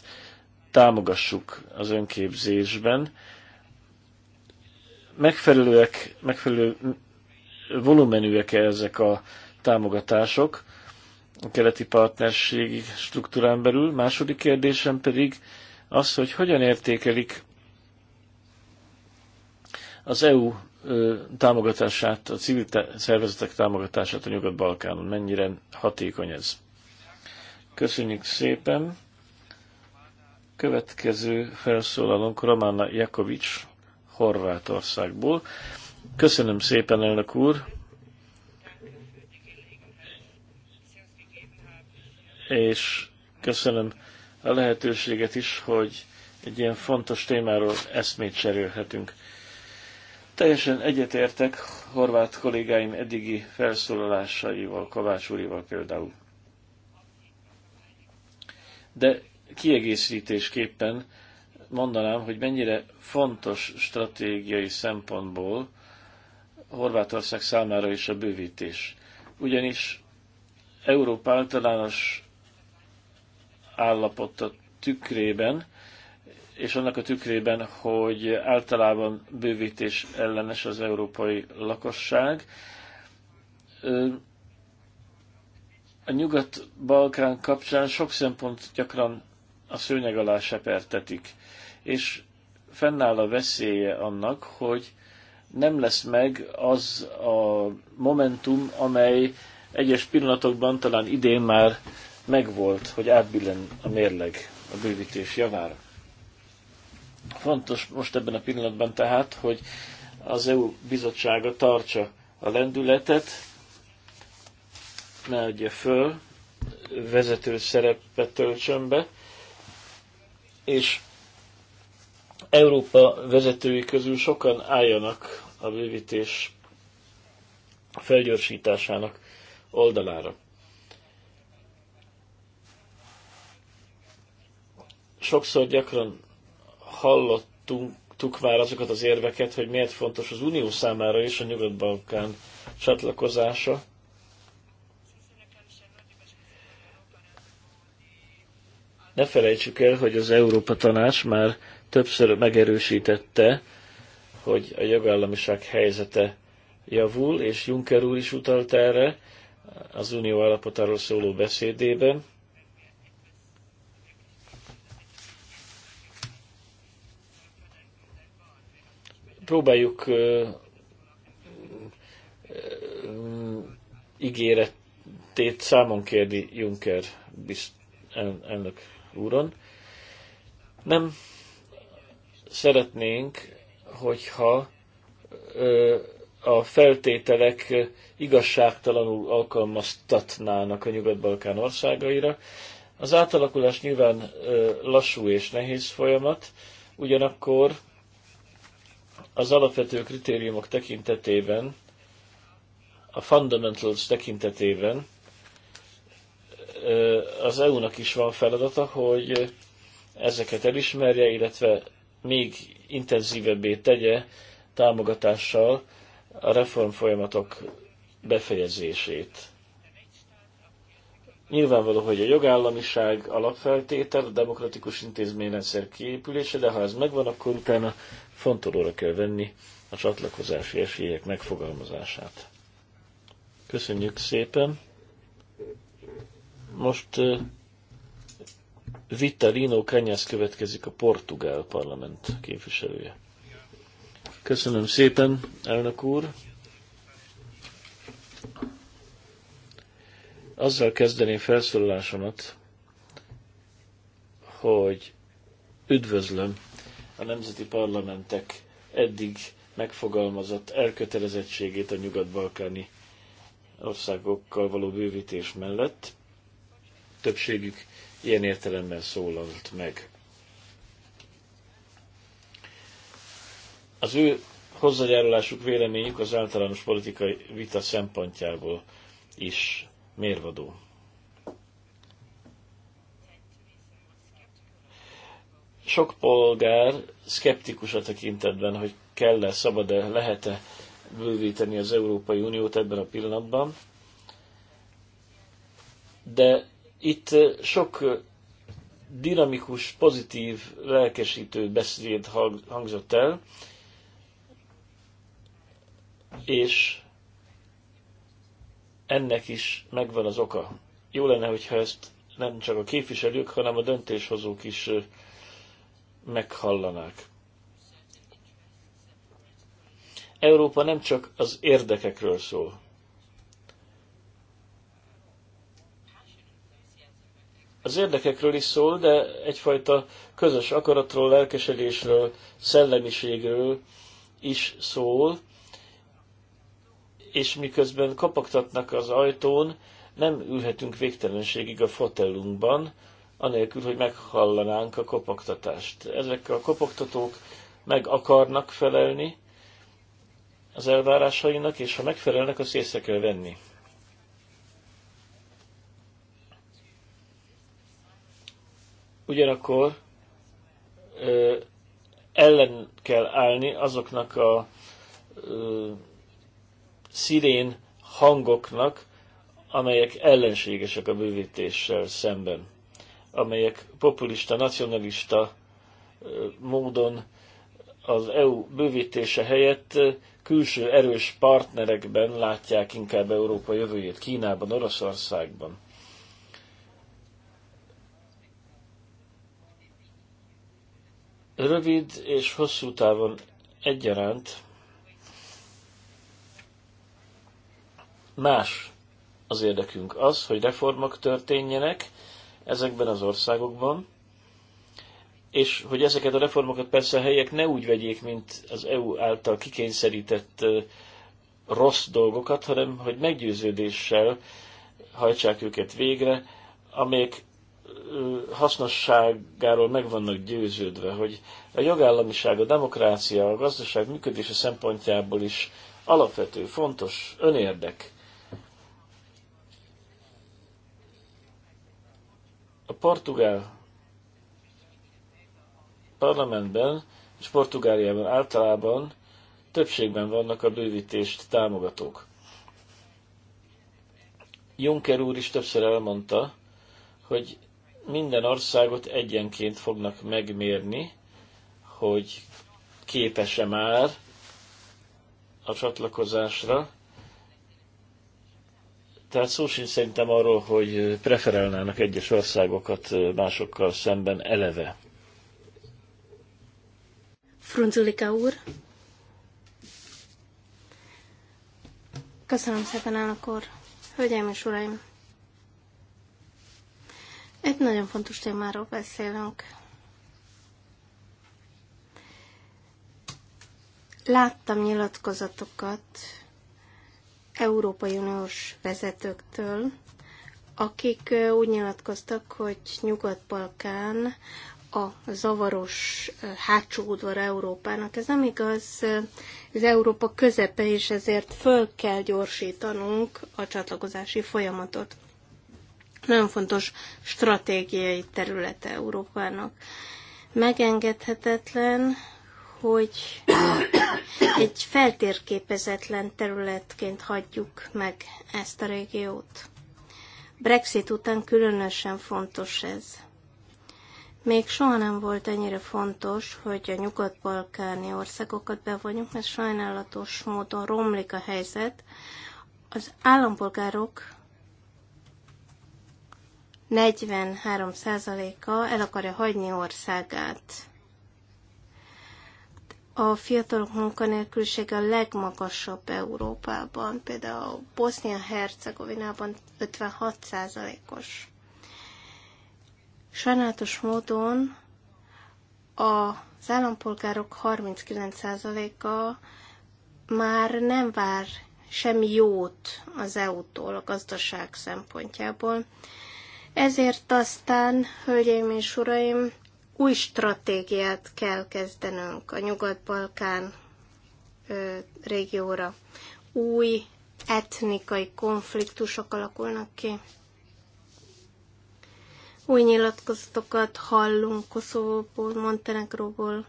támogassuk az önképzésben. Megfelelőek, megfelelő volumenűek -e ezek a támogatások a keleti partnerségi struktúrán belül. Második kérdésem pedig az, hogy hogyan értékelik az EU támogatását, a civil szervezetek támogatását a Nyugat-Balkánon. Mennyire hatékony ez? Köszönjük szépen! Következő felszólalónk Romana Jakovics Horvátországból. Köszönöm szépen, elnök úr! És köszönöm a lehetőséget is, hogy egy ilyen fontos témáról eszmét cserélhetünk. Teljesen egyetértek horvát kollégáim eddigi felszólalásaival, Kovács úrival például. De kiegészítésképpen mondanám, hogy mennyire fontos stratégiai szempontból Horvátország számára is a bővítés. Ugyanis Európa általános állapota tükrében és annak a tükrében, hogy általában bővítés ellenes az európai lakosság. A Nyugat-Balkán kapcsán sok szempont gyakran a szőnyeg alá sepertetik, és fennáll a veszélye annak, hogy nem lesz meg az a momentum, amely egyes pillanatokban talán idén már megvolt, hogy átbillen a mérleg a bővítés javára. Fontos most ebben a pillanatban tehát, hogy az EU bizottsága tartsa a lendületet, ne adja föl, vezető szerepet töltsön be, és Európa vezetői közül sokan álljanak a bővítés felgyorsításának oldalára. Sokszor gyakran hallottunk már azokat az érveket, hogy miért fontos az Unió számára és a Nyugat-Balkán csatlakozása. Ne felejtsük el, hogy az Európa Tanács már többször megerősítette, hogy a jogállamiság helyzete javul, és Juncker úr is utalt erre az unió állapotáról szóló beszédében. próbáljuk ígéretét számon kérni Juncker elnök úron. Nem szeretnénk, hogyha a feltételek igazságtalanul alkalmaztatnának a Nyugat-Balkán országaira. Az átalakulás nyilván lassú és nehéz folyamat, ugyanakkor az alapvető kritériumok tekintetében, a fundamentals tekintetében az EU-nak is van feladata, hogy ezeket elismerje, illetve még intenzívebbé tegye támogatással a reform folyamatok befejezését. Nyilvánvaló, hogy a jogállamiság alapfeltétel, a demokratikus intézményrendszer kiépülése, de ha ez megvan, akkor utána fontolóra kell venni a csatlakozási esélyek megfogalmazását. Köszönjük szépen! Most uh, Vitalino Kanyász következik a portugál parlament képviselője. Köszönöm szépen, elnök úr! Azzal kezdeném felszólalásomat, hogy üdvözlöm a nemzeti parlamentek eddig megfogalmazott elkötelezettségét a nyugat-balkáni országokkal való bővítés mellett. Többségük ilyen értelemben szólalt meg. Az ő hozzájárulásuk, véleményük az általános politikai vita szempontjából is mérvadó. sok polgár szkeptikus a tekintetben, hogy kell-e, szabad-e, lehet-e bővíteni az Európai Uniót ebben a pillanatban. De itt sok dinamikus, pozitív, lelkesítő beszéd hangzott el, és ennek is megvan az oka. Jó lenne, hogyha ezt nem csak a képviselők, hanem a döntéshozók is meghallanák. Európa nem csak az érdekekről szól. Az érdekekről is szól, de egyfajta közös akaratról, lelkesedésről, szellemiségről is szól, és miközben kapaktatnak az ajtón, nem ülhetünk végtelenségig a fotelunkban, anélkül, hogy meghallanánk a kopogtatást. Ezek a kopogtatók meg akarnak felelni az elvárásainak, és ha megfelelnek, azt észre kell venni. Ugyanakkor ö, ellen kell állni azoknak a ö, szirén hangoknak, amelyek ellenségesek a bővítéssel szemben amelyek populista, nacionalista módon az EU bővítése helyett külső erős partnerekben látják inkább Európa jövőjét, Kínában, Oroszországban. Rövid és hosszú távon egyaránt más az érdekünk az, hogy reformok történjenek, ezekben az országokban, és hogy ezeket a reformokat persze a helyek ne úgy vegyék, mint az EU által kikényszerített rossz dolgokat, hanem hogy meggyőződéssel hajtsák őket végre, amelyek hasznosságáról meg vannak győződve, hogy a jogállamiság, a demokrácia, a gazdaság működése szempontjából is alapvető, fontos önérdek A portugál parlamentben és Portugáliában általában többségben vannak a bővítést támogatók. Juncker úr is többször elmondta, hogy minden országot egyenként fognak megmérni, hogy képes-e már a csatlakozásra, tehát szó sincs szerintem arról, hogy preferálnának egyes országokat másokkal szemben eleve. Frunzulika úr. Köszönöm szépen, el akkor, Hölgyeim és uraim. Egy nagyon fontos témáról beszélünk. Láttam nyilatkozatokat Európai Uniós vezetőktől, akik úgy nyilatkoztak, hogy Nyugat-Balkán a zavaros hátsó udvar Európának. Ez nem igaz, az Európa közepe, és ezért föl kell gyorsítanunk a csatlakozási folyamatot. Nagyon fontos stratégiai területe Európának. Megengedhetetlen, hogy egy feltérképezetlen területként hagyjuk meg ezt a régiót. Brexit után különösen fontos ez. Még soha nem volt ennyire fontos, hogy a nyugat-balkáni országokat bevonjuk, mert sajnálatos módon romlik a helyzet. Az állampolgárok 43%-a el akarja hagyni országát a fiatalok munkanélkülsége a legmagasabb Európában, például Bosznia-Hercegovinában 56%-os. Sajnálatos módon az állampolgárok 39%-a már nem vár semmi jót az EU-tól a gazdaság szempontjából. Ezért aztán, hölgyeim és uraim, új stratégiát kell kezdenünk a Nyugat-Balkán régióra. Új etnikai konfliktusok alakulnak ki. Új nyilatkozatokat hallunk Koszovóból, Montenegróból.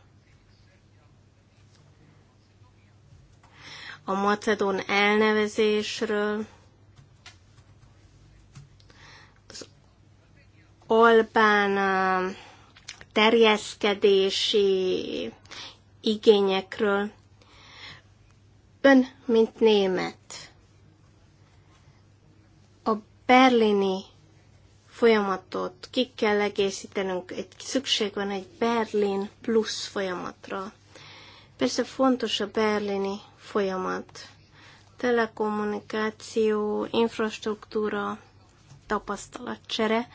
A macedón elnevezésről, az albán terjeszkedési igényekről. Ön, mint német, a berlini folyamatot ki kell egészítenünk, egy, szükség van egy Berlin plusz folyamatra. Persze fontos a berlini folyamat. Telekommunikáció, infrastruktúra, tapasztalatcsere,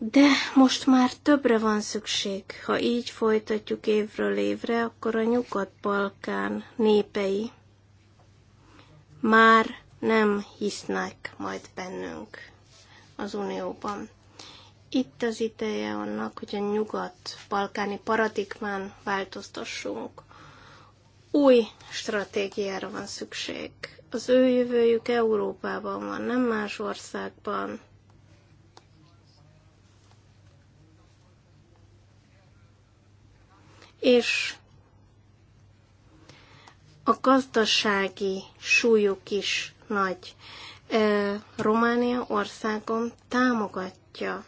de most már többre van szükség. Ha így folytatjuk évről évre, akkor a Nyugat-Balkán népei már nem hisznek majd bennünk az Unióban. Itt az ideje annak, hogy a nyugat-balkáni paradigmán változtassunk. Új stratégiára van szükség. Az ő jövőjük Európában van, nem más országban és a gazdasági súlyuk is nagy. Románia országom támogatja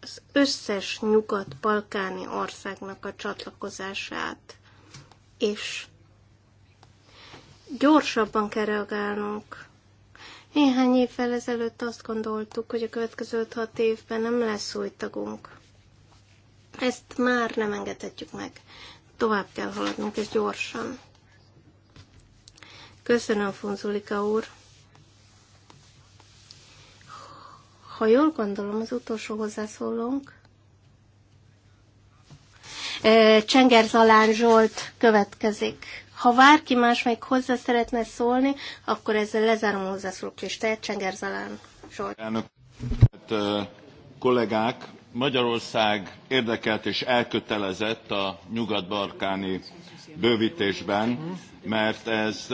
az összes nyugat-balkáni országnak a csatlakozását, és gyorsabban kell reagálnunk. Néhány évvel ezelőtt azt gondoltuk, hogy a következő 5-6 évben nem lesz új tagunk. Ezt már nem engedhetjük meg. Tovább kell haladnunk, és gyorsan. Köszönöm, Fonzulika úr. Ha jól gondolom, az utolsó hozzászólónk. Csenger Zalán Zsolt következik. Ha bárki más még hozzá szeretne szólni, akkor ezzel lezárom a hozzászólók listáját. Csenger Zalán Zsolt. Elnök, hát, kollégák, Magyarország érdekelt és elkötelezett a nyugat-balkáni bővítésben, mert ez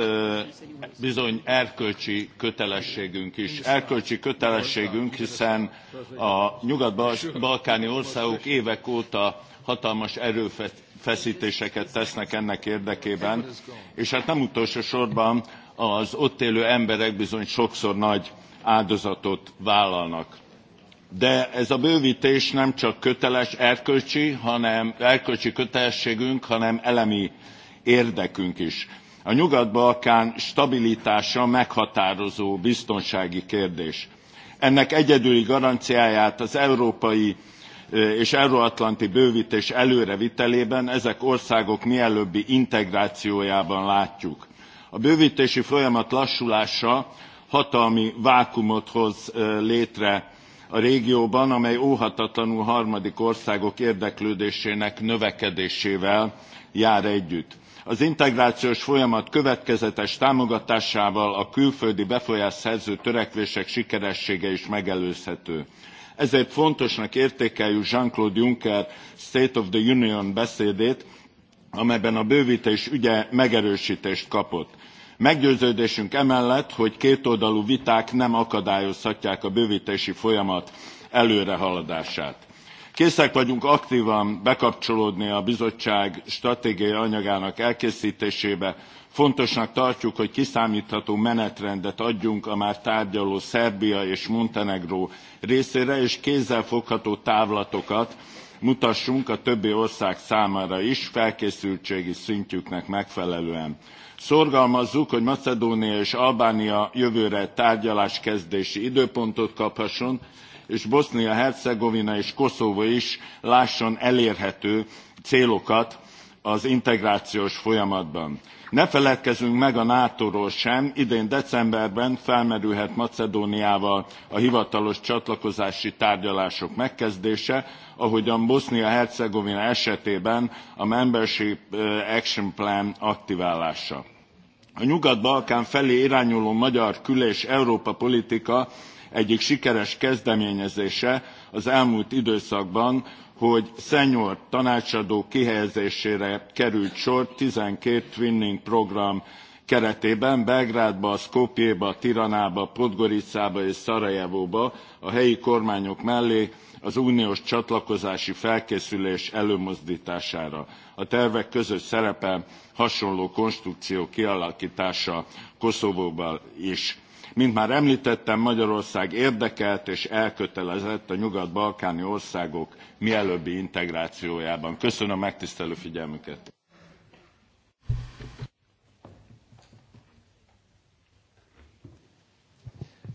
bizony erkölcsi kötelességünk is. Erkölcsi kötelességünk, hiszen a nyugat-balkáni országok évek óta hatalmas erőfeszítéseket tesznek ennek érdekében, és hát nem utolsó sorban az ott élő emberek bizony sokszor nagy áldozatot vállalnak de ez a bővítés nem csak köteles erkölcsi, hanem erkölcsi kötelességünk, hanem elemi érdekünk is. A Nyugat-Balkán stabilitása meghatározó biztonsági kérdés. Ennek egyedüli garanciáját az európai és euróatlanti bővítés előrevitelében ezek országok mielőbbi integrációjában látjuk. A bővítési folyamat lassulása hatalmi vákumot hoz létre a régióban, amely óhatatlanul harmadik országok érdeklődésének növekedésével jár együtt. Az integrációs folyamat következetes támogatásával a külföldi befolyásszerző törekvések sikeressége is megelőzhető. Ezért fontosnak értékeljük Jean-Claude Juncker State of the Union beszédét, amelyben a bővítés ügye megerősítést kapott meggyőződésünk emellett hogy kétoldalú viták nem akadályozhatják a bővtési folyamat előrehaladását. készek vagyunk aktvan bekapcsolódni a bizottság stratégiai anyagának elkésztésébe fontosnak tartjuk hogy kiszámtható menetrendet adjunk a már tárgyaló szerbia és montenegró részére és kézzelfogható távlatokat mutassunk a többi ország számára is felkészültségi szintjüknek megfelelően szorgalmazzuk hogy macedónia és albánia jövőre tárgyaláskezdési időpontot kaphasson és bosznia hercegovina és koszovó is lásson elérhető célokat az integrációs folyamatban. ne feledkezzünk meg a nato ról sem idén decemberben felmerülhet macedóniával a hivatalos csatlakozási tárgyalások megkezdése ahogyan bosznia hercegovina esetében a membership eh, action plan aktiválása a nyugat balkán felé irányuló magyar kül és európa politika egyik sikeres kezdeményezése az elmúlt időszakban hogy senior tanácsadó kihelyezésére került sor twelve twinning program keretében belgrádba skopjéba tiranába podgoricába és szarajevóba a helyi kormányok mellé az uniós csatlakozási felkészülés előmozdtására. a tervek között szerepel hasonló konstrukció kialakítása Koszovóban is. Mint már említettem, Magyarország érdekelt és elkötelezett a nyugat-balkáni országok mielőbbi integrációjában. Köszönöm megtisztelő figyelmüket!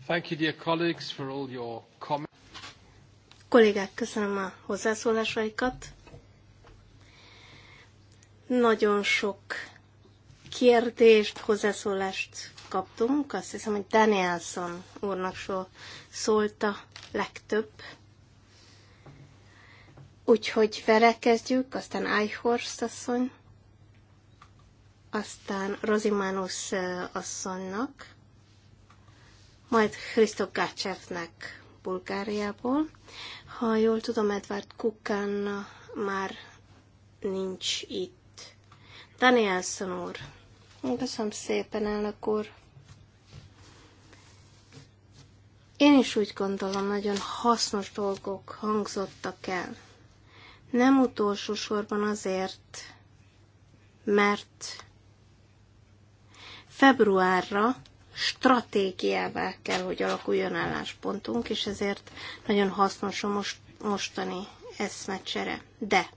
Thank you, dear colleagues, for all your comments. Kollégák, köszönöm a hozzászólásaikat. Nagyon sok kérdést, hozzászólást kaptunk. Azt hiszem, hogy Danielson úrnak so szólt a legtöbb. Úgyhogy vele kezdjük, aztán Eichhorst asszony, aztán Rosimanus asszonynak, majd Christoph Gácsevnek Bulgáriából. Ha jól tudom, Edward Kukán már nincs itt Danielson úr. Köszönöm szépen, elnök úr. Én is úgy gondolom, nagyon hasznos dolgok hangzottak el. Nem utolsó sorban azért, mert februárra stratégiává kell, hogy alakuljon álláspontunk, és ezért nagyon hasznos a most, mostani eszmecsere. De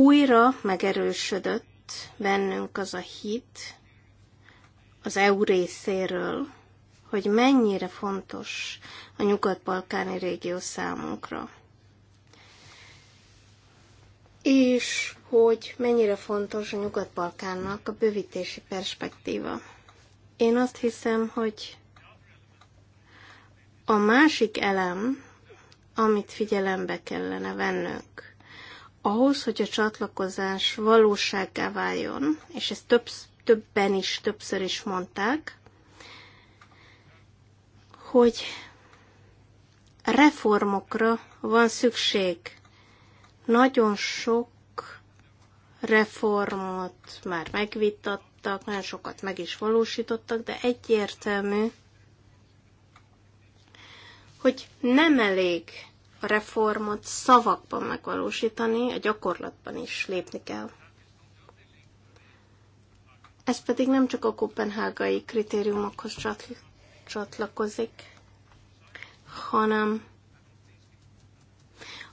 Újra megerősödött bennünk az a hit az EU részéről, hogy mennyire fontos a nyugat-balkáni régió számunkra. És hogy mennyire fontos a Nyugat-Balkánnak a bővítési perspektíva. Én azt hiszem, hogy a másik elem, amit figyelembe kellene vennünk, ahhoz, hogy a csatlakozás valósággá váljon, és ezt több, többen is, többször is mondták, hogy reformokra van szükség. Nagyon sok reformot már megvitattak, nagyon sokat meg is valósítottak, de egyértelmű, hogy nem elég a reformot szavakban megvalósítani, a gyakorlatban is lépni kell. Ez pedig nem csak a kopenhágai kritériumokhoz csatlakozik, hanem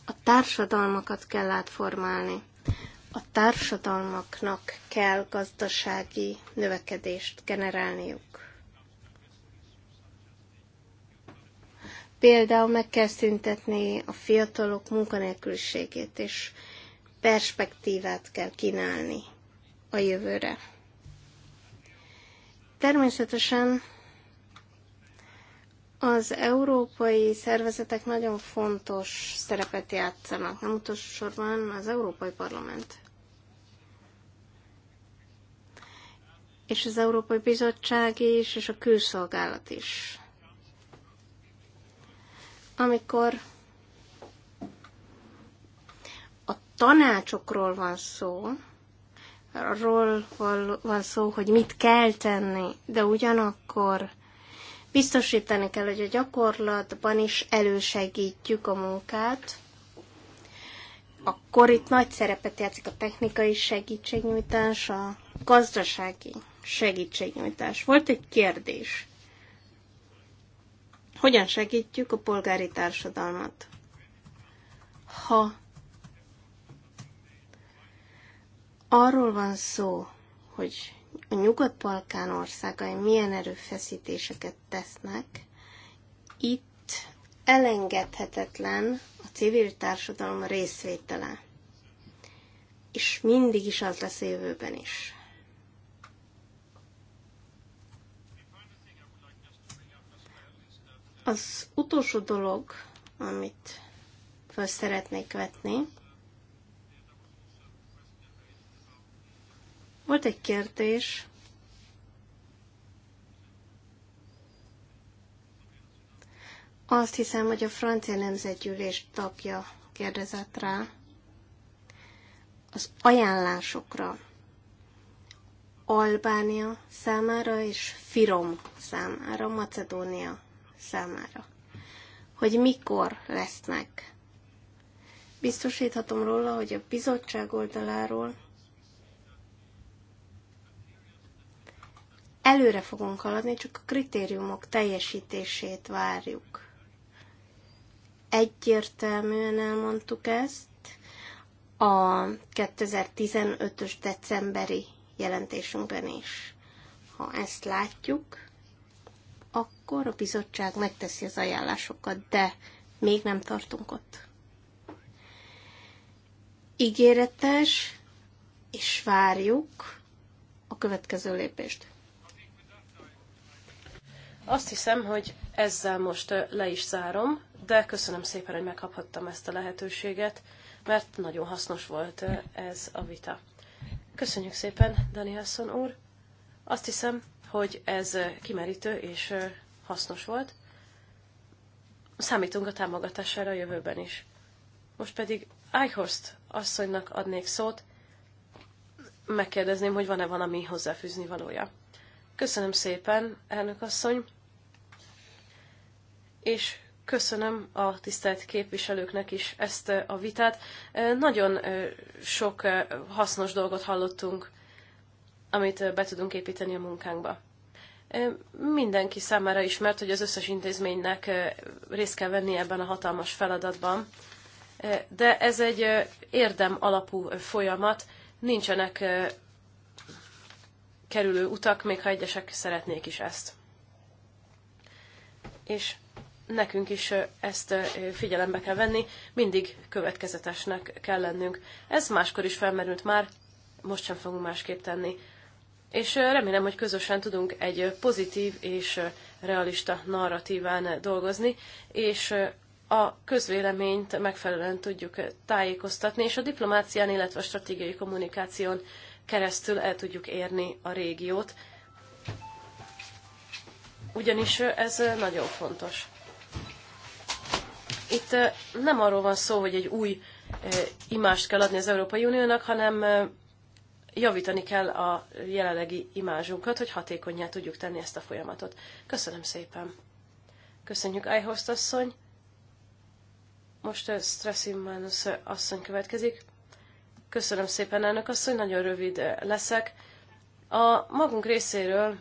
a társadalmakat kell átformálni. A társadalmaknak kell gazdasági növekedést generálniuk. Például meg kell szüntetni a fiatalok munkanélküliségét, és perspektívát kell kínálni a jövőre. Természetesen az európai szervezetek nagyon fontos szerepet játszanak, nem utolsó sorban az Európai Parlament. És az Európai Bizottság is, és a külszolgálat is amikor a tanácsokról van szó, arról van szó, hogy mit kell tenni, de ugyanakkor biztosítani kell, hogy a gyakorlatban is elősegítjük a munkát, akkor itt nagy szerepet játszik a technikai segítségnyújtás, a gazdasági segítségnyújtás. Volt egy kérdés hogyan segítjük a polgári társadalmat? Ha arról van szó, hogy a Nyugat-Balkán országai milyen erőfeszítéseket tesznek, itt elengedhetetlen a civil társadalom részvétele. És mindig is az lesz a jövőben is. Az utolsó dolog, amit fel szeretnék vetni, volt egy kérdés, Azt hiszem, hogy a francia nemzetgyűlés tapja kérdezett rá az ajánlásokra Albánia számára és Firom számára, Macedónia számára, hogy mikor lesznek. Biztosíthatom róla, hogy a bizottság oldaláról előre fogunk haladni, csak a kritériumok teljesítését várjuk. Egyértelműen elmondtuk ezt a 2015-ös decemberi jelentésünkben is. Ha ezt látjuk, akkor a bizottság megteszi az ajánlásokat, de még nem tartunk ott. Ígéretes, és várjuk a következő lépést. Azt hiszem, hogy ezzel most le is zárom, de köszönöm szépen, hogy megkaphattam ezt a lehetőséget, mert nagyon hasznos volt ez a vita. Köszönjük szépen, Danielson úr. Azt hiszem, hogy ez kimerítő és hasznos volt. Számítunk a támogatására a jövőben is. Most pedig Eichhorst asszonynak adnék szót, megkérdezném, hogy van-e valami hozzáfűzni valója. Köszönöm szépen, elnök asszony, és köszönöm a tisztelt képviselőknek is ezt a vitát. Nagyon sok hasznos dolgot hallottunk amit be tudunk építeni a munkánkba. Mindenki számára ismert, hogy az összes intézménynek részt kell venni ebben a hatalmas feladatban, de ez egy érdem alapú folyamat, nincsenek kerülő utak, még ha egyesek szeretnék is ezt. És nekünk is ezt figyelembe kell venni, mindig következetesnek kell lennünk. Ez máskor is felmerült már, most sem fogunk másképp tenni és remélem, hogy közösen tudunk egy pozitív és realista narratíván dolgozni, és a közvéleményt megfelelően tudjuk tájékoztatni, és a diplomácián, illetve a stratégiai kommunikáción keresztül el tudjuk érni a régiót. Ugyanis ez nagyon fontos. Itt nem arról van szó, hogy egy új imást kell adni az Európai Uniónak, hanem javítani kell a jelenlegi imázsunkat, hogy hatékonyá tudjuk tenni ezt a folyamatot. Köszönöm szépen! Köszönjük, iHost asszony! Most eh, Stressimmanus eh, asszony következik. Köszönöm szépen, elnök asszony, nagyon rövid eh, leszek. A magunk részéről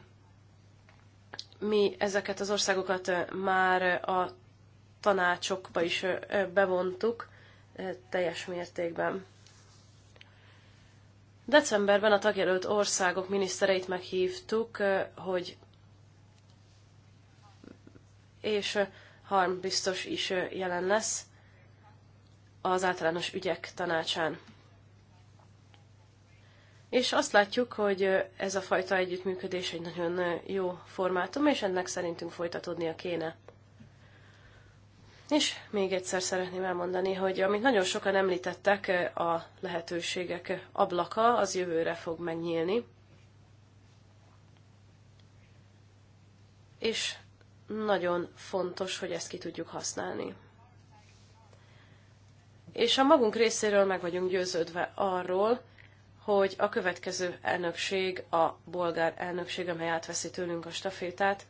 mi ezeket az országokat már a tanácsokba is bevontuk teljes mértékben. Decemberben a tagjelölt országok minisztereit meghívtuk, hogy és Harm biztos is jelen lesz az általános ügyek tanácsán. És azt látjuk, hogy ez a fajta együttműködés egy nagyon jó formátum, és ennek szerintünk folytatódnia kéne. És még egyszer szeretném elmondani, hogy amit nagyon sokan említettek, a lehetőségek ablaka az jövőre fog megnyílni. És nagyon fontos, hogy ezt ki tudjuk használni. És a magunk részéről meg vagyunk győződve arról, hogy a következő elnökség, a bolgár elnökség, amely átveszi tőlünk a stafétát,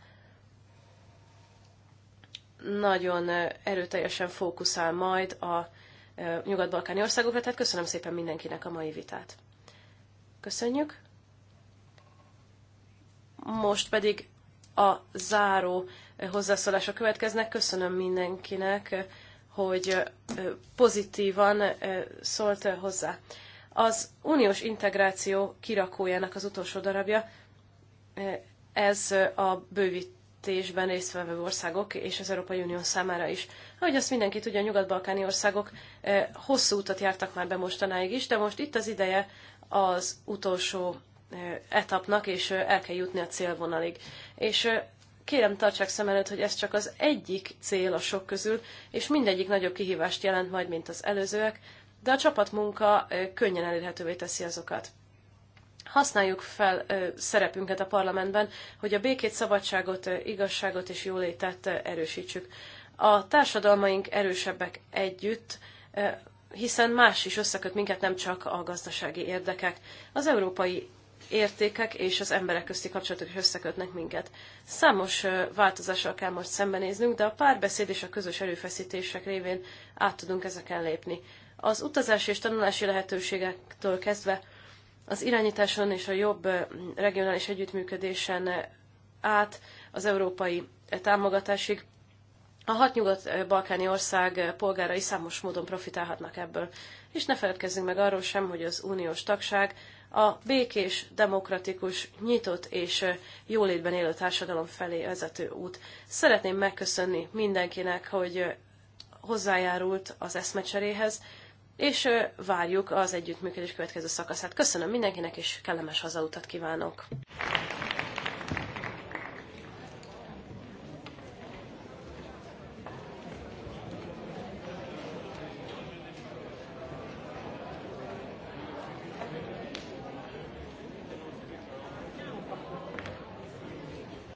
nagyon erőteljesen fókuszál majd a nyugat-balkáni országokra, tehát köszönöm szépen mindenkinek a mai vitát. Köszönjük. Most pedig a záró hozzászólása következnek. Köszönöm mindenkinek, hogy pozitívan szólt hozzá. Az uniós integráció kirakójának az utolsó darabja, ez a bővítés fejlesztésben résztvevő országok és az Európai Unió számára is. Ahogy azt mindenki tudja, a nyugat-balkáni országok eh, hosszú utat jártak már be mostanáig is, de most itt az ideje az utolsó eh, etapnak, és eh, el kell jutni a célvonalig. És kérem, tartsák szem előtt, hogy ez csak az egyik cél a sok közül, és mindegyik nagyobb kihívást jelent majd, mint az előzőek, de a csapatmunka könnyen elérhetővé teszi azokat használjuk fel szerepünket a parlamentben, hogy a békét, szabadságot, igazságot és jólétet erősítsük. A társadalmaink erősebbek együtt, hiszen más is összeköt minket, nem csak a gazdasági érdekek. Az európai értékek és az emberek közti kapcsolatok is összekötnek minket. Számos változással kell most szembenéznünk, de a párbeszéd és a közös erőfeszítések révén át tudunk ezeken lépni. Az utazási és tanulási lehetőségektől kezdve az irányításon és a jobb regionális együttműködésen át az európai támogatásig a hat nyugat-balkáni ország polgárai számos módon profitálhatnak ebből. És ne feledkezzünk meg arról sem, hogy az uniós tagság a békés, demokratikus, nyitott és jólétben élő társadalom felé vezető út. Szeretném megköszönni mindenkinek, hogy hozzájárult az eszmecseréhez, és várjuk az együttműködés következő szakaszát. Köszönöm mindenkinek, és kellemes hazautat kívánok!